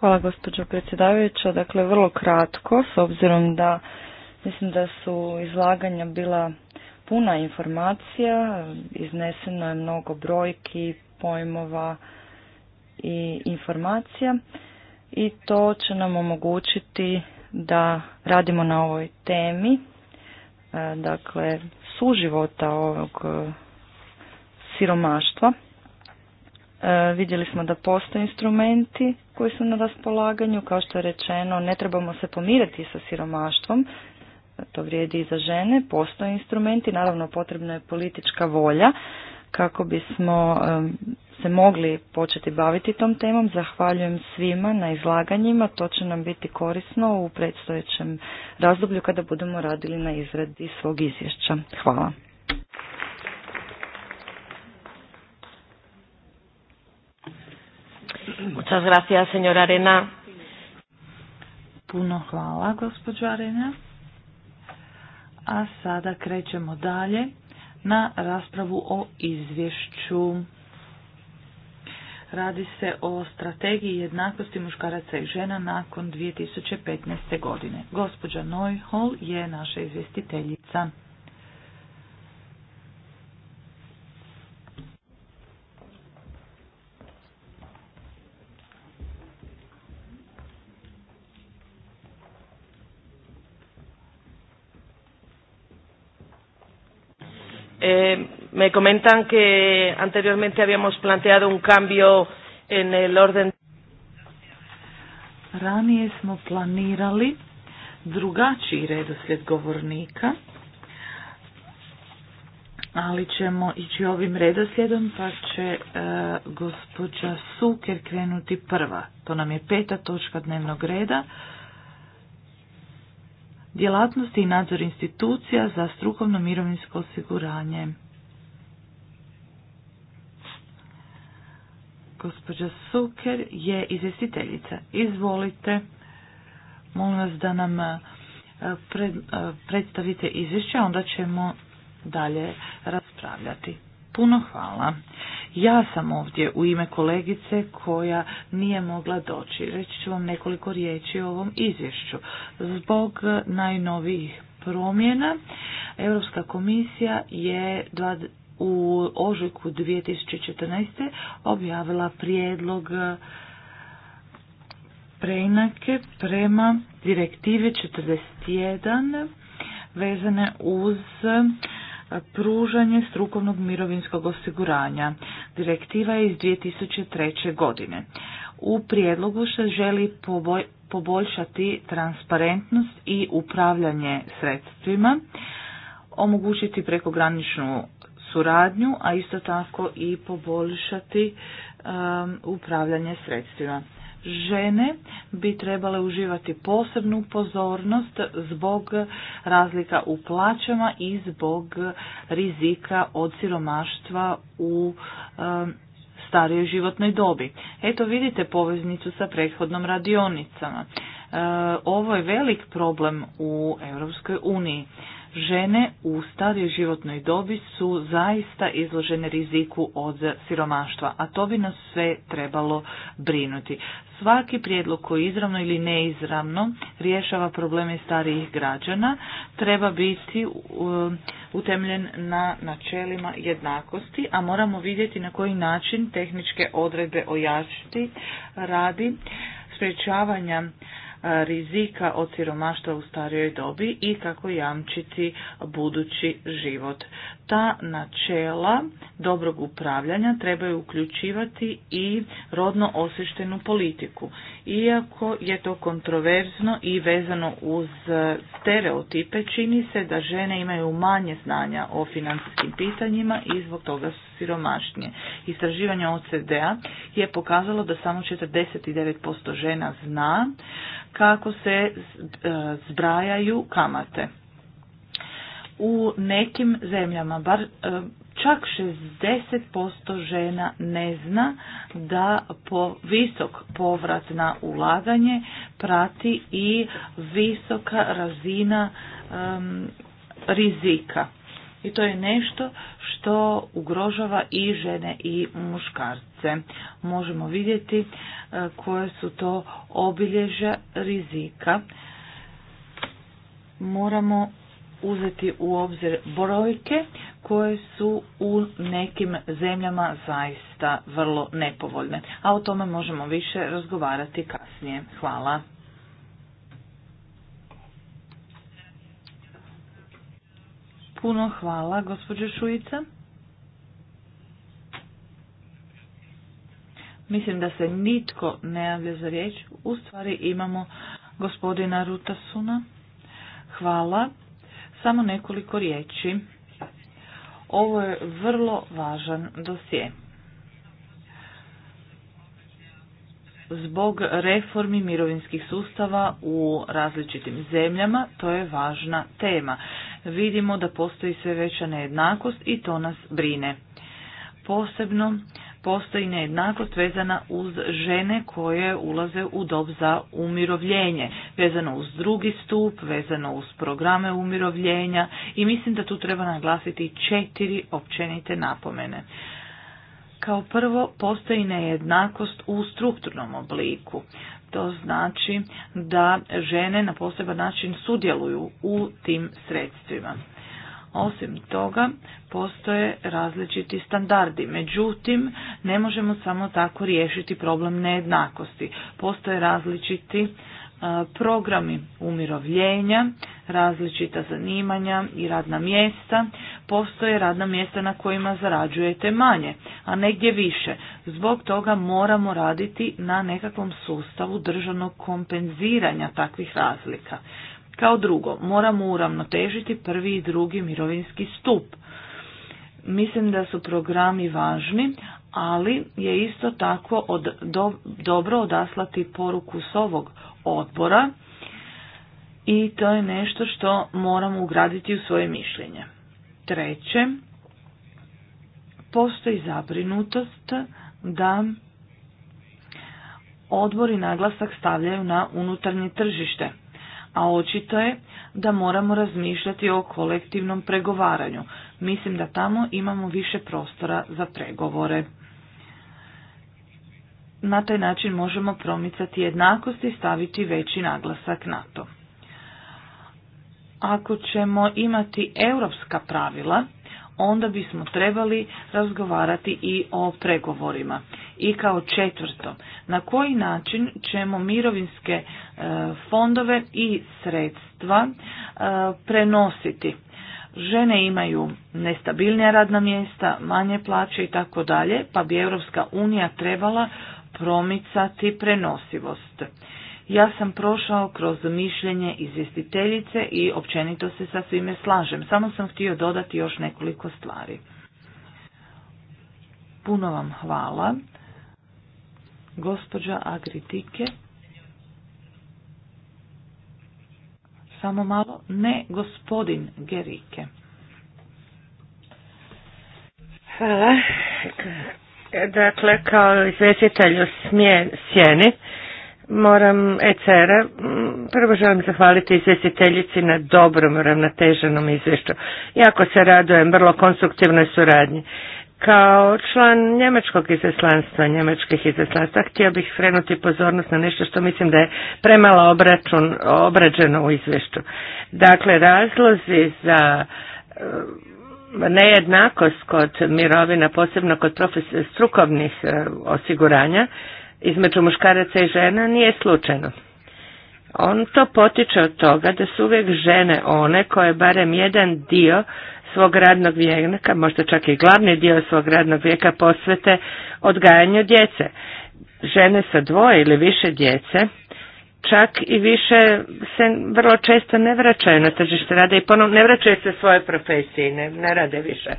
Hvala gospođo predsjedavajuća. Dakle, vrlo kratko, s obzirom da mislim da su izlaganja bila puna informacija, izneseno je mnogo brojki, pojmova i informacija i to će nam omogućiti da radimo na ovoj temi, e, dakle suživota ovog e, siromaštva. E, vidjeli smo da postoje instrumenti koji su na raspolaganju, kao što je rečeno, ne trebamo se pomirati sa siromaštvom, to vrijedi i za žene, postoje instrumenti, naravno potrebna je politička volja kako bismo se mogli početi baviti tom temom. Zahvaljujem svima na izlaganjima, to će nam biti korisno u predstojećem razdoblju kada budemo radili na izradi svog izvješća. Hvala. Muchas gracias, señora Arena. Puno hvala, gospođo Arena. A sada krećemo dalje na raspravu o izvješću. Radi se o strategiji jednakosti muškaraca i žena nakon 2015. godine. Gospođa Neuhol je naša izvjestiteljica. Eh, me comentan que anteriormente habíamos planteado un cambio en el orden. Ranije smo planirali drugačiji redoslijed govornika, ali ćemo ići ovim redoslijedom pa će e, gospođa Suker krenuti prva. To nam je peta točka dnevnog reda djelatnosti i nadzor institucija za strukovno mirovinsko osiguranje. Gospođa Suker je izvjestiteljica. Izvolite, molim vas da nam e, e, predstavite izvješće, onda ćemo dalje raspravljati. Puno hvala. Ja sam ovdje u ime kolegice koja nije mogla doći. Reći ću vam nekoliko riječi o ovom izvješću. Zbog najnovijih promjena Europska komisija je u ožujku 2014. objavila prijedlog preinake prema direktive 41 vezane uz pružanje strukovnog mirovinskog osiguranja. Direktiva je iz 2003. godine. U prijedlogu se želi poboljšati transparentnost i upravljanje sredstvima, omogućiti prekograničnu suradnju, a isto tako i poboljšati um, upravljanje sredstvima žene bi trebale uživati posebnu pozornost zbog razlika u plaćama i zbog rizika od siromaštva u um, starijoj životnoj dobi. Eto vidite poveznicu sa prethodnom radionicama. Uh, ovo je velik problem u Europskoj uniji žene u starijoj životnoj dobi su zaista izložene riziku od siromaštva, a to bi nas sve trebalo brinuti. Svaki prijedlog koji izravno ili neizravno rješava probleme starijih građana treba biti um, utemljen na načelima jednakosti, a moramo vidjeti na koji način tehničke odredbe ojačiti radi sprječavanja rizika od siromaštva u starijoj dobi i kako jamčiti budući život ta načela dobrog upravljanja trebaju uključivati i rodno osještenu politiku. Iako je to kontroverzno i vezano uz stereotipe, čini se da žene imaju manje znanja o financijskim pitanjima i zbog toga su siromašnije. Istraživanje OCD-a je pokazalo da samo 49% žena zna kako se e, zbrajaju kamate u nekim zemljama, bar e, čak 60% žena ne zna da po visok povrat na ulaganje prati i visoka razina rizika. I to je nešto što ugrožava i žene i muškarce. Možemo vidjeti e, koje su to obilježja rizika. Moramo uzeti u obzir brojke koje su u nekim zemljama zaista vrlo nepovoljne. A o tome možemo više razgovarati kasnije. Hvala. Puno hvala, gospođo Šujica. Mislim da se nitko ne javlja za riječ. U stvari imamo gospodina Rutasuna. Hvala. Samo nekoliko riječi. Ovo je vrlo važan dosje. Zbog reformi mirovinskih sustava u različitim zemljama to je važna tema. Vidimo da postoji sve veća nejednakost i to nas brine. Posebno postoji nejednakost vezana uz žene koje ulaze u dob za umirovljenje, vezano uz drugi stup, vezano uz programe umirovljenja i mislim da tu treba naglasiti četiri općenite napomene. Kao prvo, postoji nejednakost u strukturnom obliku. To znači da žene na poseban način sudjeluju u tim sredstvima. Osim toga, postoje različiti standardi. Međutim, ne možemo samo tako riješiti problem nejednakosti. Postoje različiti e, programi umirovljenja, različita zanimanja i radna mjesta. Postoje radna mjesta na kojima zarađujete manje, a negdje više. Zbog toga moramo raditi na nekakvom sustavu državnog kompenziranja takvih razlika. Kao drugo, moramo uravnotežiti prvi i drugi mirovinski stup. Mislim da su programi važni, ali je isto tako dobro odaslati poruku s ovog odbora i to je nešto što moramo ugraditi u svoje mišljenje. Treće, postoji zabrinutost da odbori naglasak stavljaju na unutarnje tržište a očito je da moramo razmišljati o kolektivnom pregovaranju. Mislim da tamo imamo više prostora za pregovore. Na taj način možemo promicati jednakost i staviti veći naglasak na to. Ako ćemo imati europska pravila, onda bismo trebali razgovarati i o pregovorima. I kao četvrto, na koji način ćemo mirovinske e, fondove i sredstva e, prenositi? Žene imaju nestabilnija radna mjesta, manje plaće i tako dalje, pa bi Europska unija trebala promicati prenosivost. Ja sam prošao kroz mišljenje izvjestiteljice i općenito se sa svime slažem. Samo sam htio dodati još nekoliko stvari. Puno vam hvala. Gospođa Agritike. Samo malo. Ne, gospodin Gerike. Hvala. Dakle, kao izvjestitelj sjeni, moram ECR-a, mm, prvo želim zahvaliti izvjestiteljici na dobrom ravnoteženom izvješću. Jako se radujem vrlo konstruktivnoj suradnji. Kao član njemačkog izaslanstva, njemačkih izaslanstva, htio bih frenuti pozornost na nešto što mislim da je premalo obračun, obrađeno u izvješću. Dakle, razlozi za eh, nejednakost kod mirovina, posebno kod strukovnih eh, osiguranja, između muškaraca i žena nije slučajno. On to potiče od toga da su uvijek žene one koje barem jedan dio svog radnog vijeka, možda čak i glavni dio svog radnog vijeka posvete odgajanju djece. Žene sa dvoje ili više djece čak i više se vrlo često ne vraćaju na tržište rada i ponovno ne vraćaju se svoje profesije, ne rade više.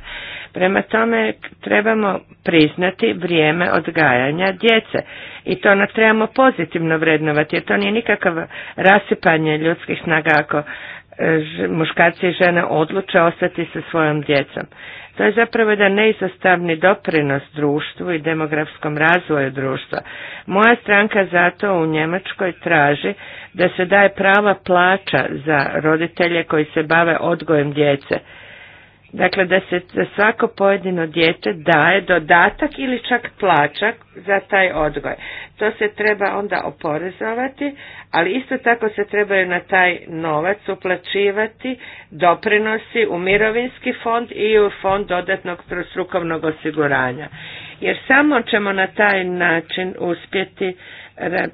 Prema tome trebamo priznati vrijeme odgajanja djece i to ono trebamo pozitivno vrednovati jer to nije nikakav rasipanje ljudskih snaga ako e, muškarci i žene odluče ostati sa svojom djecom. To je zapravo jedan neizostavni doprinos društvu i demografskom razvoju društva. Moja stranka zato u Njemačkoj traži da se daje prava plaća za roditelje koji se bave odgojem djece Dakle, da se za svako pojedino dijete daje dodatak ili čak plaćak za taj odgoj. To se treba onda oporezovati, ali isto tako se trebaju na taj novac uplaćivati doprinosi u mirovinski fond i u fond dodatnog strukovnog osiguranja. Jer samo ćemo na taj način uspjeti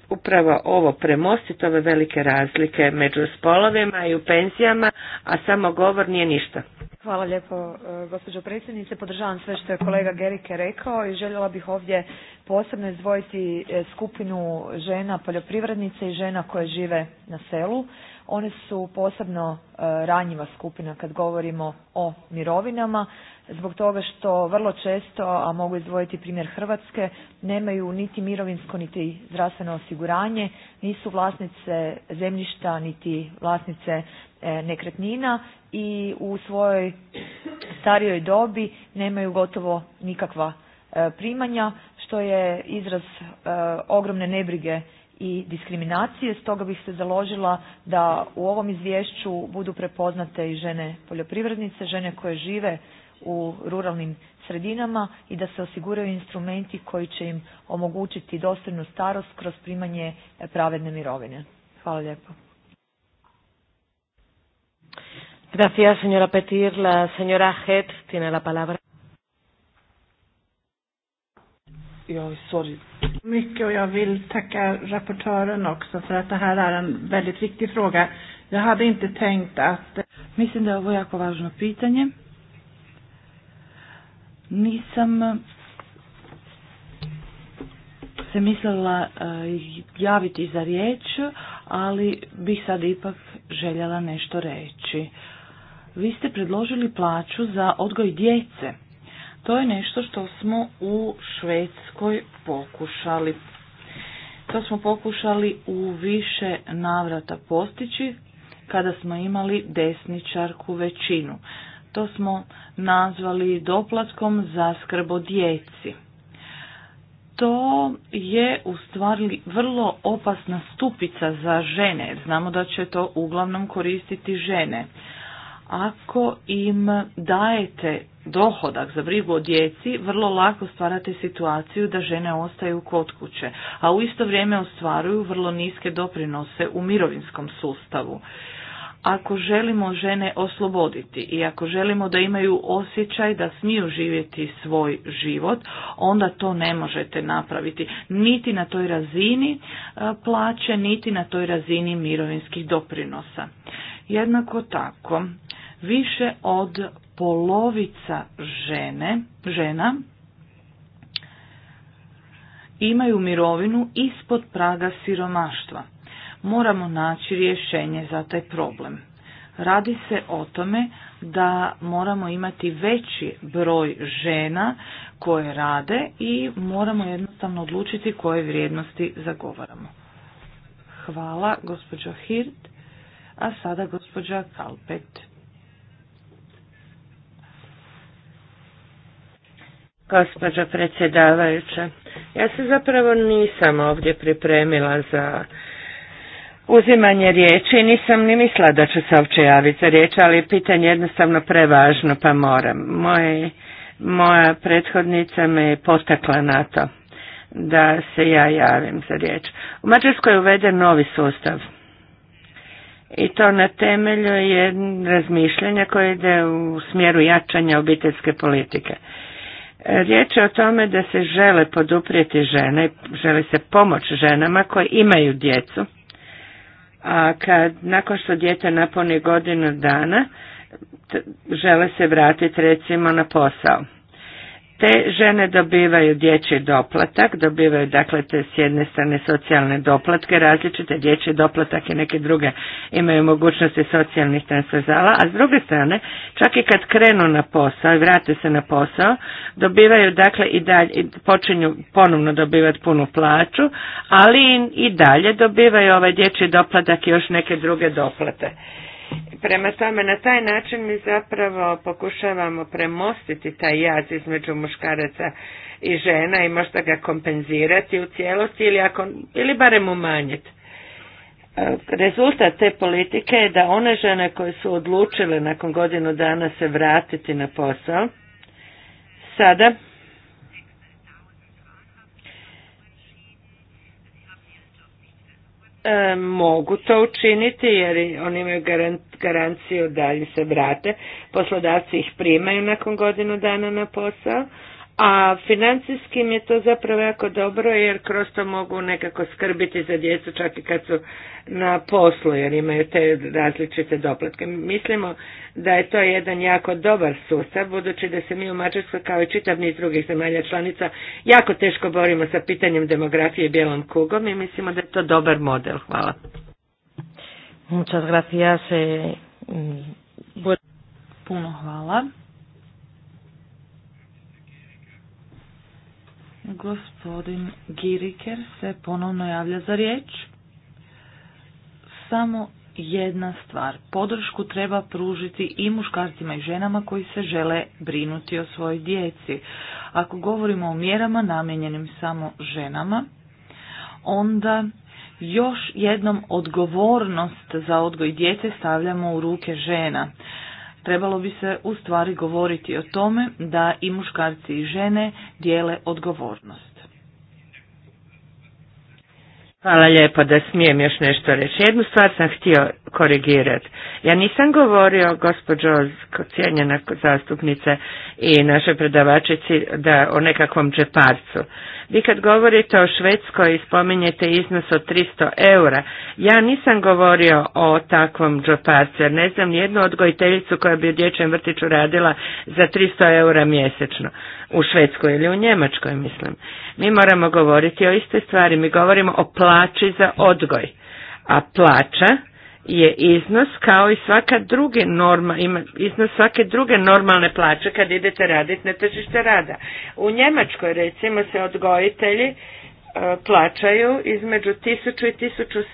upravo ovo premostiti ove velike razlike među spolovima i u penzijama, a samo govor nije ništa. Hvala lijepo e, gospođo predsjednice. Podržavam sve što je kolega Gerike rekao i željela bih ovdje posebno izdvojiti e, skupinu žena poljoprivrednice i žena koje žive na selu one su posebno e, ranjiva skupina kad govorimo o mirovinama zbog toga što vrlo često, a mogu izdvojiti primjer Hrvatske, nemaju niti mirovinsko niti zdravstveno osiguranje, nisu vlasnice zemljišta niti vlasnice e, nekretnina i u svojoj starijoj dobi nemaju gotovo nikakva e, primanja što je izraz ogromne nebrige i diskriminacije. Stoga bih se založila da u ovom izvješću budu prepoznate i žene poljoprivrednice, žene koje žive u ruralnim sredinama i da se osiguraju instrumenti koji će im omogućiti dostojnu starost kroz primanje pravedne mirovine. Hvala lijepo. Gracias, señora Petir. La señora tiene la palabra. Jag är sorry. Mycket och jag vill tacka rapportören också för att det här är en väldigt viktig fråga. Jag hade inte tänkt att... Mislim da je ovo jako važno pitanje. Nisam eh, se mislila eh, javiti za riječ, ali bih sad ipak željela nešto reći. Vi ste predložili plaću za odgoj djece to je nešto što smo u Švedskoj pokušali. To smo pokušali u više navrata postići kada smo imali desničarku većinu. To smo nazvali doplatkom za skrb djeci. To je u stvari vrlo opasna stupica za žene, znamo da će to uglavnom koristiti žene. Ako im dajete dohodak za brigu o djeci, vrlo lako stvarate situaciju da žene ostaju kod kuće, a u isto vrijeme ostvaruju vrlo niske doprinose u mirovinskom sustavu. Ako želimo žene osloboditi i ako želimo da imaju osjećaj da smiju živjeti svoj život, onda to ne možete napraviti niti na toj razini e, plaće, niti na toj razini mirovinskih doprinosa. Jednako tako, Više od polovica žene, žena imaju mirovinu ispod praga siromaštva. Moramo naći rješenje za taj problem. Radi se o tome da moramo imati veći broj žena koje rade i moramo jednostavno odlučiti koje vrijednosti zagovaramo. Hvala gospođo Hirt, a sada gospođa Kalpet. Gospođo predsjedavajuća, ja se zapravo nisam ovdje pripremila za uzimanje riječi, i nisam ni mislila da ću se uopće javiti za riječ, ali je pitanje jednostavno prevažno pa moram. Moje, moja prethodnica me je potakla na to da se ja javim za riječ. U Mađarskoj je uveden novi sustav i to na temelju je razmišljanja koje ide u smjeru jačanja obiteljske politike. Riječ je o tome da se žele poduprijeti žene, želi se pomoć ženama koje imaju djecu, a kad nakon što dijete napuni godinu dana, žele se vratiti recimo na posao. Te žene dobivaju dječji doplatak, dobivaju dakle te s jedne strane socijalne doplatke, različite dječji doplatak i neke druge imaju mogućnosti socijalnih transferzala, a s druge strane čak i kad krenu na posao i vrate se na posao, dobivaju dakle i dalje, počinju ponovno dobivati punu plaću, ali i dalje dobivaju ovaj dječji doplatak i još neke druge doplate. Prema tome, na taj način mi zapravo pokušavamo premostiti taj jaz između muškaraca i žena i možda ga kompenzirati u cijelosti ili, ako, ili barem umanjiti. E, rezultat te politike je da one žene koje su odlučile nakon godinu dana se vratiti na posao, sada E, mogu to učiniti jer oni imaju garanciju da im se vrate, poslodavci ih primaju nakon godinu dana na posao, a financijski je to zapravo jako dobro jer kroz to mogu nekako skrbiti za djecu čak i kad su na poslu jer imaju te različite doplatke. Mislimo da je to jedan jako dobar sustav budući da se mi u Mađarskoj kao i čitav niz drugih zemalja članica jako teško borimo sa pitanjem demografije bijelom kugom i mislimo da je to dobar model. Hvala. Muchas eh, mm, Puno hvala. Gospodin Giriker se ponovno javlja za riječ. Samo jedna stvar. Podršku treba pružiti i muškarcima i ženama koji se žele brinuti o svojoj djeci. Ako govorimo o mjerama namijenjenim samo ženama, onda još jednom odgovornost za odgoj djece stavljamo u ruke žena. Trebalo bi se u stvari govoriti o tome da i muškarci i žene dijele odgovornost. Hvala lijepo da smijem još nešto reći. Jednu stvar sam htio korigirati. Ja nisam govorio, gospođo cijenjena zastupnice i naše predavačici, da o nekakvom džeparcu. Vi kad govorite o Švedskoj i spominjete iznos od 300 eura, ja nisam govorio o takvom džeparcu, jer ne znam jednu odgojiteljicu koja bi u dječjem vrtiću radila za 300 eura mjesečno u Švedskoj ili u Njemačkoj, mislim. Mi moramo govoriti o istoj stvari, mi govorimo o plaći za odgoj, a plaća je iznos kao i svaka druge norma, ima iznos svake druge normalne plaće kad idete raditi na tržište rada. U Njemačkoj recimo se odgojitelji e, plaćaju između 1000 i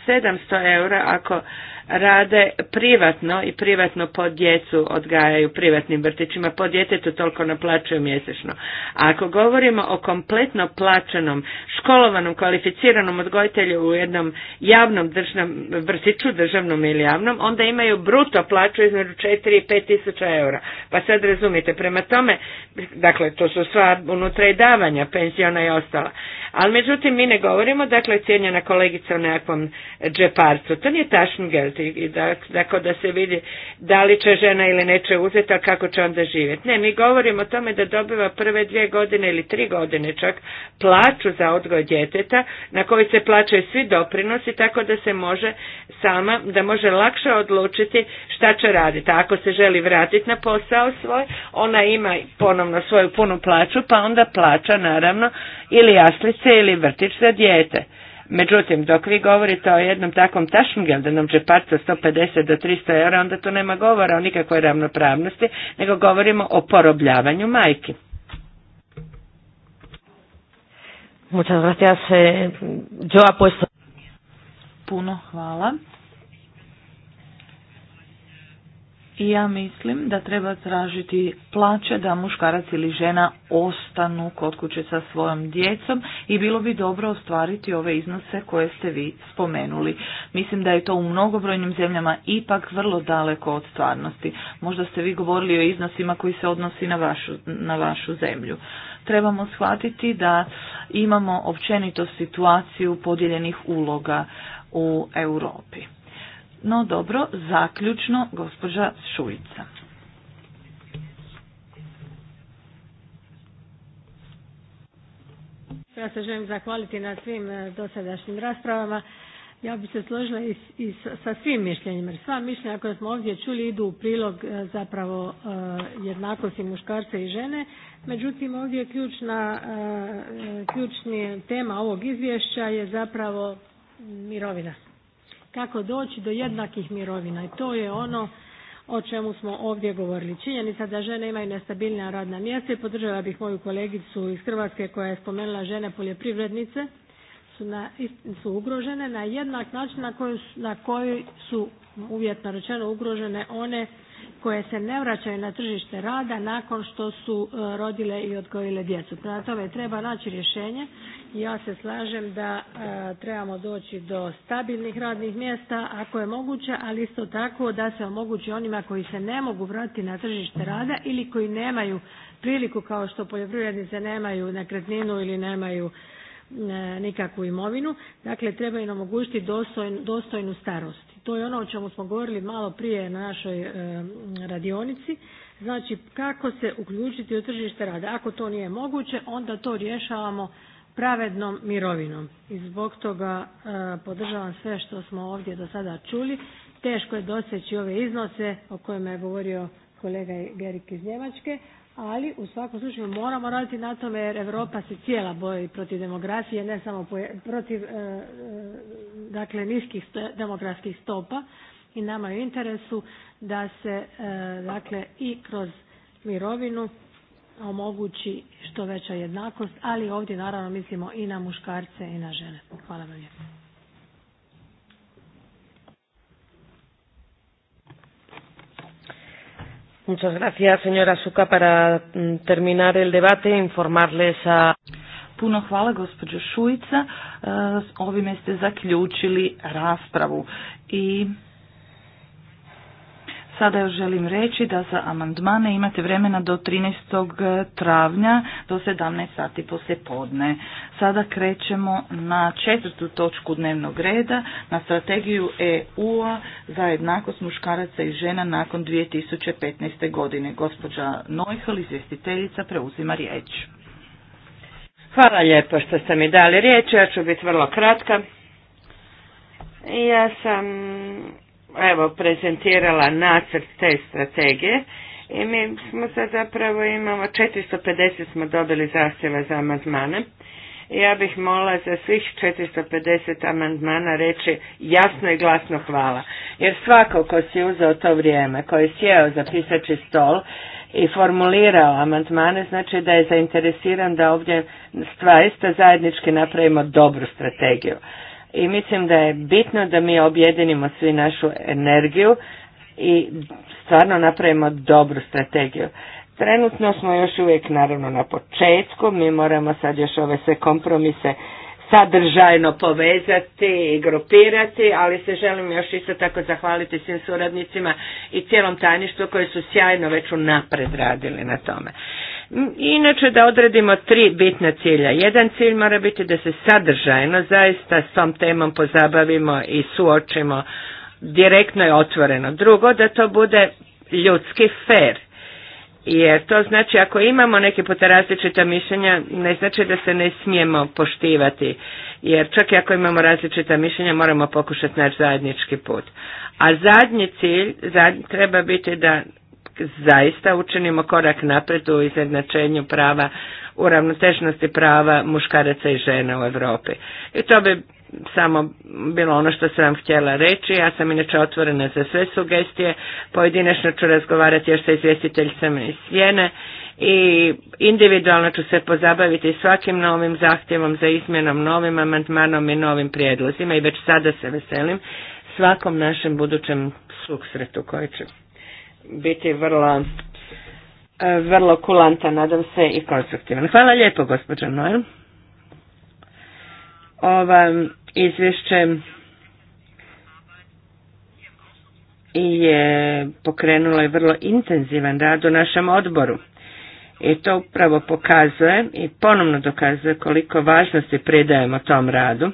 1700 eura ako rade privatno i privatno po djecu odgajaju privatnim vrtićima, po djetetu toliko naplaćuju mjesečno. A ako govorimo o kompletno plaćenom, školovanom, kvalificiranom odgojitelju u jednom javnom državnom vrtiću, državnom ili javnom, onda imaju bruto plaću između 4 i 5 tisuća eura. Pa sad razumijete, prema tome, dakle, to su sva unutra i davanja, penziona i ostala. Ali međutim, mi ne govorimo, dakle, cijenjena kolegica o nekakvom džeparcu. To nije tašn uzeti i da, tako dakle, da se vidi da li će žena ili neće uzeti, a kako će onda živjeti. Ne, mi govorimo o tome da dobiva prve dvije godine ili tri godine čak plaću za odgoj djeteta na koji se plaćaju svi doprinosi tako da se može sama, da može lakše odlučiti šta će raditi. ako se želi vratiti na posao svoj, ona ima ponovno svoju punu plaću pa onda plaća naravno ili jaslice ili vrtić za dijete. Međutim, dok vi govorite o jednom takvom tašmgeldenom džeparcu 150 do 300 eura, onda tu nema govora o nikakvoj ravnopravnosti, nego govorimo o porobljavanju majki. Muchas gracias. Eh. Yo Puno hvala. I ja mislim da treba tražiti plaće da muškarac ili žena ostanu kod kuće sa svojom djecom i bilo bi dobro ostvariti ove iznose koje ste vi spomenuli. Mislim da je to u mnogobrojnim zemljama ipak vrlo daleko od stvarnosti. Možda ste vi govorili o iznosima koji se odnosi na vašu, na vašu zemlju. Trebamo shvatiti da imamo općenito situaciju podijeljenih uloga u Europi. No dobro, zaključno gospođa Šujica. Ja se želim zahvaliti na svim e, dosadašnjim raspravama. Ja bi se složila i, sa svim mišljenjima. sva mišljenja koja smo ovdje čuli idu u prilog e, zapravo e, jednakosti muškarca i žene. Međutim, ovdje je ključna, ključna tema ovog izvješća je zapravo mirovina kako doći do jednakih mirovina i to je ono o čemu smo ovdje govorili. Činjenica da žene imaju nestabilna radna mjesta i podržala bih moju kolegicu iz Hrvatske koja je spomenula žene poljoprivrednice su, na, su ugrožene na jednak način na koji, na koji su uvjetno rečeno ugrožene one koje se ne vraćaju na tržište rada nakon što su e, rodile i odgojile djecu. Prema tome treba naći rješenje i ja se slažem da e, trebamo doći do stabilnih radnih mjesta ako je moguće, ali isto tako da se omogući onima koji se ne mogu vratiti na tržište rada ili koji nemaju priliku kao što poljoprivrednice nemaju nekretninu ili nemaju e, nikakvu imovinu, dakle treba im omogućiti dostojnu starost to je ono o čemu smo govorili malo prije na našoj e, radionici, znači kako se uključiti u tržište rada. Ako to nije moguće, onda to rješavamo pravednom mirovinom. I zbog toga e, podržavam sve što smo ovdje do sada čuli. Teško je doseći ove iznose o kojima je govorio kolega Gerik iz Njemačke, ali u svakom slučaju moramo raditi na tome jer Europa se cijela boji protiv demografije, ne samo protiv e, e, dakle niskih demografskih stopa i nama je u interesu da se e, dakle i kroz mirovinu omogući što veća jednakost, ali ovdje naravno mislimo i na muškarce i na žene. Hvala vam lijepo. Muchas gracias, señora Suka. Para mm, terminar el debate, e informarles a... Puno hvala, gospođo Šujica. E, ovime ste zaključili raspravu i... Sada još želim reći da za amandmane imate vremena do 13. travnja do 17 sati poslije podne. Sada krećemo na četvrtu točku dnevnog reda, na strategiju EU-a za jednakost muškaraca i žena nakon 2015. godine. Gospođa Nojhal, izvjestiteljica, preuzima riječ. Hvala lijepo što ste mi dali riječ, ja ću biti vrlo kratka. Ja sam evo, prezentirala nacrt te strategije i mi smo sad zapravo imamo 450 smo dobili zahtjeva za amandmane. Ja bih mola za svih 450 amandmana reći jasno i glasno hvala. Jer svako ko si uzeo to vrijeme, ko je sjeo za pisači stol i formulirao amandmane, znači da je zainteresiran da ovdje stvarista zajednički napravimo dobru strategiju i mislim da je bitno da mi objedinimo svi našu energiju i stvarno napravimo dobru strategiju. Trenutno smo još uvijek naravno na početku, mi moramo sad još ove sve kompromise sadržajno povezati i grupirati, ali se želim još isto tako zahvaliti svim suradnicima i cijelom tajništvu koji su sjajno već unapred radili na tome. Inače da odredimo tri bitna cilja. Jedan cilj mora biti da se sadržajno zaista s tom temom pozabavimo i suočimo direktno i otvoreno. Drugo, da to bude ljudski fer Jer to znači ako imamo neke puta različita mišljenja, ne znači da se ne smijemo poštivati. Jer čak i ako imamo različita mišljenja, moramo pokušati naći zajednički put. A zadnji cilj treba biti da zaista učinimo korak naprijed u izjednačenju prava, u ravnotežnosti prava muškaraca i žena u Europi. I to bi samo bilo ono što sam vam htjela reći. Ja sam inače otvorena za sve sugestije. Pojedinačno ću razgovarati još sa izvjestiteljicama iz Sjene i individualno ću se pozabaviti svakim novim zahtjevom za izmjenom, novim amandmanom i novim prijedlozima i već sada se veselim svakom našem budućem susretu koji će biti vrlo e, vrlo kulanta nadam se, i konstruktivan. Hvala lijepo, gospođo Noel. Ova izvješće je pokrenula i vrlo intenzivan rad u našem odboru. I to upravo pokazuje i ponovno dokazuje koliko važnosti pridajemo tom radu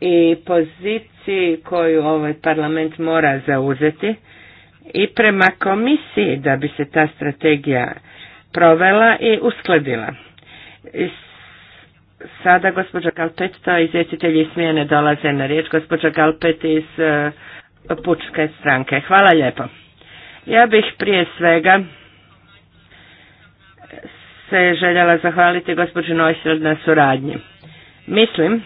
i poziciji koju ovaj parlament mora zauzeti i prema komisiji da bi se ta strategija provela i uskladila. sada gospođa Kalpet, to izvjestitelji smjene dolaze na riječ, gospođa Kalpet iz e, Pučke stranke. Hvala lijepo. Ja bih prije svega se željela zahvaliti gospođu na suradnji. Mislim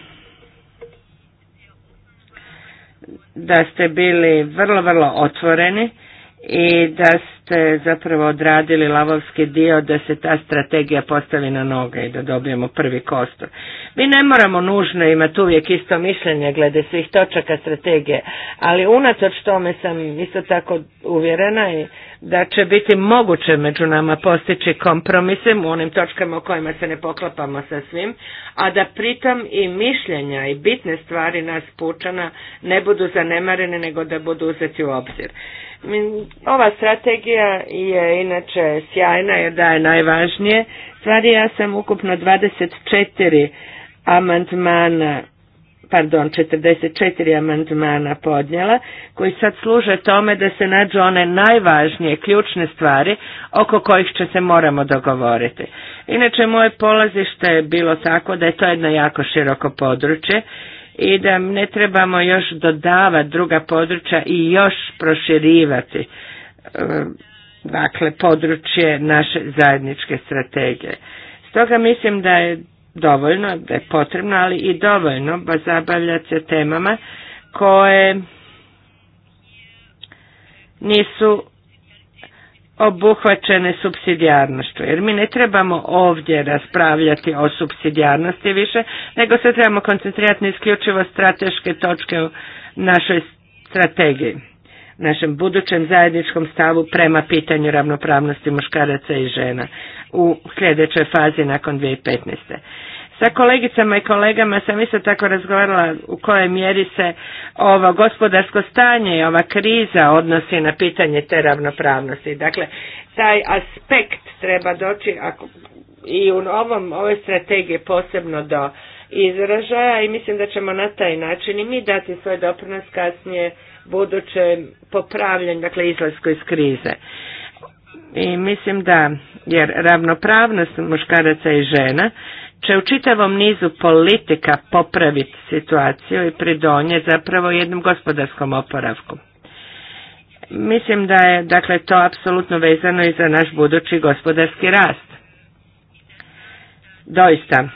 da ste bili vrlo, vrlo otvoreni i da ste zapravo odradili lavovski dio da se ta strategija postavi na noge i da dobijemo prvi kostor Mi ne moramo nužno imati uvijek isto mišljenje glede svih točaka strategije, ali unatoč tome sam isto tako uvjerena i da će biti moguće među nama postići kompromisem u onim točkama u kojima se ne poklapamo sa svim, a da pritom i mišljenja i bitne stvari nas pučana ne budu zanemarene nego da budu uzeti u obzir. Ova strategija je inače sjajna jer je najvažnije. Stvari ja sam ukupno 24 amandmana pardon, 44 amandmana podnjela, koji sad služe tome da se nađu one najvažnije, ključne stvari oko kojih će se moramo dogovoriti. Inače, moje polazište je bilo tako da je to jedno jako široko područje i da ne trebamo još dodavati druga područja i još proširivati e, dakle područje naše zajedničke strategije. Stoga mislim da je dovoljno, da je potrebno, ali i dovoljno zabavljati se temama koje nisu obuhvaćene subsidijarnošću. Jer mi ne trebamo ovdje raspravljati o subsidijarnosti više, nego se trebamo koncentrirati na isključivo strateške točke u našoj strategiji, našem budućem zajedničkom stavu prema pitanju ravnopravnosti muškaraca i žena u sljedećoj fazi nakon 2015. Sa kolegicama i kolegama sam isto tako razgovarala u kojoj mjeri se ovo gospodarsko stanje i ova kriza odnosi na pitanje te ravnopravnosti. Dakle, taj aspekt treba doći ako, i u ovom, ovoj strategiji posebno do izražaja i mislim da ćemo na taj način i mi dati svoj doprinos kasnije buduće popravljen dakle izlasku iz krize. I mislim da, jer ravnopravnost muškaraca i žena će u čitavom nizu politika popraviti situaciju i pridonje zapravo jednom gospodarskom oporavku. Mislim da je dakle to apsolutno vezano i za naš budući gospodarski rast. Doista,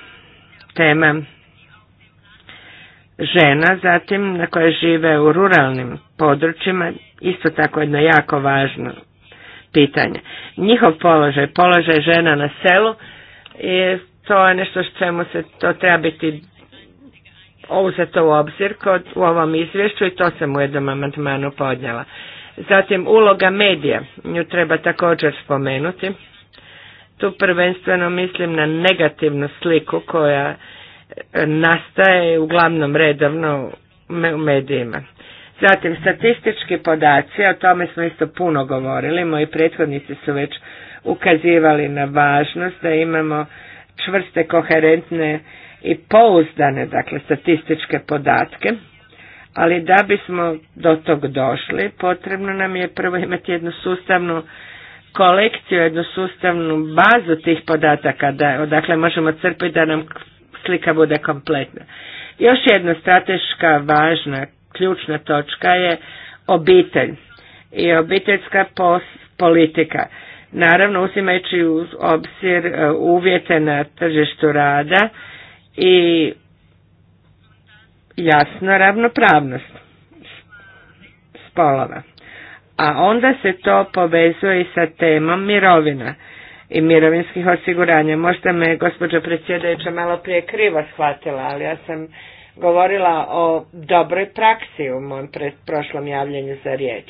tema žena, zatim na koje žive u ruralnim područjima, isto tako jedno jako važno pitanje. Njihov položaj, položaj žena na selu je to je nešto čemu se to treba biti uzeto u obzir kod, u ovom izvješću i to sam u jednom amandmanu podnjela. Zatim uloga medija, nju treba također spomenuti. Tu prvenstveno mislim na negativnu sliku koja e, nastaje uglavnom redovno u medijima. Zatim statistički podaci, o tome smo isto puno govorili, moji prethodnici su već ukazivali na važnost da imamo čvrste, koherentne i pouzdane, dakle, statističke podatke, ali da bismo do tog došli, potrebno nam je prvo imati jednu sustavnu kolekciju, jednu sustavnu bazu tih podataka, da, odakle možemo crpiti da nam slika bude kompletna. Još jedna strateška, važna, ključna točka je obitelj i obiteljska politika naravno uzimajući u obzir e, uvjete na tržištu rada i jasno ravnopravnost spolova. A onda se to povezuje i sa temom mirovina i mirovinskih osiguranja. Možda me gospođa predsjedajuća malo prije krivo shvatila, ali ja sam govorila o dobroj praksi u mom prošlom javljenju za riječ.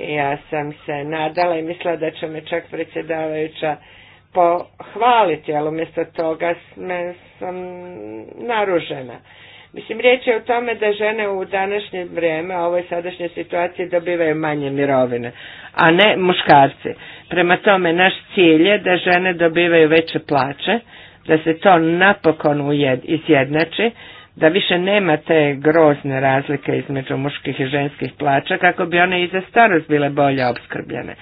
Ja sam se nadala i mislila da će me čak predsjedavajuća pohvaliti, ali umjesto toga sam naružena. Mislim, riječ je o tome da žene u današnje vrijeme, u ovoj sadašnjoj situaciji dobivaju manje mirovine, a ne muškarci. Prema tome, naš cilj je da žene dobivaju veće plaće, da se to napokon izjednači, da više nema te grozne razlike između muških i ženskih plaća kako bi one i za starost bile bolje opskrbljene.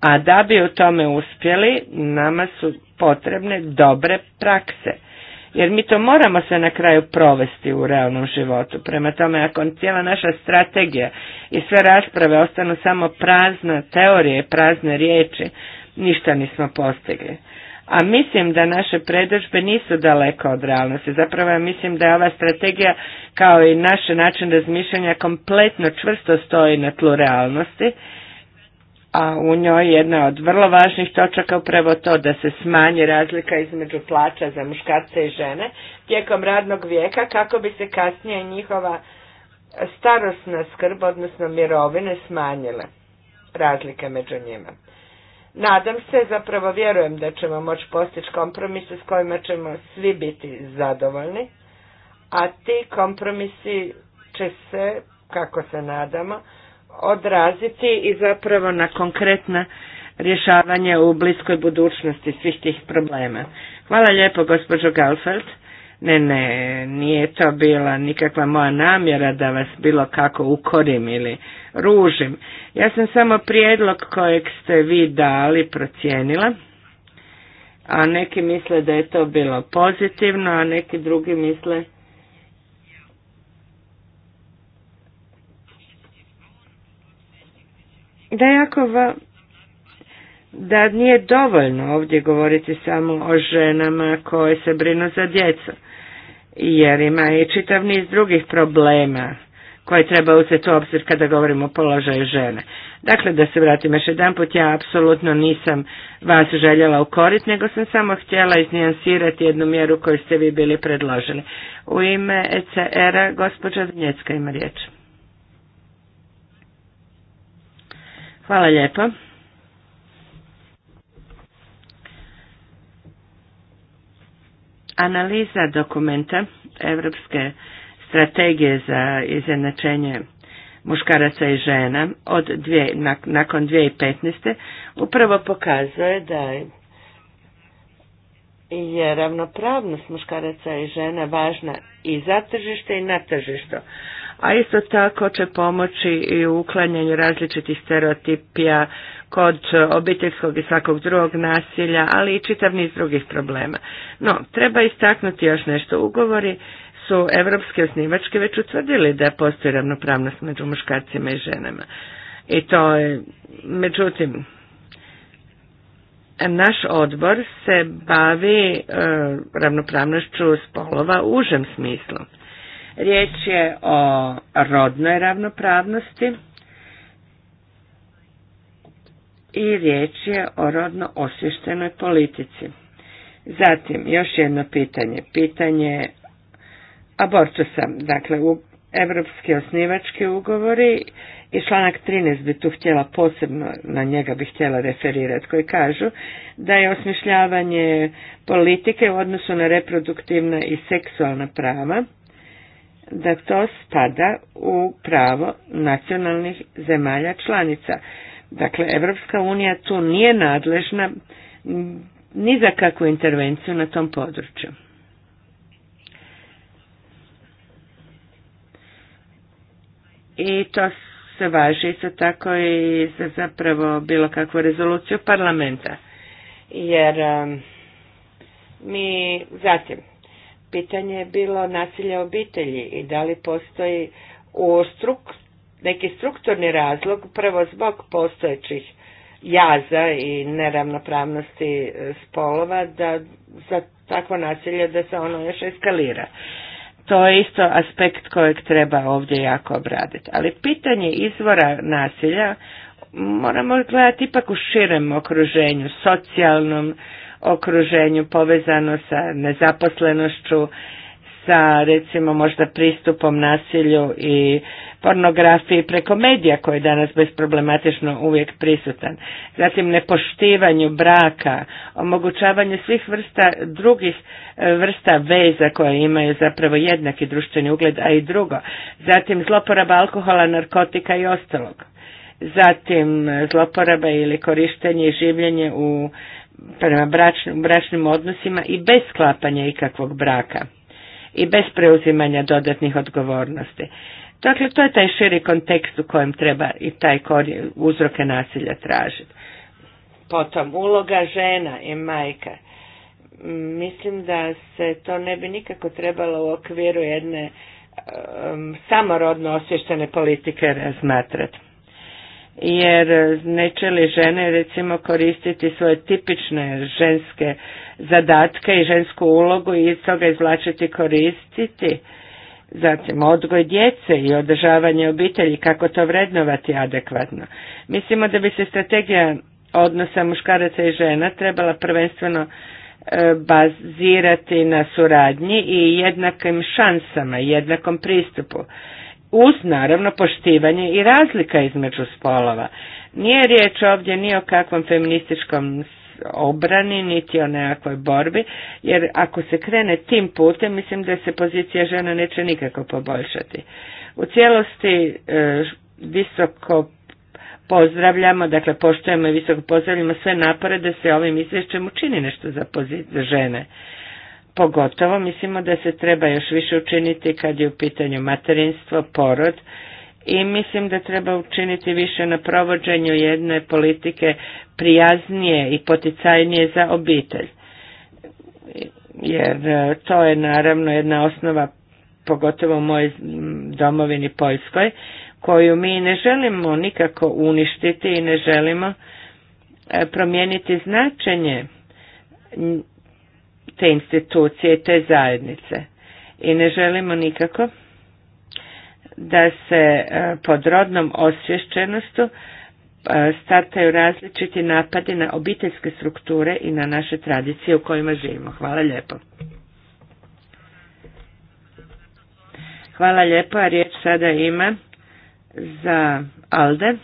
A da bi u tome uspjeli, nama su potrebne dobre prakse. Jer mi to moramo se na kraju provesti u realnom životu. Prema tome, ako cijela naša strategija i sve rasprave ostanu samo prazna teorije, prazne riječi, ništa nismo postigli a mislim da naše predržbe nisu daleko od realnosti. Zapravo ja mislim da je ova strategija kao i naš način razmišljanja kompletno čvrsto stoji na tlu realnosti, a u njoj jedna od vrlo važnih točaka upravo to da se smanji razlika između plaća za muškarce i žene tijekom radnog vijeka kako bi se kasnije njihova starostna skrb, odnosno mirovine, smanjile razlike među njima. Nadam se, zapravo vjerujem da ćemo moći postići kompromise s kojima ćemo svi biti zadovoljni, a ti kompromisi će se, kako se nadamo, odraziti i zapravo na konkretna rješavanje u bliskoj budućnosti svih tih problema. Hvala lijepo gospođo Galfeld. Ne, ne, nije to bila nikakva moja namjera da vas bilo kako ukorim ili ružim. Ja sam samo prijedlog kojeg ste vi dali procijenila, a neki misle da je to bilo pozitivno, a neki drugi misle... Da jako va da nije dovoljno ovdje govoriti samo o ženama koje se brinu za djecu jer ima i čitav niz drugih problema koje treba uzeti u obzir kada govorimo o položaju žene. Dakle, da se vratim još jedan put, ja apsolutno nisam vas željela ukoriti, nego sam samo htjela iznijansirati jednu mjeru koju ste vi bili predložili. U ime ECR-a, gospođa Vinjecka ima riječ. Hvala lijepo. Analiza dokumenta Europske strategije za izjednačenje muškaraca i žena od dvije, nakon 2015. upravo pokazuje da je ravnopravnost muškaraca i žena važna i za tržište i na tržištu a isto tako će pomoći i u uklanjanju različitih stereotipija kod obiteljskog i svakog drugog nasilja, ali i čitav niz drugih problema. No, treba istaknuti još nešto. Ugovori su evropske osnivačke već utvrdili da postoji ravnopravnost među muškarcima i ženama. I to je, međutim, naš odbor se bavi e, ravnopravnošću spolova u užem smislu. Riječ je o rodnoj ravnopravnosti i riječ je o rodno osvještenoj politici. Zatim, još jedno pitanje, pitanje abortusa, dakle u evropski osnivački ugovori i članak 13 bi tu htjela posebno, na njega bi htjela referirati, koji kažu da je osmišljavanje politike u odnosu na reproduktivna i seksualna prava da to spada u pravo nacionalnih zemalja članica. Dakle, Evropska unija tu nije nadležna ni za kakvu intervenciju na tom području. I to se važi isto tako i za zapravo bilo kakvu rezoluciju parlamenta. Jer um, mi zatim Pitanje je bilo nasilje obitelji i da li postoji u neki strukturni razlog prvo zbog postojećih jaza i neravnopravnosti e, spolova da za takvo nasilje da se ono još eskalira. To je isto aspekt kojeg treba ovdje jako obraditi. Ali pitanje izvora nasilja moramo gledati ipak u širem okruženju, socijalnom, okruženju povezano sa nezaposlenošću, sa recimo možda pristupom nasilju i pornografiji preko medija koji je danas bezproblematično uvijek prisutan. Zatim nepoštivanju braka, omogućavanju svih vrsta drugih e, vrsta veza koje imaju zapravo jednaki društveni ugled, a i drugo. Zatim zloporaba alkohola, narkotika i ostalog. Zatim e, zloporaba ili korištenje i življenje u prema bračnim, odnosima i bez sklapanja ikakvog braka i bez preuzimanja dodatnih odgovornosti. Dakle, to je taj širi kontekst u kojem treba i taj korijen, uzroke nasilja tražiti. Potom, uloga žena i majka. Mislim da se to ne bi nikako trebalo u okviru jedne um, samorodno osvještene politike razmatrati jer e, neće li žene recimo koristiti svoje tipične ženske zadatke i žensku ulogu i iz toga izvlačiti koristiti. Zatim odgoj djece i održavanje obitelji, kako to vrednovati adekvatno. Mislimo da bi se strategija odnosa muškaraca i žena trebala prvenstveno e, bazirati na suradnji i jednakim šansama, jednakom pristupu uz naravno poštivanje i razlika između spolova. Nije riječ ovdje ni o kakvom feminističkom obrani, niti o nekakvoj borbi, jer ako se krene tim putem, mislim da se pozicija žena neće nikako poboljšati. U cijelosti e, visoko pozdravljamo, dakle poštujemo i visoko pozdravljamo sve napore da se ovim izvješćem učini nešto za žene. Pogotovo mislimo da se treba još više učiniti kad je u pitanju materinstvo, porod i mislim da treba učiniti više na provođenju jedne politike prijaznije i poticajnije za obitelj. Jer e, to je naravno jedna osnova, pogotovo u mojoj domovini Poljskoj, koju mi ne želimo nikako uništiti i ne želimo e, promijeniti značenje te institucije te zajednice. I ne želimo nikako da se e, pod rodnom osvješćenostu e, startaju različiti napadi na obiteljske strukture i na naše tradicije u kojima živimo. Hvala lijepo. Hvala lijepo, a riječ sada ima za Alde,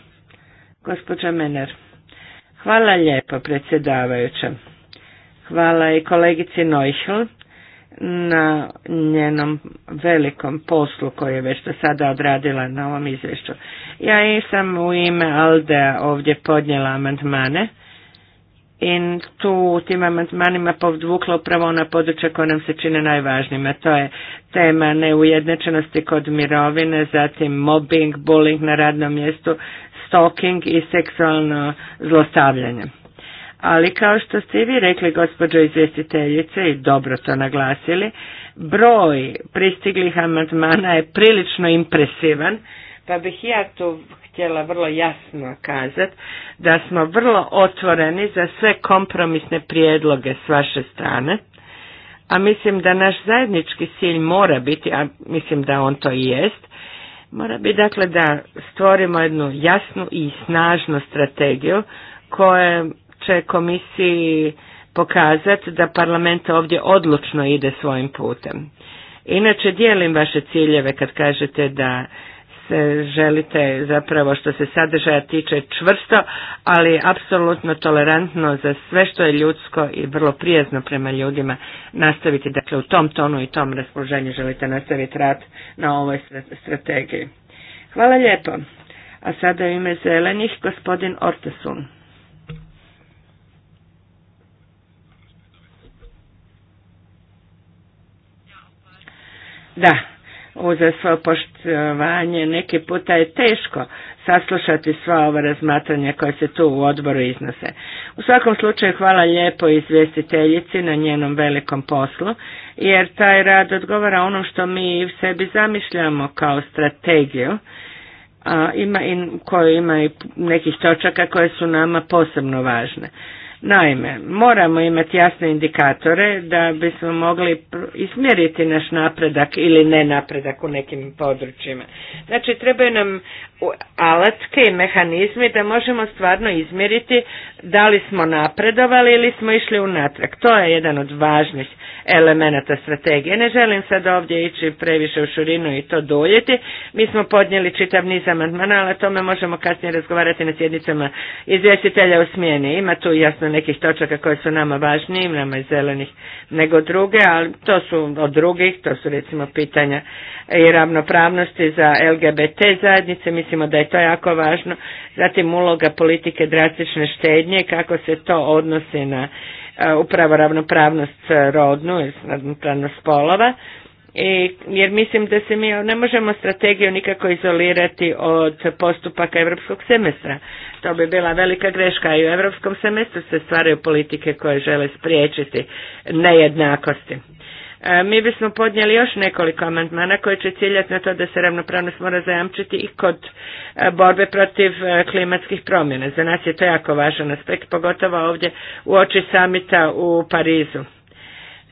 gospođa Mener. Hvala lijepo, predsjedavajuća. Hvala i kolegici Noišel na njenom velikom poslu koji je već do sada odradila na ovom izvješću. Ja sam u ime Alde ovdje podnijela amandmane i tu u tim amandmanima povdvukla upravo ona područja koja nam se čine najvažnijima. To je tema neujednačenosti kod mirovine, zatim mobbing, bullying na radnom mjestu, stalking i seksualno zlostavljanje ali kao što ste i vi rekli gospođo izvjestiteljice i dobro to naglasili, broj pristiglih amandmana je prilično impresivan, pa bih ja tu htjela vrlo jasno kazati da smo vrlo otvoreni za sve kompromisne prijedloge s vaše strane, a mislim da naš zajednički cilj mora biti, a mislim da on to i jest, mora biti dakle da stvorimo jednu jasnu i snažnu strategiju koja će komisiji pokazati da parlament ovdje odlučno ide svojim putem. Inače, dijelim vaše ciljeve kad kažete da se želite zapravo što se sadržaja tiče čvrsto, ali apsolutno tolerantno za sve što je ljudsko i vrlo prijazno prema ljudima nastaviti. Dakle, u tom tonu i tom raspoloženju želite nastaviti rad na ovoj strategiji. Hvala lijepo. A sada ime zelenih gospodin Ortesun. Da, uz svo poštovanje neki puta je teško saslušati sva ova razmatranja koja se tu u odboru iznose. U svakom slučaju hvala lijepo izvjestiteljici na njenom velikom poslu, jer taj rad odgovara onom što mi sebi zamišljamo kao strategiju, a ima ima i nekih točaka koje su nama posebno važne. Naime, moramo imati jasne indikatore da bismo mogli ismjeriti naš napredak ili ne napredak u nekim područjima. Znači, trebaju nam alatke i mehanizmi da možemo stvarno izmjeriti da li smo napredovali ili smo išli unatrag. To je jedan od važnih elemenata strategije. Ne želim sad ovdje ići previše u šurinu i to duljiti. Mi smo podnijeli čitav niz amandmana, ali o tome možemo kasnije razgovarati na sjednicama izvjestitelja u smjeni. Ima tu jasno nekih točaka koje su nama važnije, nama iz zelenih nego druge, ali to su od drugih, to su recimo pitanja i ravnopravnosti za LGBT zajednice, mislimo da je to jako važno. Zatim uloga politike drastične štednje, kako se to odnosi na E, upravo ravnopravnost e, rodnu, ravnopravnost spolova, i, jer mislim da se mi ne možemo strategiju nikako izolirati od postupaka europskog semestra. To bi bila velika greška i u europskom semestru se stvaraju politike koje žele spriječiti nejednakosti. E, mi bismo podnijeli još nekoliko amandmana koji će ciljati na to da se ravnopravnost mora zajamčiti i kod e, borbe protiv e, klimatskih promjena. Za nas je to jako važan aspekt, pogotovo ovdje u oči samita u Parizu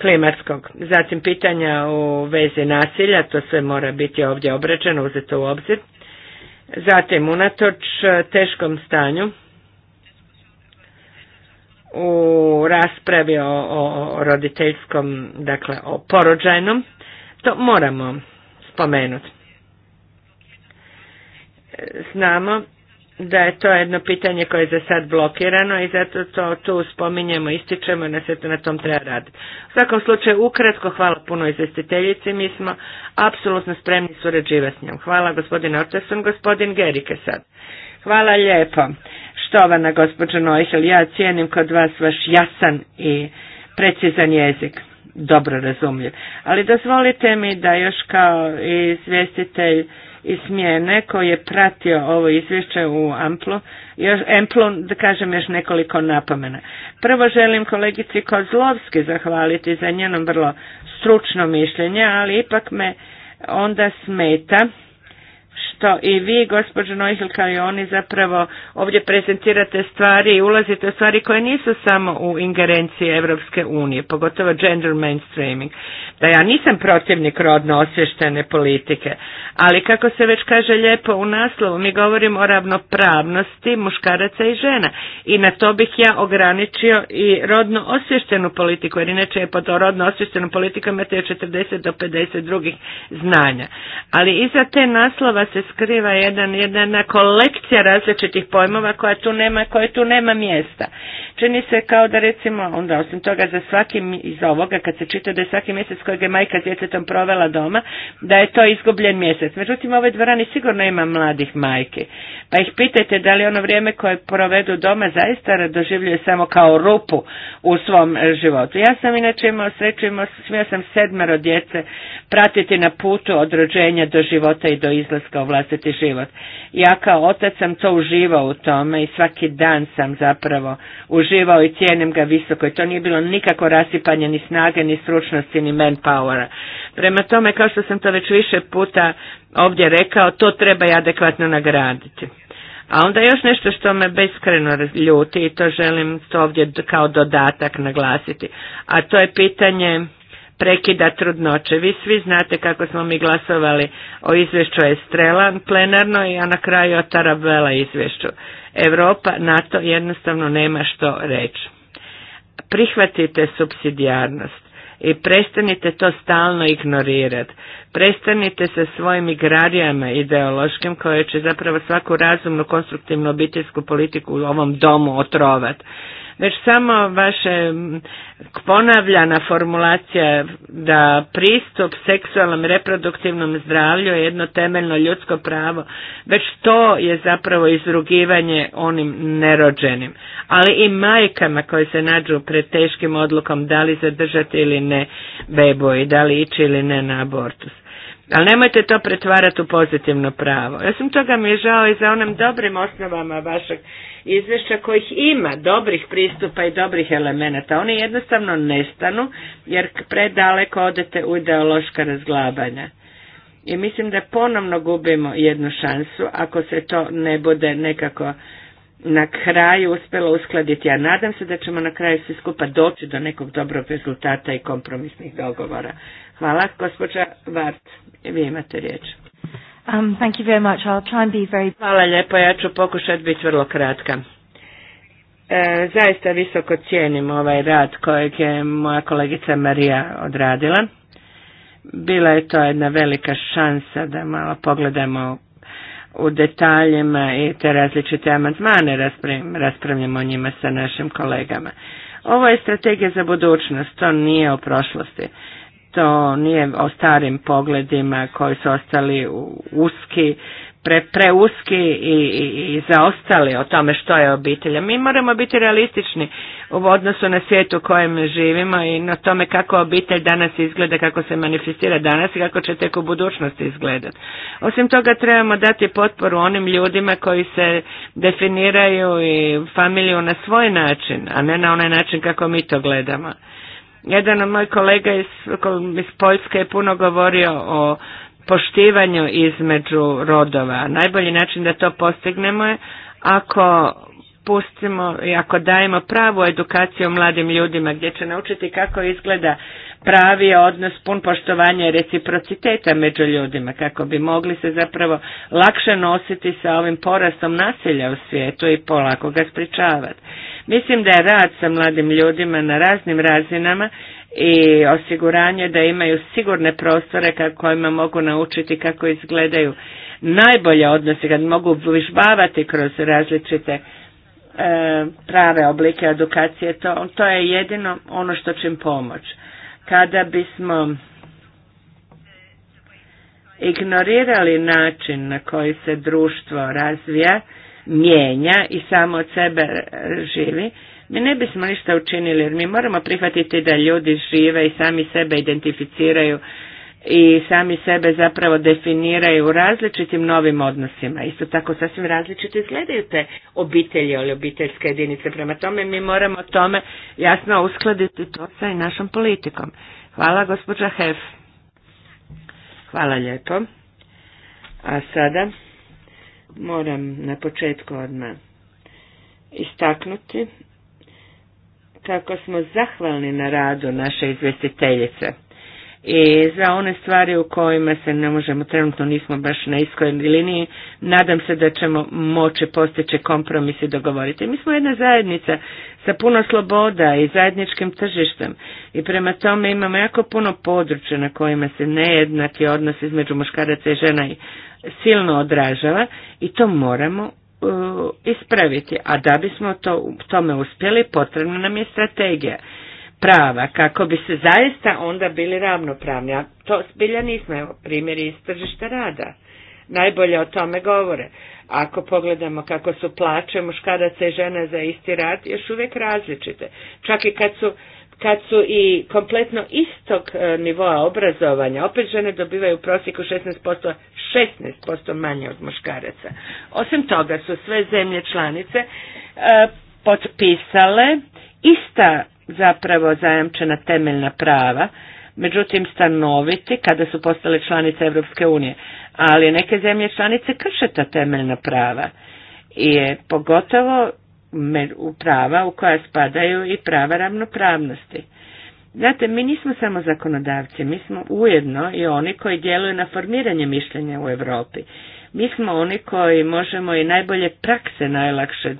klimatskog. Zatim pitanja u vezi nasilja, to sve mora biti ovdje obrađeno, uzeto u obzir. Zatim, unatoč teškom stanju, u raspravi o, roditeljskom, dakle o porođajnom, to moramo spomenuti. Znamo da je to jedno pitanje koje je za sad blokirano i zato to tu spominjemo, ističemo i na to na tom treba raditi. U svakom slučaju, ukratko, hvala puno izvestiteljici, mi smo apsolutno spremni surađivati s njom. Hvala gospodin Orteson, gospodin Gerike sad. Hvala lijepo štovana gospođo ja cijenim kod vas vaš jasan i precizan jezik, dobro razumljiv. Ali dozvolite mi da još kao izvjestitelj iz smjene koji je pratio ovo izvješće u Amplu, još, Amplu, da kažem još nekoliko napomena. Prvo želim kolegici Kozlovski zahvaliti za njenom vrlo stručno mišljenje, ali ipak me onda smeta što i vi, gospođo Nojhil, i oni zapravo ovdje prezentirate stvari i ulazite u stvari koje nisu samo u ingerenciji Evropske unije, pogotovo gender mainstreaming. Da ja nisam protivnik rodno osvještene politike, ali kako se već kaže lijepo u naslovu, mi govorimo o ravnopravnosti muškaraca i žena i na to bih ja ograničio i rodno osvještenu politiku, jer inače je pod rodno osvještenu politiku imate 40 do 50 drugih znanja. Ali iza te naslova se skriva jedan, jedna kolekcija različitih pojmova koja tu nema, koje tu nema mjesta. Čini se kao da recimo, onda osim toga za svaki iz ovoga, kad se čita da je svaki mjesec kojeg je majka s djetetom provela doma, da je to izgubljen mjesec. Međutim, ove ovoj dvorani sigurno ima mladih majke. Pa ih pitajte da li ono vrijeme koje provedu doma zaista doživljuje samo kao rupu u svom životu. Ja sam inače imao sreću, imao, sam sedmero djece pratiti na putu od rođenja do života i do izlaska u vlastiti život. Ja kao otac sam to uživao u tome i svaki dan sam zapravo uživao i cijenim ga visoko i to nije bilo nikako rasipanje ni snage, ni stručnosti, ni manpowera. Prema tome, kao što sam to već više puta ovdje rekao, to treba i adekvatno nagraditi. A onda još nešto što me beskreno ljuti i to želim to ovdje kao dodatak naglasiti, a to je pitanje prekida trudnoće. Vi svi znate kako smo mi glasovali o izvješću Estrela plenarno i na kraju o Tarabela izvješću. Europa na to jednostavno nema što reći. Prihvatite subsidijarnost i prestanite to stalno ignorirati. Prestanite sa svojim igrarijama ideološkim koje će zapravo svaku razumnu konstruktivnu obiteljsku politiku u ovom domu otrovati. Već samo vaše ponavljana formulacija da pristup seksualnom reproduktivnom zdravlju je jedno temeljno ljudsko pravo, već to je zapravo izrugivanje onim nerođenim. Ali i majkama koje se nađu pred teškim odlukom da li zadržati ili ne bebu i da li ići ili ne na abortus. Ali nemojte to pretvarati u pozitivno pravo. Ja sam toga mi je žao i za onim dobrim osnovama vašeg izvješća kojih ima dobrih pristupa i dobrih elemenata. Oni jednostavno nestanu jer predaleko odete u ideološka razglabanja. I mislim da ponovno gubimo jednu šansu ako se to ne bude nekako na kraju uspjelo uskladiti. Ja nadam se da ćemo na kraju svi skupa doći do nekog dobrog rezultata i kompromisnih dogovora. Hvala, gospođa Vart. Vi imate riječ. Um, thank you very much. I'll try and be very... Hvala lijepo, ja ću pokušati biti vrlo kratka. E, zaista visoko cijenim ovaj rad kojeg je moja kolegica Marija odradila. Bila je to jedna velika šansa da malo pogledamo u detaljima i te različite amandmane raspravljamo o njima sa našim kolegama. Ovo je strategija za budućnost, to nije o prošlosti to nije o starim pogledima koji su ostali uski, pre, preuski i, zaostali o tome što je obitelj. Mi moramo biti realistični u odnosu na svijet u kojem živimo i na tome kako obitelj danas izgleda, kako se manifestira danas i kako će tek u budućnosti izgledati. Osim toga trebamo dati potporu onim ljudima koji se definiraju i familiju na svoj način, a ne na onaj način kako mi to gledamo. Jedan od mojih kolega iz, Poljske je puno govorio o poštivanju između rodova. Najbolji način da to postignemo je ako pustimo i ako dajemo pravu edukaciju mladim ljudima gdje će naučiti kako izgleda pravi odnos pun poštovanja i reciprociteta među ljudima kako bi mogli se zapravo lakše nositi sa ovim porastom nasilja u svijetu i polako ga spričavati. Mislim da je rad sa mladim ljudima na raznim razinama i osiguranje da imaju sigurne prostore kojima mogu naučiti kako izgledaju najbolje odnose, kad mogu vižbavati kroz različite e, prave oblike edukacije, to, to je jedino ono što će im pomoć. Kada bismo ignorirali način na koji se društvo razvija mijenja i samo od sebe živi, mi ne bismo ništa učinili jer mi moramo prihvatiti da ljudi žive i sami sebe identificiraju i sami sebe zapravo definiraju u različitim novim odnosima. Isto tako sasvim različito izgledaju te obitelji, ili obiteljske jedinice. Prema tome mi moramo tome jasno uskladiti to sa i našom politikom. Hvala gospođa Hef. Hvala lijepo. A sada moram na početku odmah istaknuti kako smo zahvalni na radu naše izvjestiteljice i za one stvari u kojima se ne možemo, trenutno nismo baš na iskoj liniji, nadam se da ćemo moći postići kompromis i dogovoriti. Mi smo jedna zajednica sa puno sloboda i zajedničkim tržištem i prema tome imamo jako puno područja na kojima se nejednaki odnos između muškaraca i žena i silno odražava i to moramo e, ispraviti. A da bismo to tome uspjeli potrebna nam je strategija prava kako bi se zaista onda bili ravnopravni. A to zbilja nismo, evo primjeri iz tržišta rada. Najbolje o tome govore. Ako pogledamo kako su plaće muškaraca i žena za isti rad, još uvijek različite. Čak i kad su kad su i kompletno istog e, nivoa obrazovanja, opet žene dobivaju u prosjeku 16%, 16% manje od muškaraca. Osim toga su sve zemlje članice e, potpisale ista zapravo zajamčena temeljna prava, međutim stanoviti kada su postale članice Europske unije, ali neke zemlje članice krše ta temeljna prava i je pogotovo u prava u koja spadaju i prava ravnopravnosti. Znate, mi nismo samo zakonodavci, mi smo ujedno i oni koji djeluju na formiranje mišljenja u Europi. Mi smo oni koji možemo i najbolje prakse najlakše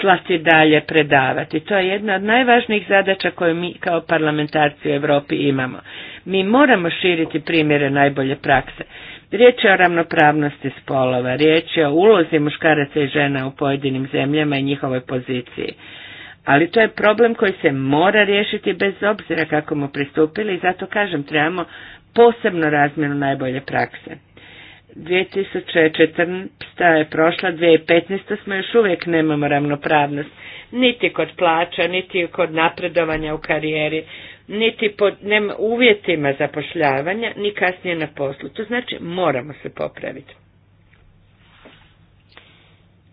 slati dalje, predavati. To je jedna od najvažnijih zadaća koje mi kao parlamentarci u Europi imamo. Mi moramo širiti primjere najbolje prakse. Riječ je o ravnopravnosti spolova, riječ je o ulozi muškaraca i žena u pojedinim zemljama i njihovoj poziciji. Ali to je problem koji se mora riješiti bez obzira kako mu pristupili i zato kažem trebamo posebno razmjenu najbolje prakse. 2014. je prošla, 2015. smo još uvijek nemamo ravnopravnost, niti kod plaća, niti kod napredovanja u karijeri, niti pod uvjetima zapošljavanja, ni kasnije na poslu. To znači moramo se popraviti.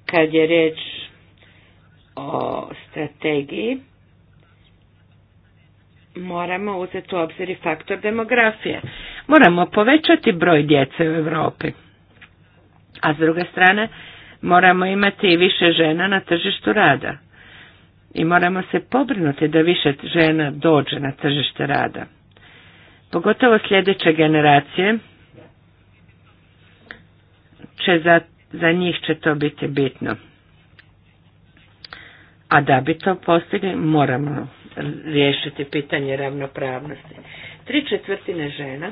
Kad je riječ o strategiji, moramo uzeti u obzir i faktor demografije. Moramo povećati broj djece u Europi. A s druge strane, moramo imati i više žena na tržištu rada i moramo se pobrinuti da više žena dođe na tržište rada. Pogotovo sljedeće generacije će za, za njih će to biti bitno. A da bi to postigli moramo riješiti pitanje ravnopravnosti. Tri četvrtine žena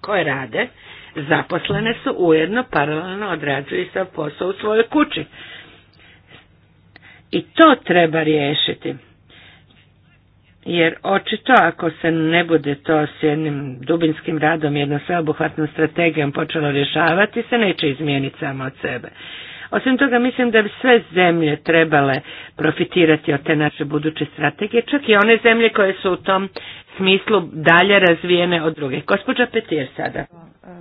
koje rade zaposlene su ujedno paralelno odrađuju i sav posao u svojoj kući. I to treba riješiti. Jer očito ako se ne bude to s jednim dubinskim radom, jednom sveobuhvatnom strategijom počelo rješavati, se neće izmijeniti samo od sebe. Osim toga mislim da bi sve zemlje trebale profitirati od te naše buduće strategije, čak i one zemlje koje su u tom smislu dalje razvijene od druge. Gospođa Petir sada.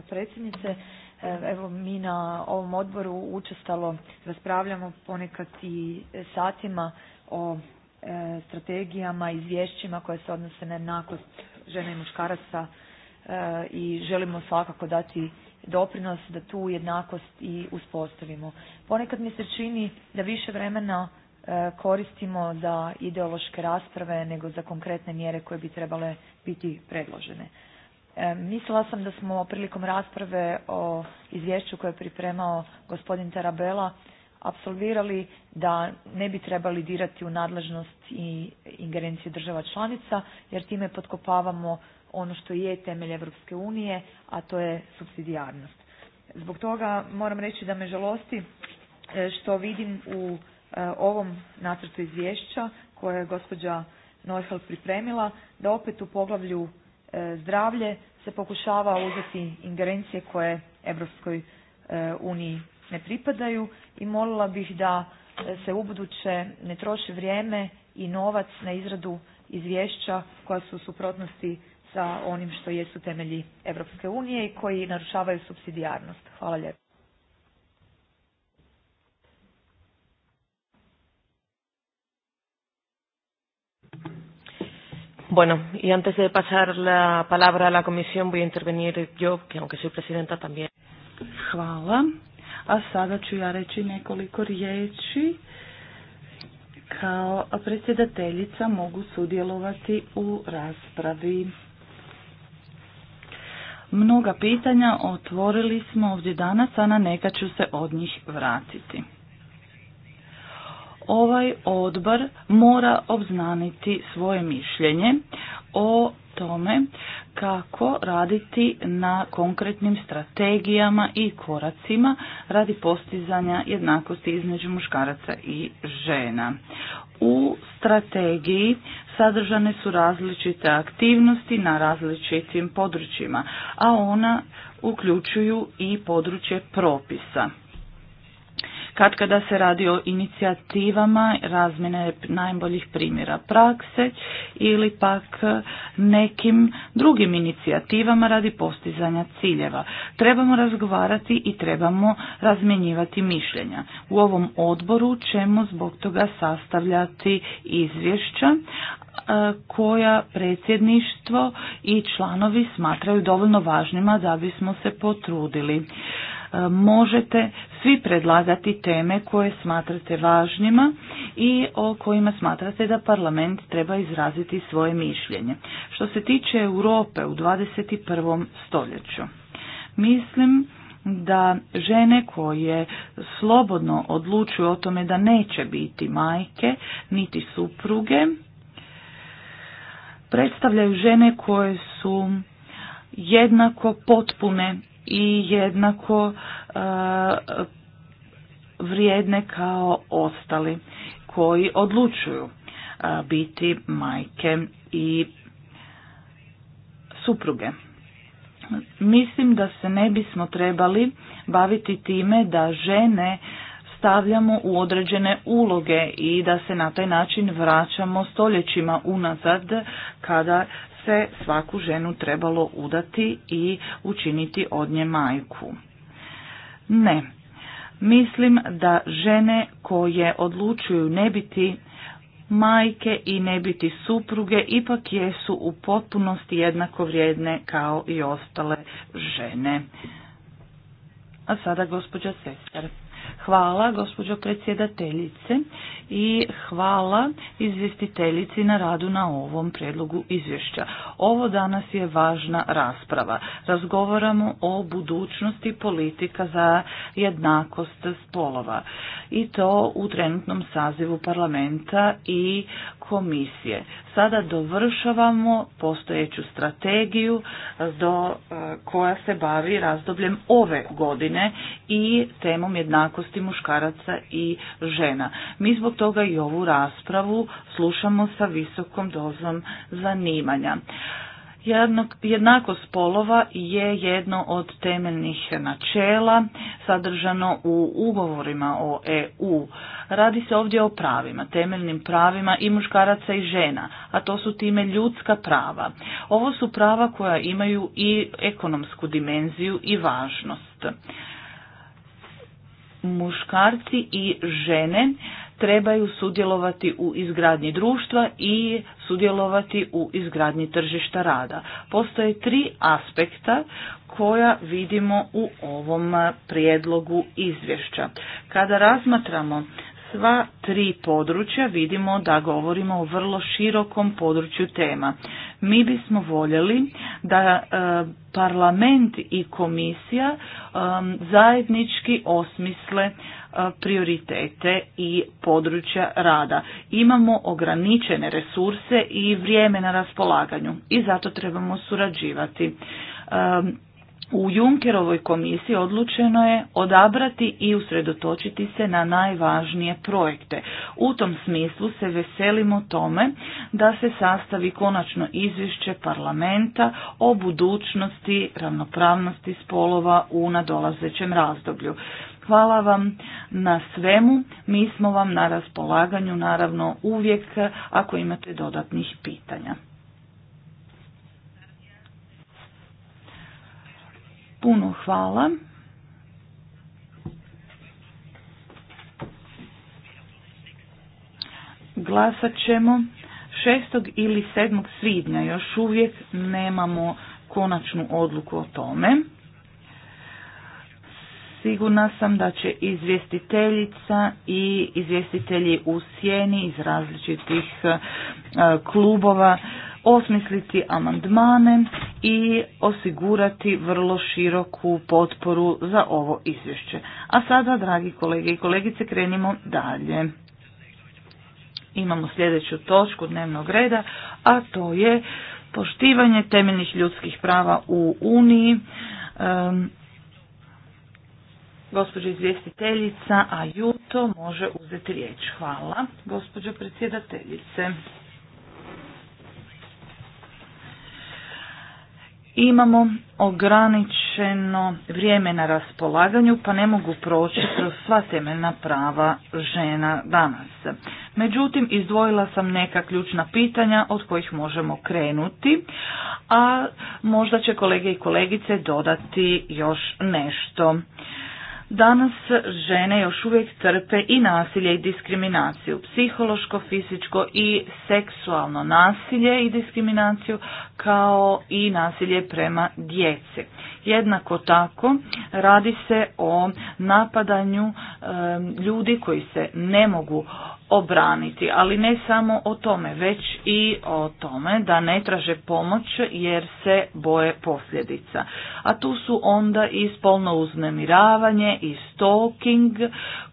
Predsjednice, Evo mi na ovom odboru učestalo raspravljamo ponekad i satima o e, strategijama, izvješćima koje se odnose na jednakost žena i muškaraca e, i želimo svakako dati doprinos da tu jednakost i uspostavimo. Ponekad mi se čini da više vremena e, koristimo za ideološke rasprave nego za konkretne mjere koje bi trebale biti predložene. E, mislila sam da smo prilikom rasprave o izvješću koje je pripremao gospodin Tarabela apsolvirali da ne bi trebali dirati u nadležnost i ingerenciju država članica jer time potkopavamo ono što je temelj Europske unije, a to je subsidijarnost. Zbog toga moram reći da me žalosti e, što vidim u e, ovom nacrtu izvješća koje je gospođa Neufeld pripremila, da opet u poglavlju zdravlje se pokušava uzeti ingerencije koje Europskoj e, uniji ne pripadaju i molila bih da e, se ubuduće ne troši vrijeme i novac na izradu izvješća koja su u suprotnosti sa onim što jesu temelji Europske unije i koji narušavaju supsidijarnost. Hvala lijepo. Bueno, y antes de pasar la palabra a la comisión voy a intervenir yo, que aunque soy presidenta también. Hvala. A sada ću ja reći nekoliko riječi. Kao predsjedateljica mogu sudjelovati u raspravi. Mnoga pitanja otvorili smo ovdje danas, a na neka ću se od njih vratiti ovaj odbor mora obznaniti svoje mišljenje o tome kako raditi na konkretnim strategijama i koracima radi postizanja jednakosti između muškaraca i žena. U strategiji sadržane su različite aktivnosti na različitim područjima, a ona uključuju i područje propisa kad kada se radi o inicijativama razmjene najboljih primjera prakse ili pak nekim drugim inicijativama radi postizanja ciljeva. Trebamo razgovarati i trebamo razmjenjivati mišljenja. U ovom odboru ćemo zbog toga sastavljati izvješća koja predsjedništvo i članovi smatraju dovoljno važnima da bismo se potrudili. E, možete svi predlagati teme koje smatrate važnima i o kojima smatrate da parlament treba izraziti svoje mišljenje. Što se tiče Europe u 21. stoljeću, mislim da žene koje slobodno odlučuju o tome da neće biti majke niti supruge, predstavljaju žene koje su jednako potpune i jednako e, vrijedne kao ostali koji odlučuju e, biti majke i supruge. Mislim da se ne bismo trebali baviti time da žene stavljamo u određene uloge i da se na taj način vraćamo stoljećima unazad kada se svaku ženu trebalo udati i učiniti od nje majku. Ne, mislim da žene koje odlučuju ne biti majke i ne biti supruge ipak jesu u potpunosti jednako vrijedne kao i ostale žene. A sada gospođa Sestar. Hvala gospođo predsjedateljice i hvala izvjestiteljici na radu na ovom predlogu izvješća. Ovo danas je važna rasprava. Razgovaramo o budućnosti politika za jednakost spolova i to u trenutnom sazivu parlamenta i komisije. Sada dovršavamo postojeću strategiju eh, do eh, koja se bavi razdobljem ove godine i temom jednakosti muškaraca i žena. Mi zbog toga i ovu raspravu slušamo sa visokom dozom zanimanja. Jednog, jednakost spolova je jedno od temeljnih načela sadržano u ugovorima o EU. Radi se ovdje o pravima, temeljnim pravima i muškaraca i žena, a to su time ljudska prava. Ovo su prava koja imaju i ekonomsku dimenziju i važnost. Muškarci i žene trebaju sudjelovati u izgradnji društva i sudjelovati u izgradnji tržišta rada. Postoje tri aspekta koja vidimo u ovom prijedlogu izvješća. Kada razmatramo sva tri područja vidimo da govorimo o vrlo širokom području tema. Mi bismo voljeli da e, parlament i komisija e, zajednički osmisle prioritete i područja rada. Imamo ograničene resurse i vrijeme na raspolaganju i zato trebamo surađivati. U Junkerovoj komisiji odlučeno je odabrati i usredotočiti se na najvažnije projekte. U tom smislu se veselimo tome da se sastavi konačno izvješće parlamenta o budućnosti ravnopravnosti spolova u nadolazećem razdoblju. Hvala vam na svemu. Mi smo vam na raspolaganju naravno uvijek ako imate dodatnih pitanja. Puno hvala. Glasat ćemo 6. ili 7. svibnja. Još uvijek nemamo konačnu odluku o tome. Sigurna sam da će izvjestiteljica i izvjestitelji u sjeni iz različitih e, klubova osmisliti amandmane i osigurati vrlo široku potporu za ovo izvješće. A sada, dragi kolege i kolegice, krenimo dalje. Imamo sljedeću točku dnevnog reda, a to je poštivanje temeljnih ljudskih prava u Uniji. Gospođa izvjestiteljica Juto može uzeti riječ. Hvala. Gospođo predsjedateljice. Imamo ograničeno vrijeme na raspolaganju pa ne mogu proći kroz sva temeljna prava žena danas. Međutim, izdvojila sam neka ključna pitanja od kojih možemo krenuti, a možda će kolege i kolegice dodati još nešto. Danas žene još uvijek trpe i nasilje i diskriminaciju, psihološko, fizičko i seksualno nasilje i diskriminaciju kao i nasilje prema djeci. Jednako tako radi se o napadanju ljudi koji se ne mogu obraniti, ali ne samo o tome, već i o tome da ne traže pomoć jer se boje posljedica. A tu su onda i spolno uznemiravanje i stalking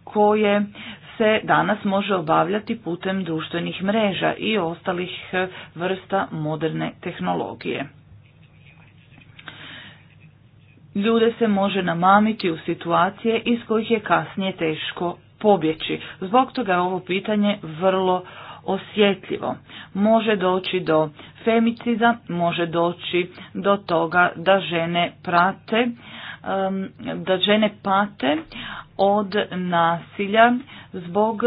koje se danas može obavljati putem društvenih mreža i ostalih vrsta moderne tehnologije. Ljude se može namamiti u situacije iz kojih je kasnije teško pobjeći. Zbog toga je ovo pitanje vrlo osjetljivo. Može doći do femicida, može doći do toga da žene prate, da žene pate od nasilja zbog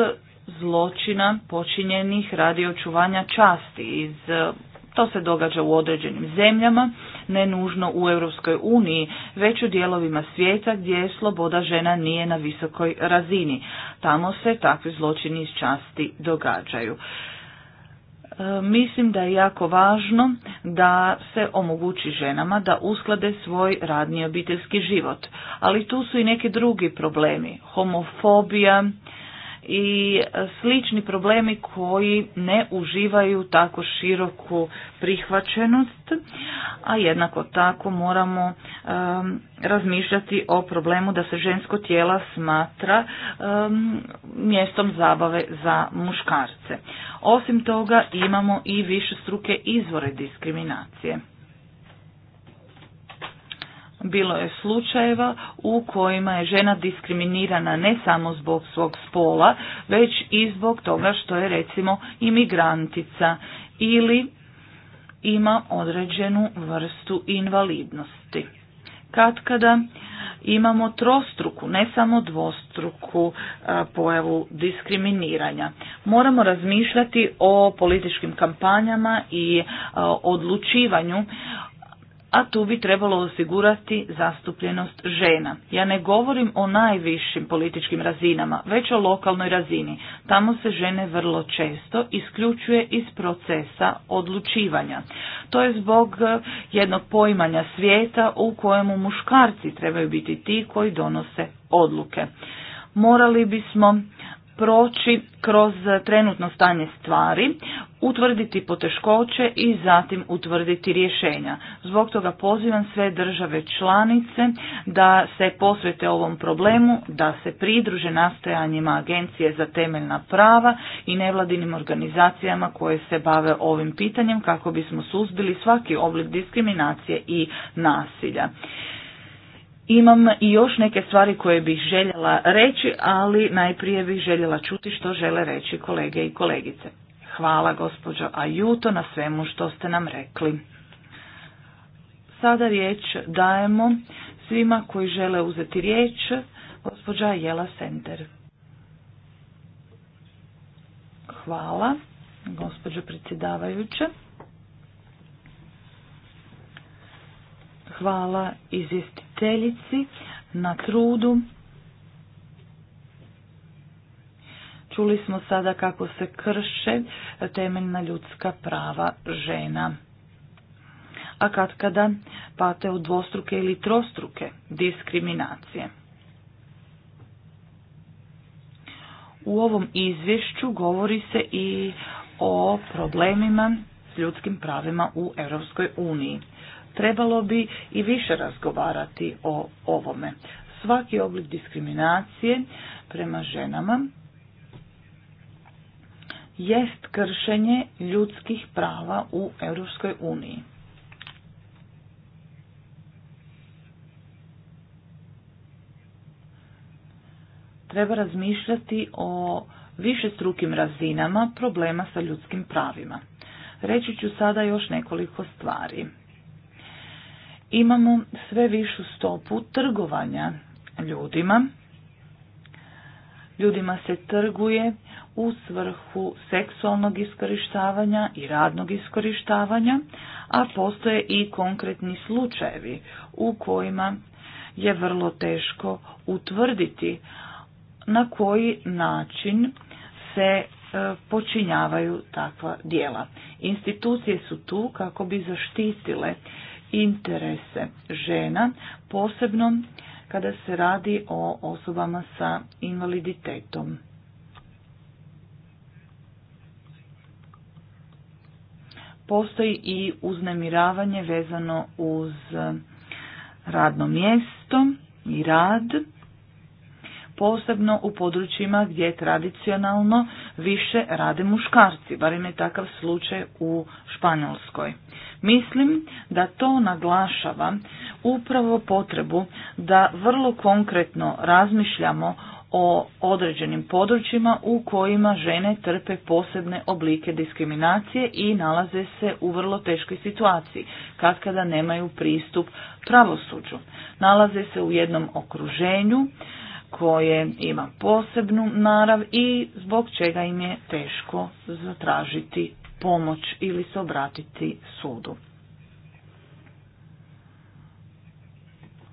zločina počinjenih radi očuvanja časti. Iz, to se događa u određenim zemljama ne nužno u Europskoj uniji, već u dijelovima svijeta gdje sloboda žena nije na visokoj razini. Tamo se takvi zločini iz časti događaju. E, mislim da je jako važno da se omogući ženama da usklade svoj radni obiteljski život, ali tu su i neki drugi problemi, homofobija, i slični problemi koji ne uživaju tako široku prihvaćenost, a jednako tako moramo um, razmišljati o problemu da se žensko tijela smatra um, mjestom zabave za muškarce. Osim toga imamo i više struke izvore diskriminacije bilo je slučajeva u kojima je žena diskriminirana ne samo zbog svog spola, već i zbog toga što je recimo imigrantica ili ima određenu vrstu invalidnosti. Kad kada imamo trostruku, ne samo dvostruku e, pojavu diskriminiranja. Moramo razmišljati o političkim kampanjama i e, odlučivanju a tu bi trebalo osigurati zastupljenost žena. Ja ne govorim o najvišim političkim razinama, već o lokalnoj razini. Tamo se žene vrlo često isključuje iz procesa odlučivanja. To je zbog eh, jednog poimanja svijeta u kojemu muškarci trebaju biti ti koji donose odluke. Morali bismo proći kroz trenutno stanje stvari, utvrditi poteškoće i zatim utvrditi rješenja. Zbog toga pozivam sve države članice da se posvete ovom problemu, da se pridruže nastojanjima Agencije za temeljna prava i nevladinim organizacijama koje se bave ovim pitanjem kako bismo suzbili svaki oblik diskriminacije i nasilja. Imam i još neke stvari koje bih željela reći, ali najprije bih željela čuti što žele reći kolege i kolegice. Hvala gospođo Ajuto na svemu što ste nam rekli. Sada riječ dajemo svima koji žele uzeti riječ, gospođa Jela Sender. Hvala, gospođo predsjedavajuće. Hvala izvjestiti učiteljici, na trudu. Čuli smo sada kako se krše temeljna ljudska prava žena. A kad kada pate od dvostruke ili trostruke diskriminacije. U ovom izvješću govori se i o problemima s ljudskim pravima u Europskoj uniji trebalo bi i više razgovarati o ovome. Svaki oblik diskriminacije prema ženama jest kršenje ljudskih prava u Europskoj uniji. Treba razmišljati o višestrukim razinama problema sa ljudskim pravima. Reći ću sada još nekoliko stvari imamo sve višu stopu trgovanja ljudima. Ljudima se trguje u svrhu seksualnog iskorištavanja i radnog iskorištavanja, a postoje i konkretni slučajevi u kojima je vrlo teško utvrditi na koji način se e, počinjavaju takva dijela. Institucije su tu kako bi zaštitile interese žena, posebno kada se radi o osobama sa invaliditetom. Postoji i uznemiravanje vezano uz radno mjesto i rad, posebno u područjima gdje tradicionalno više rade muškarci, barem je takav slučaj u Španjolskoj. Mislim da to naglašava upravo potrebu da vrlo konkretno razmišljamo o određenim područjima u kojima žene trpe posebne oblike diskriminacije i nalaze se u vrlo teškoj situaciji, kad kada nemaju pristup pravosuđu. Nalaze se u jednom okruženju koje ima posebnu narav i zbog čega im je teško zatražiti pomoć ili se obratiti sudu.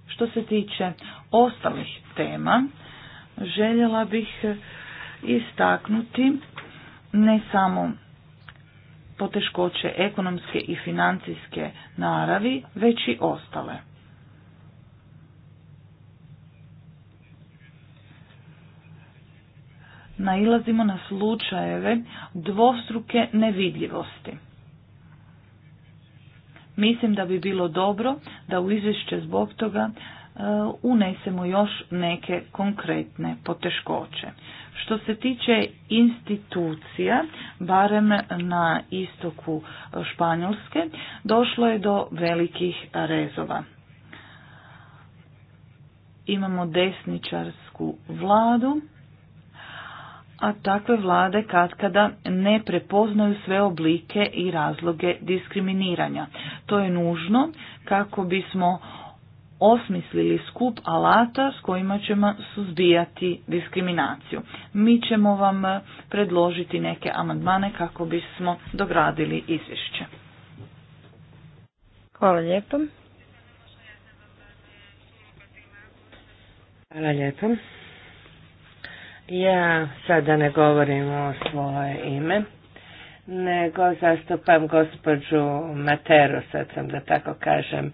Što se tiče ostalih tema, željela bih istaknuti ne samo poteškoće ekonomske i financijske naravi, već i ostale. nailazimo na slučajeve dvostruke nevidljivosti. Mislim da bi bilo dobro da u izvješće zbog toga e, unesemo još neke konkretne poteškoće. Što se tiče institucija, barem na istoku Španjolske, došlo je do velikih rezova. Imamo desničarsku vladu a takve vlade katkada ne prepoznaju sve oblike i razloge diskriminiranja. To je nužno kako bismo osmislili skup alata s kojima ćemo suzbijati diskriminaciju. Mi ćemo vam predložiti neke amandmane kako bismo dogradili izvješće. Hvala lijepo. Hvala lijepo. Ja sada ne govorim o svoje ime, nego zastupam gospođu Materu, sad sam da tako kažem,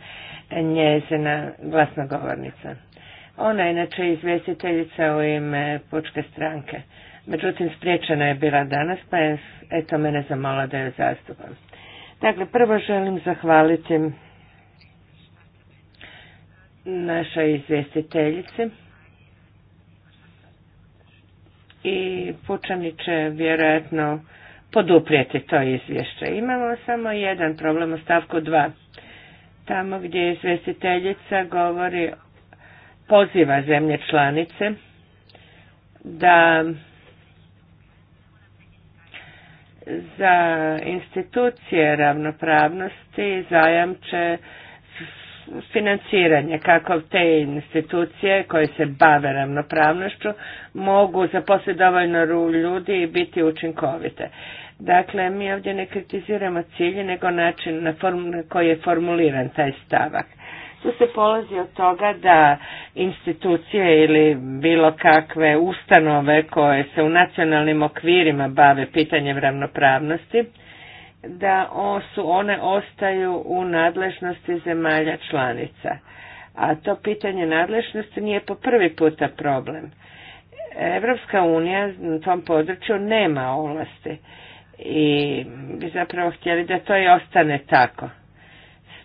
njezina glasnogovornica. Ona je inače izvjestiteljica u ime Pučke stranke. Međutim, spriječena je bila danas, pa je eto mene zamola da je zastupam. Dakle, prvo želim zahvaliti našoj izvjestiteljici i Pučani će vjerojatno poduprijeti to izvješće. Imamo samo jedan problem u stavku 2. Tamo gdje izvjestiteljica govori, poziva zemlje članice da za institucije ravnopravnosti zajamče financiranje, kako te institucije koje se bave ravnopravnošću mogu zaposliti dovoljno ljudi i biti učinkovite. Dakle, mi ovdje ne kritiziramo cilje, nego način na, na koji je formuliran taj stavak. Tu se polazi od toga da institucije ili bilo kakve ustanove koje se u nacionalnim okvirima bave pitanjem ravnopravnosti, da su one ostaju u nadležnosti zemalja članica. A to pitanje nadležnosti nije po prvi puta problem. Evropska unija na tom području nema ovlasti i bi zapravo htjeli da to i ostane tako.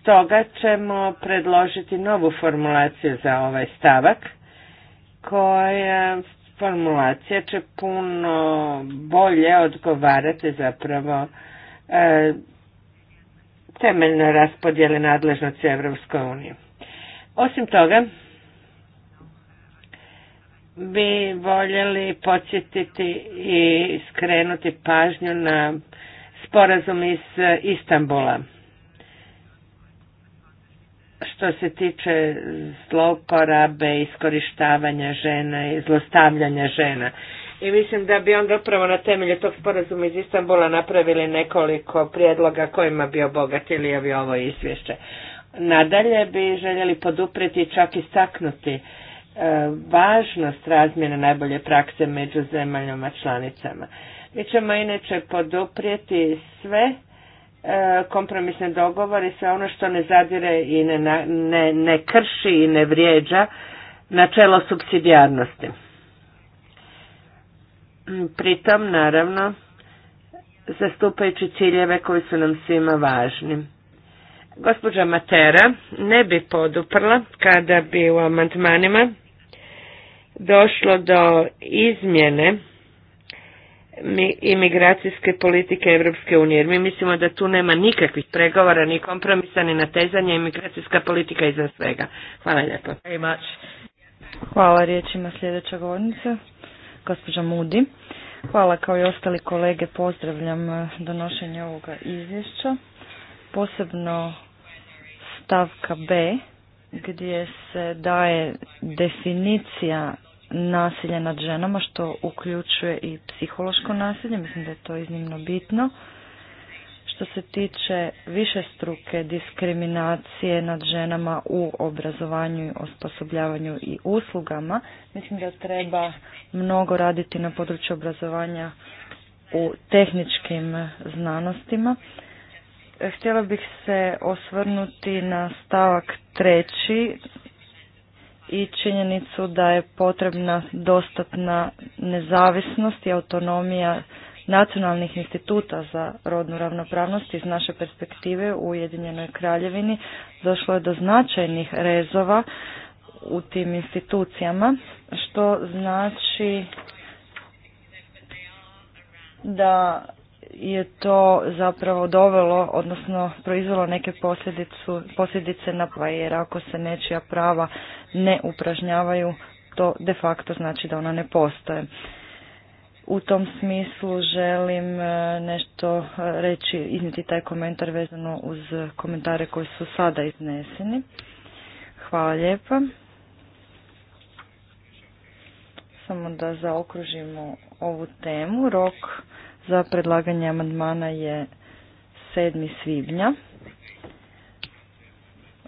Stoga ćemo predložiti novu formulaciju za ovaj stavak koja formulacija će puno bolje odgovarati zapravo E, temeljne raspodjele nadležnosti Europskoj uniji. Osim toga, bi voljeli podsjetiti i skrenuti pažnju na sporazum iz Istambula. Što se tiče zlouporabe, iskorištavanja žena i zlostavljanja žena i mislim da bi onda upravo na temelju tog sporazuma iz Istanbula napravili nekoliko prijedloga kojima bi obogatili ovi ovo izvješće. Nadalje bi željeli poduprijeti i čak istaknuti e, važnost razmjene najbolje prakse među zemljama članicama. Mi ćemo inače poduprijeti sve e, kompromisne dogovore, sve ono što ne zadire i ne, ne, ne krši i ne vrijeđa načelo subsidijarnosti. Mm, pritom naravno zastupajući ciljeve koji su nam svima važni. Gospođa Matera ne bi poduprla kada bi u amandmanima došlo do izmjene imigracijske politike Europske unije. mi mislimo da tu nema nikakvih pregovora, ni kompromisa, ni natezanja. Imigracijska politika iza svega. Hvala lijepo. Hvala riječima sljedeća govornica gospođa Mudi. Hvala kao i ostali kolege, pozdravljam eh, donošenje ovoga izvješća, posebno stavka B gdje se daje definicija nasilja nad ženama što uključuje i psihološko nasilje, mislim da je to iznimno bitno što se tiče višestruke diskriminacije nad ženama u obrazovanju, osposobljavanju i uslugama, mislim da treba mnogo raditi na području obrazovanja u tehničkim znanostima. Htjela bih se osvrnuti na stavak treći i činjenicu da je potrebna dostatna nezavisnost i autonomija nacionalnih instituta za rodnu ravnopravnost iz naše perspektive u Ujedinjenoj kraljevini došlo je do značajnih rezova u tim institucijama, što znači da je to zapravo dovelo, odnosno proizvelo neke posljedice na jer ako se nečija prava ne upražnjavaju, to de facto znači da ona ne postoje u tom smislu želim e, nešto e, reći, izniti taj komentar vezano uz komentare koji su sada izneseni. Hvala lijepa. Samo da zaokružimo ovu temu. Rok za predlaganje amandmana je 7. svibnja.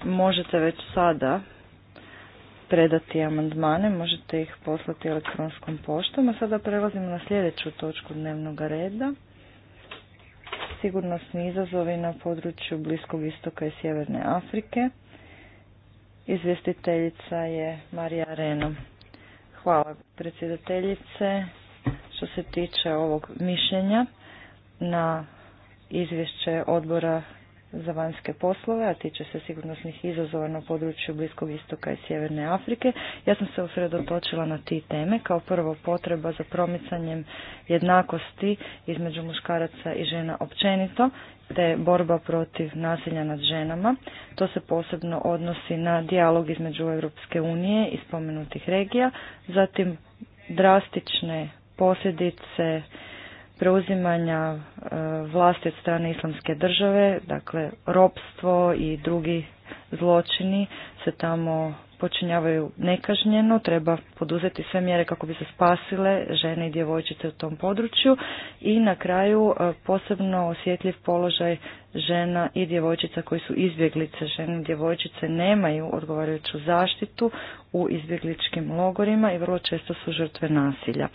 Možete već sada predati amandmane, možete ih poslati elektronskom poštom. A sada prelazimo na sljedeću točku dnevnog reda. Sigurnosni izazovi na području Bliskog istoka i Sjeverne Afrike. Izvjestiteljica je Marija Reno. Hvala predsjedateljice što se tiče ovog mišljenja na izvješće odbora za vanjske poslove, a tiče se sigurnosnih izazova na području Bliskog istoka i Sjeverne Afrike. Ja sam se usredotočila na ti teme. Kao prvo potreba za promicanjem jednakosti između muškaraca i žena općenito, te borba protiv nasilja nad ženama. To se posebno odnosi na dijalog između Europske unije i spomenutih regija, zatim drastične posljedice preuzimanja e, vlasti od strane islamske države, dakle ropstvo i drugi zločini se tamo počinjavaju nekažnjeno, treba poduzeti sve mjere kako bi se spasile žene i djevojčice u tom području i na kraju e, posebno osjetljiv položaj žena i djevojčica koji su izbjeglice. Žene i djevojčice nemaju odgovarajuću zaštitu u izbjegličkim logorima i vrlo često su žrtve nasilja,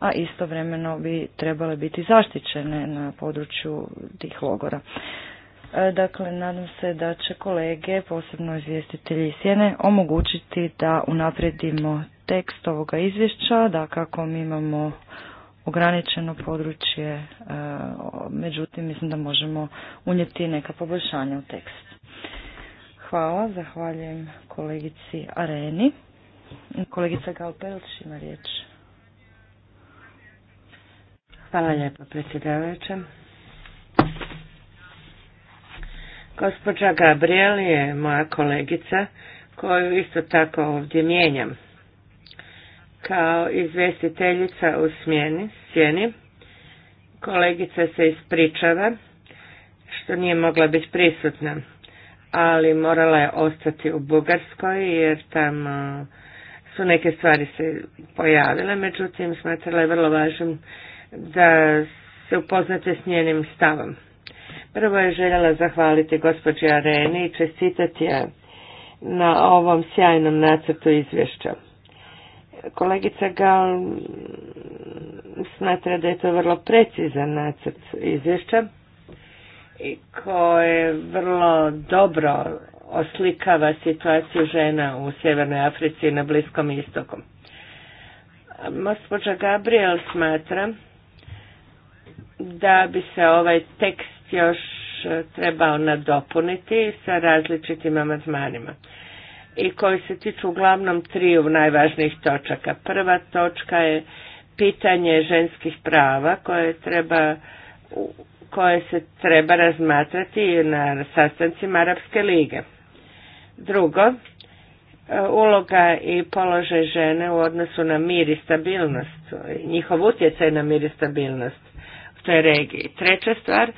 a istovremeno bi trebale biti zaštićene na području tih logora. E, dakle, nadam se da će kolege, posebno izvjestitelji i sjene, omogućiti da unaprijedimo tekst ovoga izvješća, da kako mi imamo ograničeno područje, e, međutim mislim da možemo unijeti neka poboljšanja u tekst. Hvala, zahvaljujem kolegici Areni. Kolegica Galpelč ima riječ. Hvala lijepo predsjedavajuća. Gospođa Gabriel je moja kolegica koju isto tako ovdje mijenjam. Kao izvjestiteljica u smjeni, sjeni, kolegica se ispričava što nije mogla biti prisutna, ali morala je ostati u Bugarskoj jer tamo su neke stvari se pojavile, međutim smatrala je vrlo važnim da se upoznate s njenim stavom. Prvo je željela zahvaliti gospođi Areni i čestitati je na ovom sjajnom nacrtu izvješća. Kolegica Gal smatra da je to vrlo precizan nacrt izvješća i koje vrlo dobro oslikava situaciju žena u Sjevernoj Africi i na Bliskom istoku. Gospođa Gabriel smatra da bi se ovaj tekst još trebao nadopuniti sa različitim amandmanima i koji se tiču uglavnom triju najvažnijih točaka. Prva točka je pitanje ženskih prava koje treba koje se treba razmatrati na sastancima Arapske lige. Drugo, e, uloga i položaj žene u odnosu na mir i stabilnost, njihov utjecaj na mir i stabilnost u toj regiji. Treća stvar,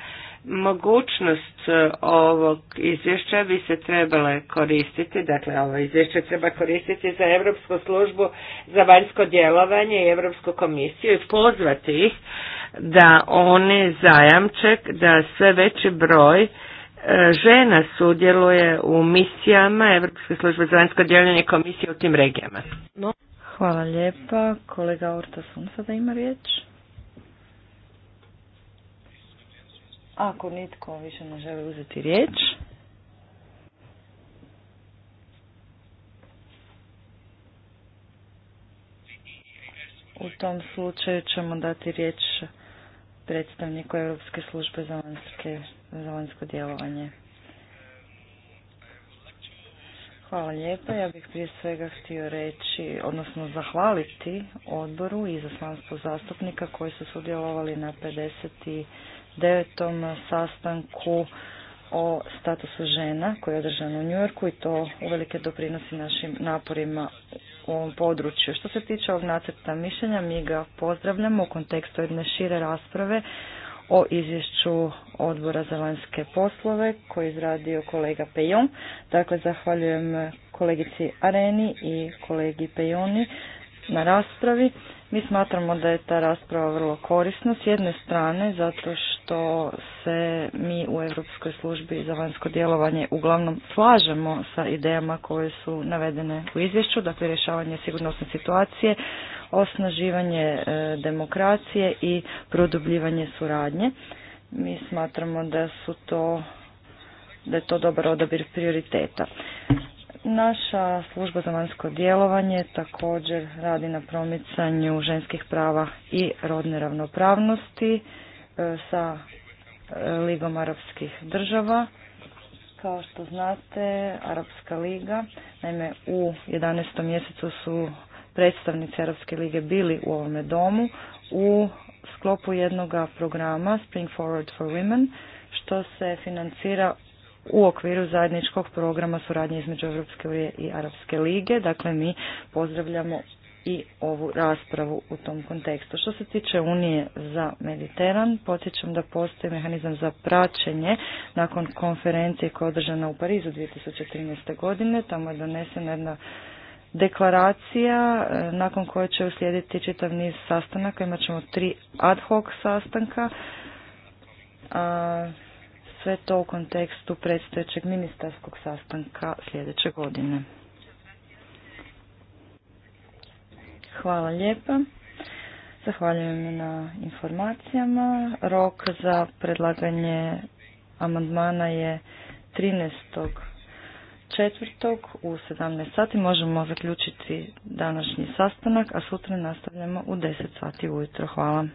mogućnost e, ovog izvješća bi se trebale koristiti, dakle ovo izvješće treba koristiti za Europsku službu za vanjsko djelovanje i Europsku komisiju i pozvati ih da oni zajamče da sve veći broj e, žena sudjeluje u misijama Europske službe za vanjsko djelovanje i komisije u tim regijama. Hvala lijepa. Kolega Orta Sunca da ima riječ. Ako nitko više ne želi uzeti riječ. U tom slučaju ćemo dati riječ predstavniku Europske službe za, vanjske, vanjsko djelovanje. Hvala lijepa. Ja bih prije svega htio reći, odnosno zahvaliti odboru i zaslanstvu zastupnika koji su sudjelovali na 50 devetom sastanku o statusu žena koji je održan u Njujorku i to uvelike doprinosi našim naporima u ovom području. Što se tiče ovog nacrta mišljenja, mi ga pozdravljamo u kontekstu jedne šire rasprave o izvješću odbora za vanjske poslove koji je izradio kolega Pejon. Dakle, zahvaljujem kolegici Areni i kolegi Pejoni na raspravi. Mi smatramo da je ta rasprava vrlo korisna s jedne strane zato što se mi u Europskoj službi za vanjsko djelovanje uglavnom slažemo sa idejama koje su navedene u izvješću, dakle rješavanje sigurnosne situacije, osnaživanje e, demokracije i produbljivanje suradnje. Mi smatramo da su to da je to dobar odabir prioriteta. Naša služba za vanjsko djelovanje također radi na promicanju ženskih prava i rodne ravnopravnosti e, sa e, Ligom arapskih država. Kao što znate, Arapska liga, naime u 11. mjesecu su predstavnici Arapske lige bili u ovome domu u sklopu jednog programa Spring Forward for Women, što se financira u okviru zajedničkog programa suradnje između Europske unije i Arapske lige. Dakle, mi pozdravljamo i ovu raspravu u tom kontekstu. Što se tiče Unije za Mediteran, podsjećam da postoji mehanizam za praćenje nakon konferencije koja je održana u Parizu 2013. godine. Tamo je donesena jedna deklaracija e, nakon koje će uslijediti čitav niz sastanaka. Imaćemo ćemo tri ad hoc sastanka. A, sve to u kontekstu predstojećeg ministarskog sastanka sljedeće godine. Hvala lijepa. Zahvaljujem na informacijama. Rok za predlaganje amandmana je 13. četvrtog u 17 sati. Možemo zaključiti današnji sastanak, a sutra nastavljamo u 10 sati ujutro. Hvala.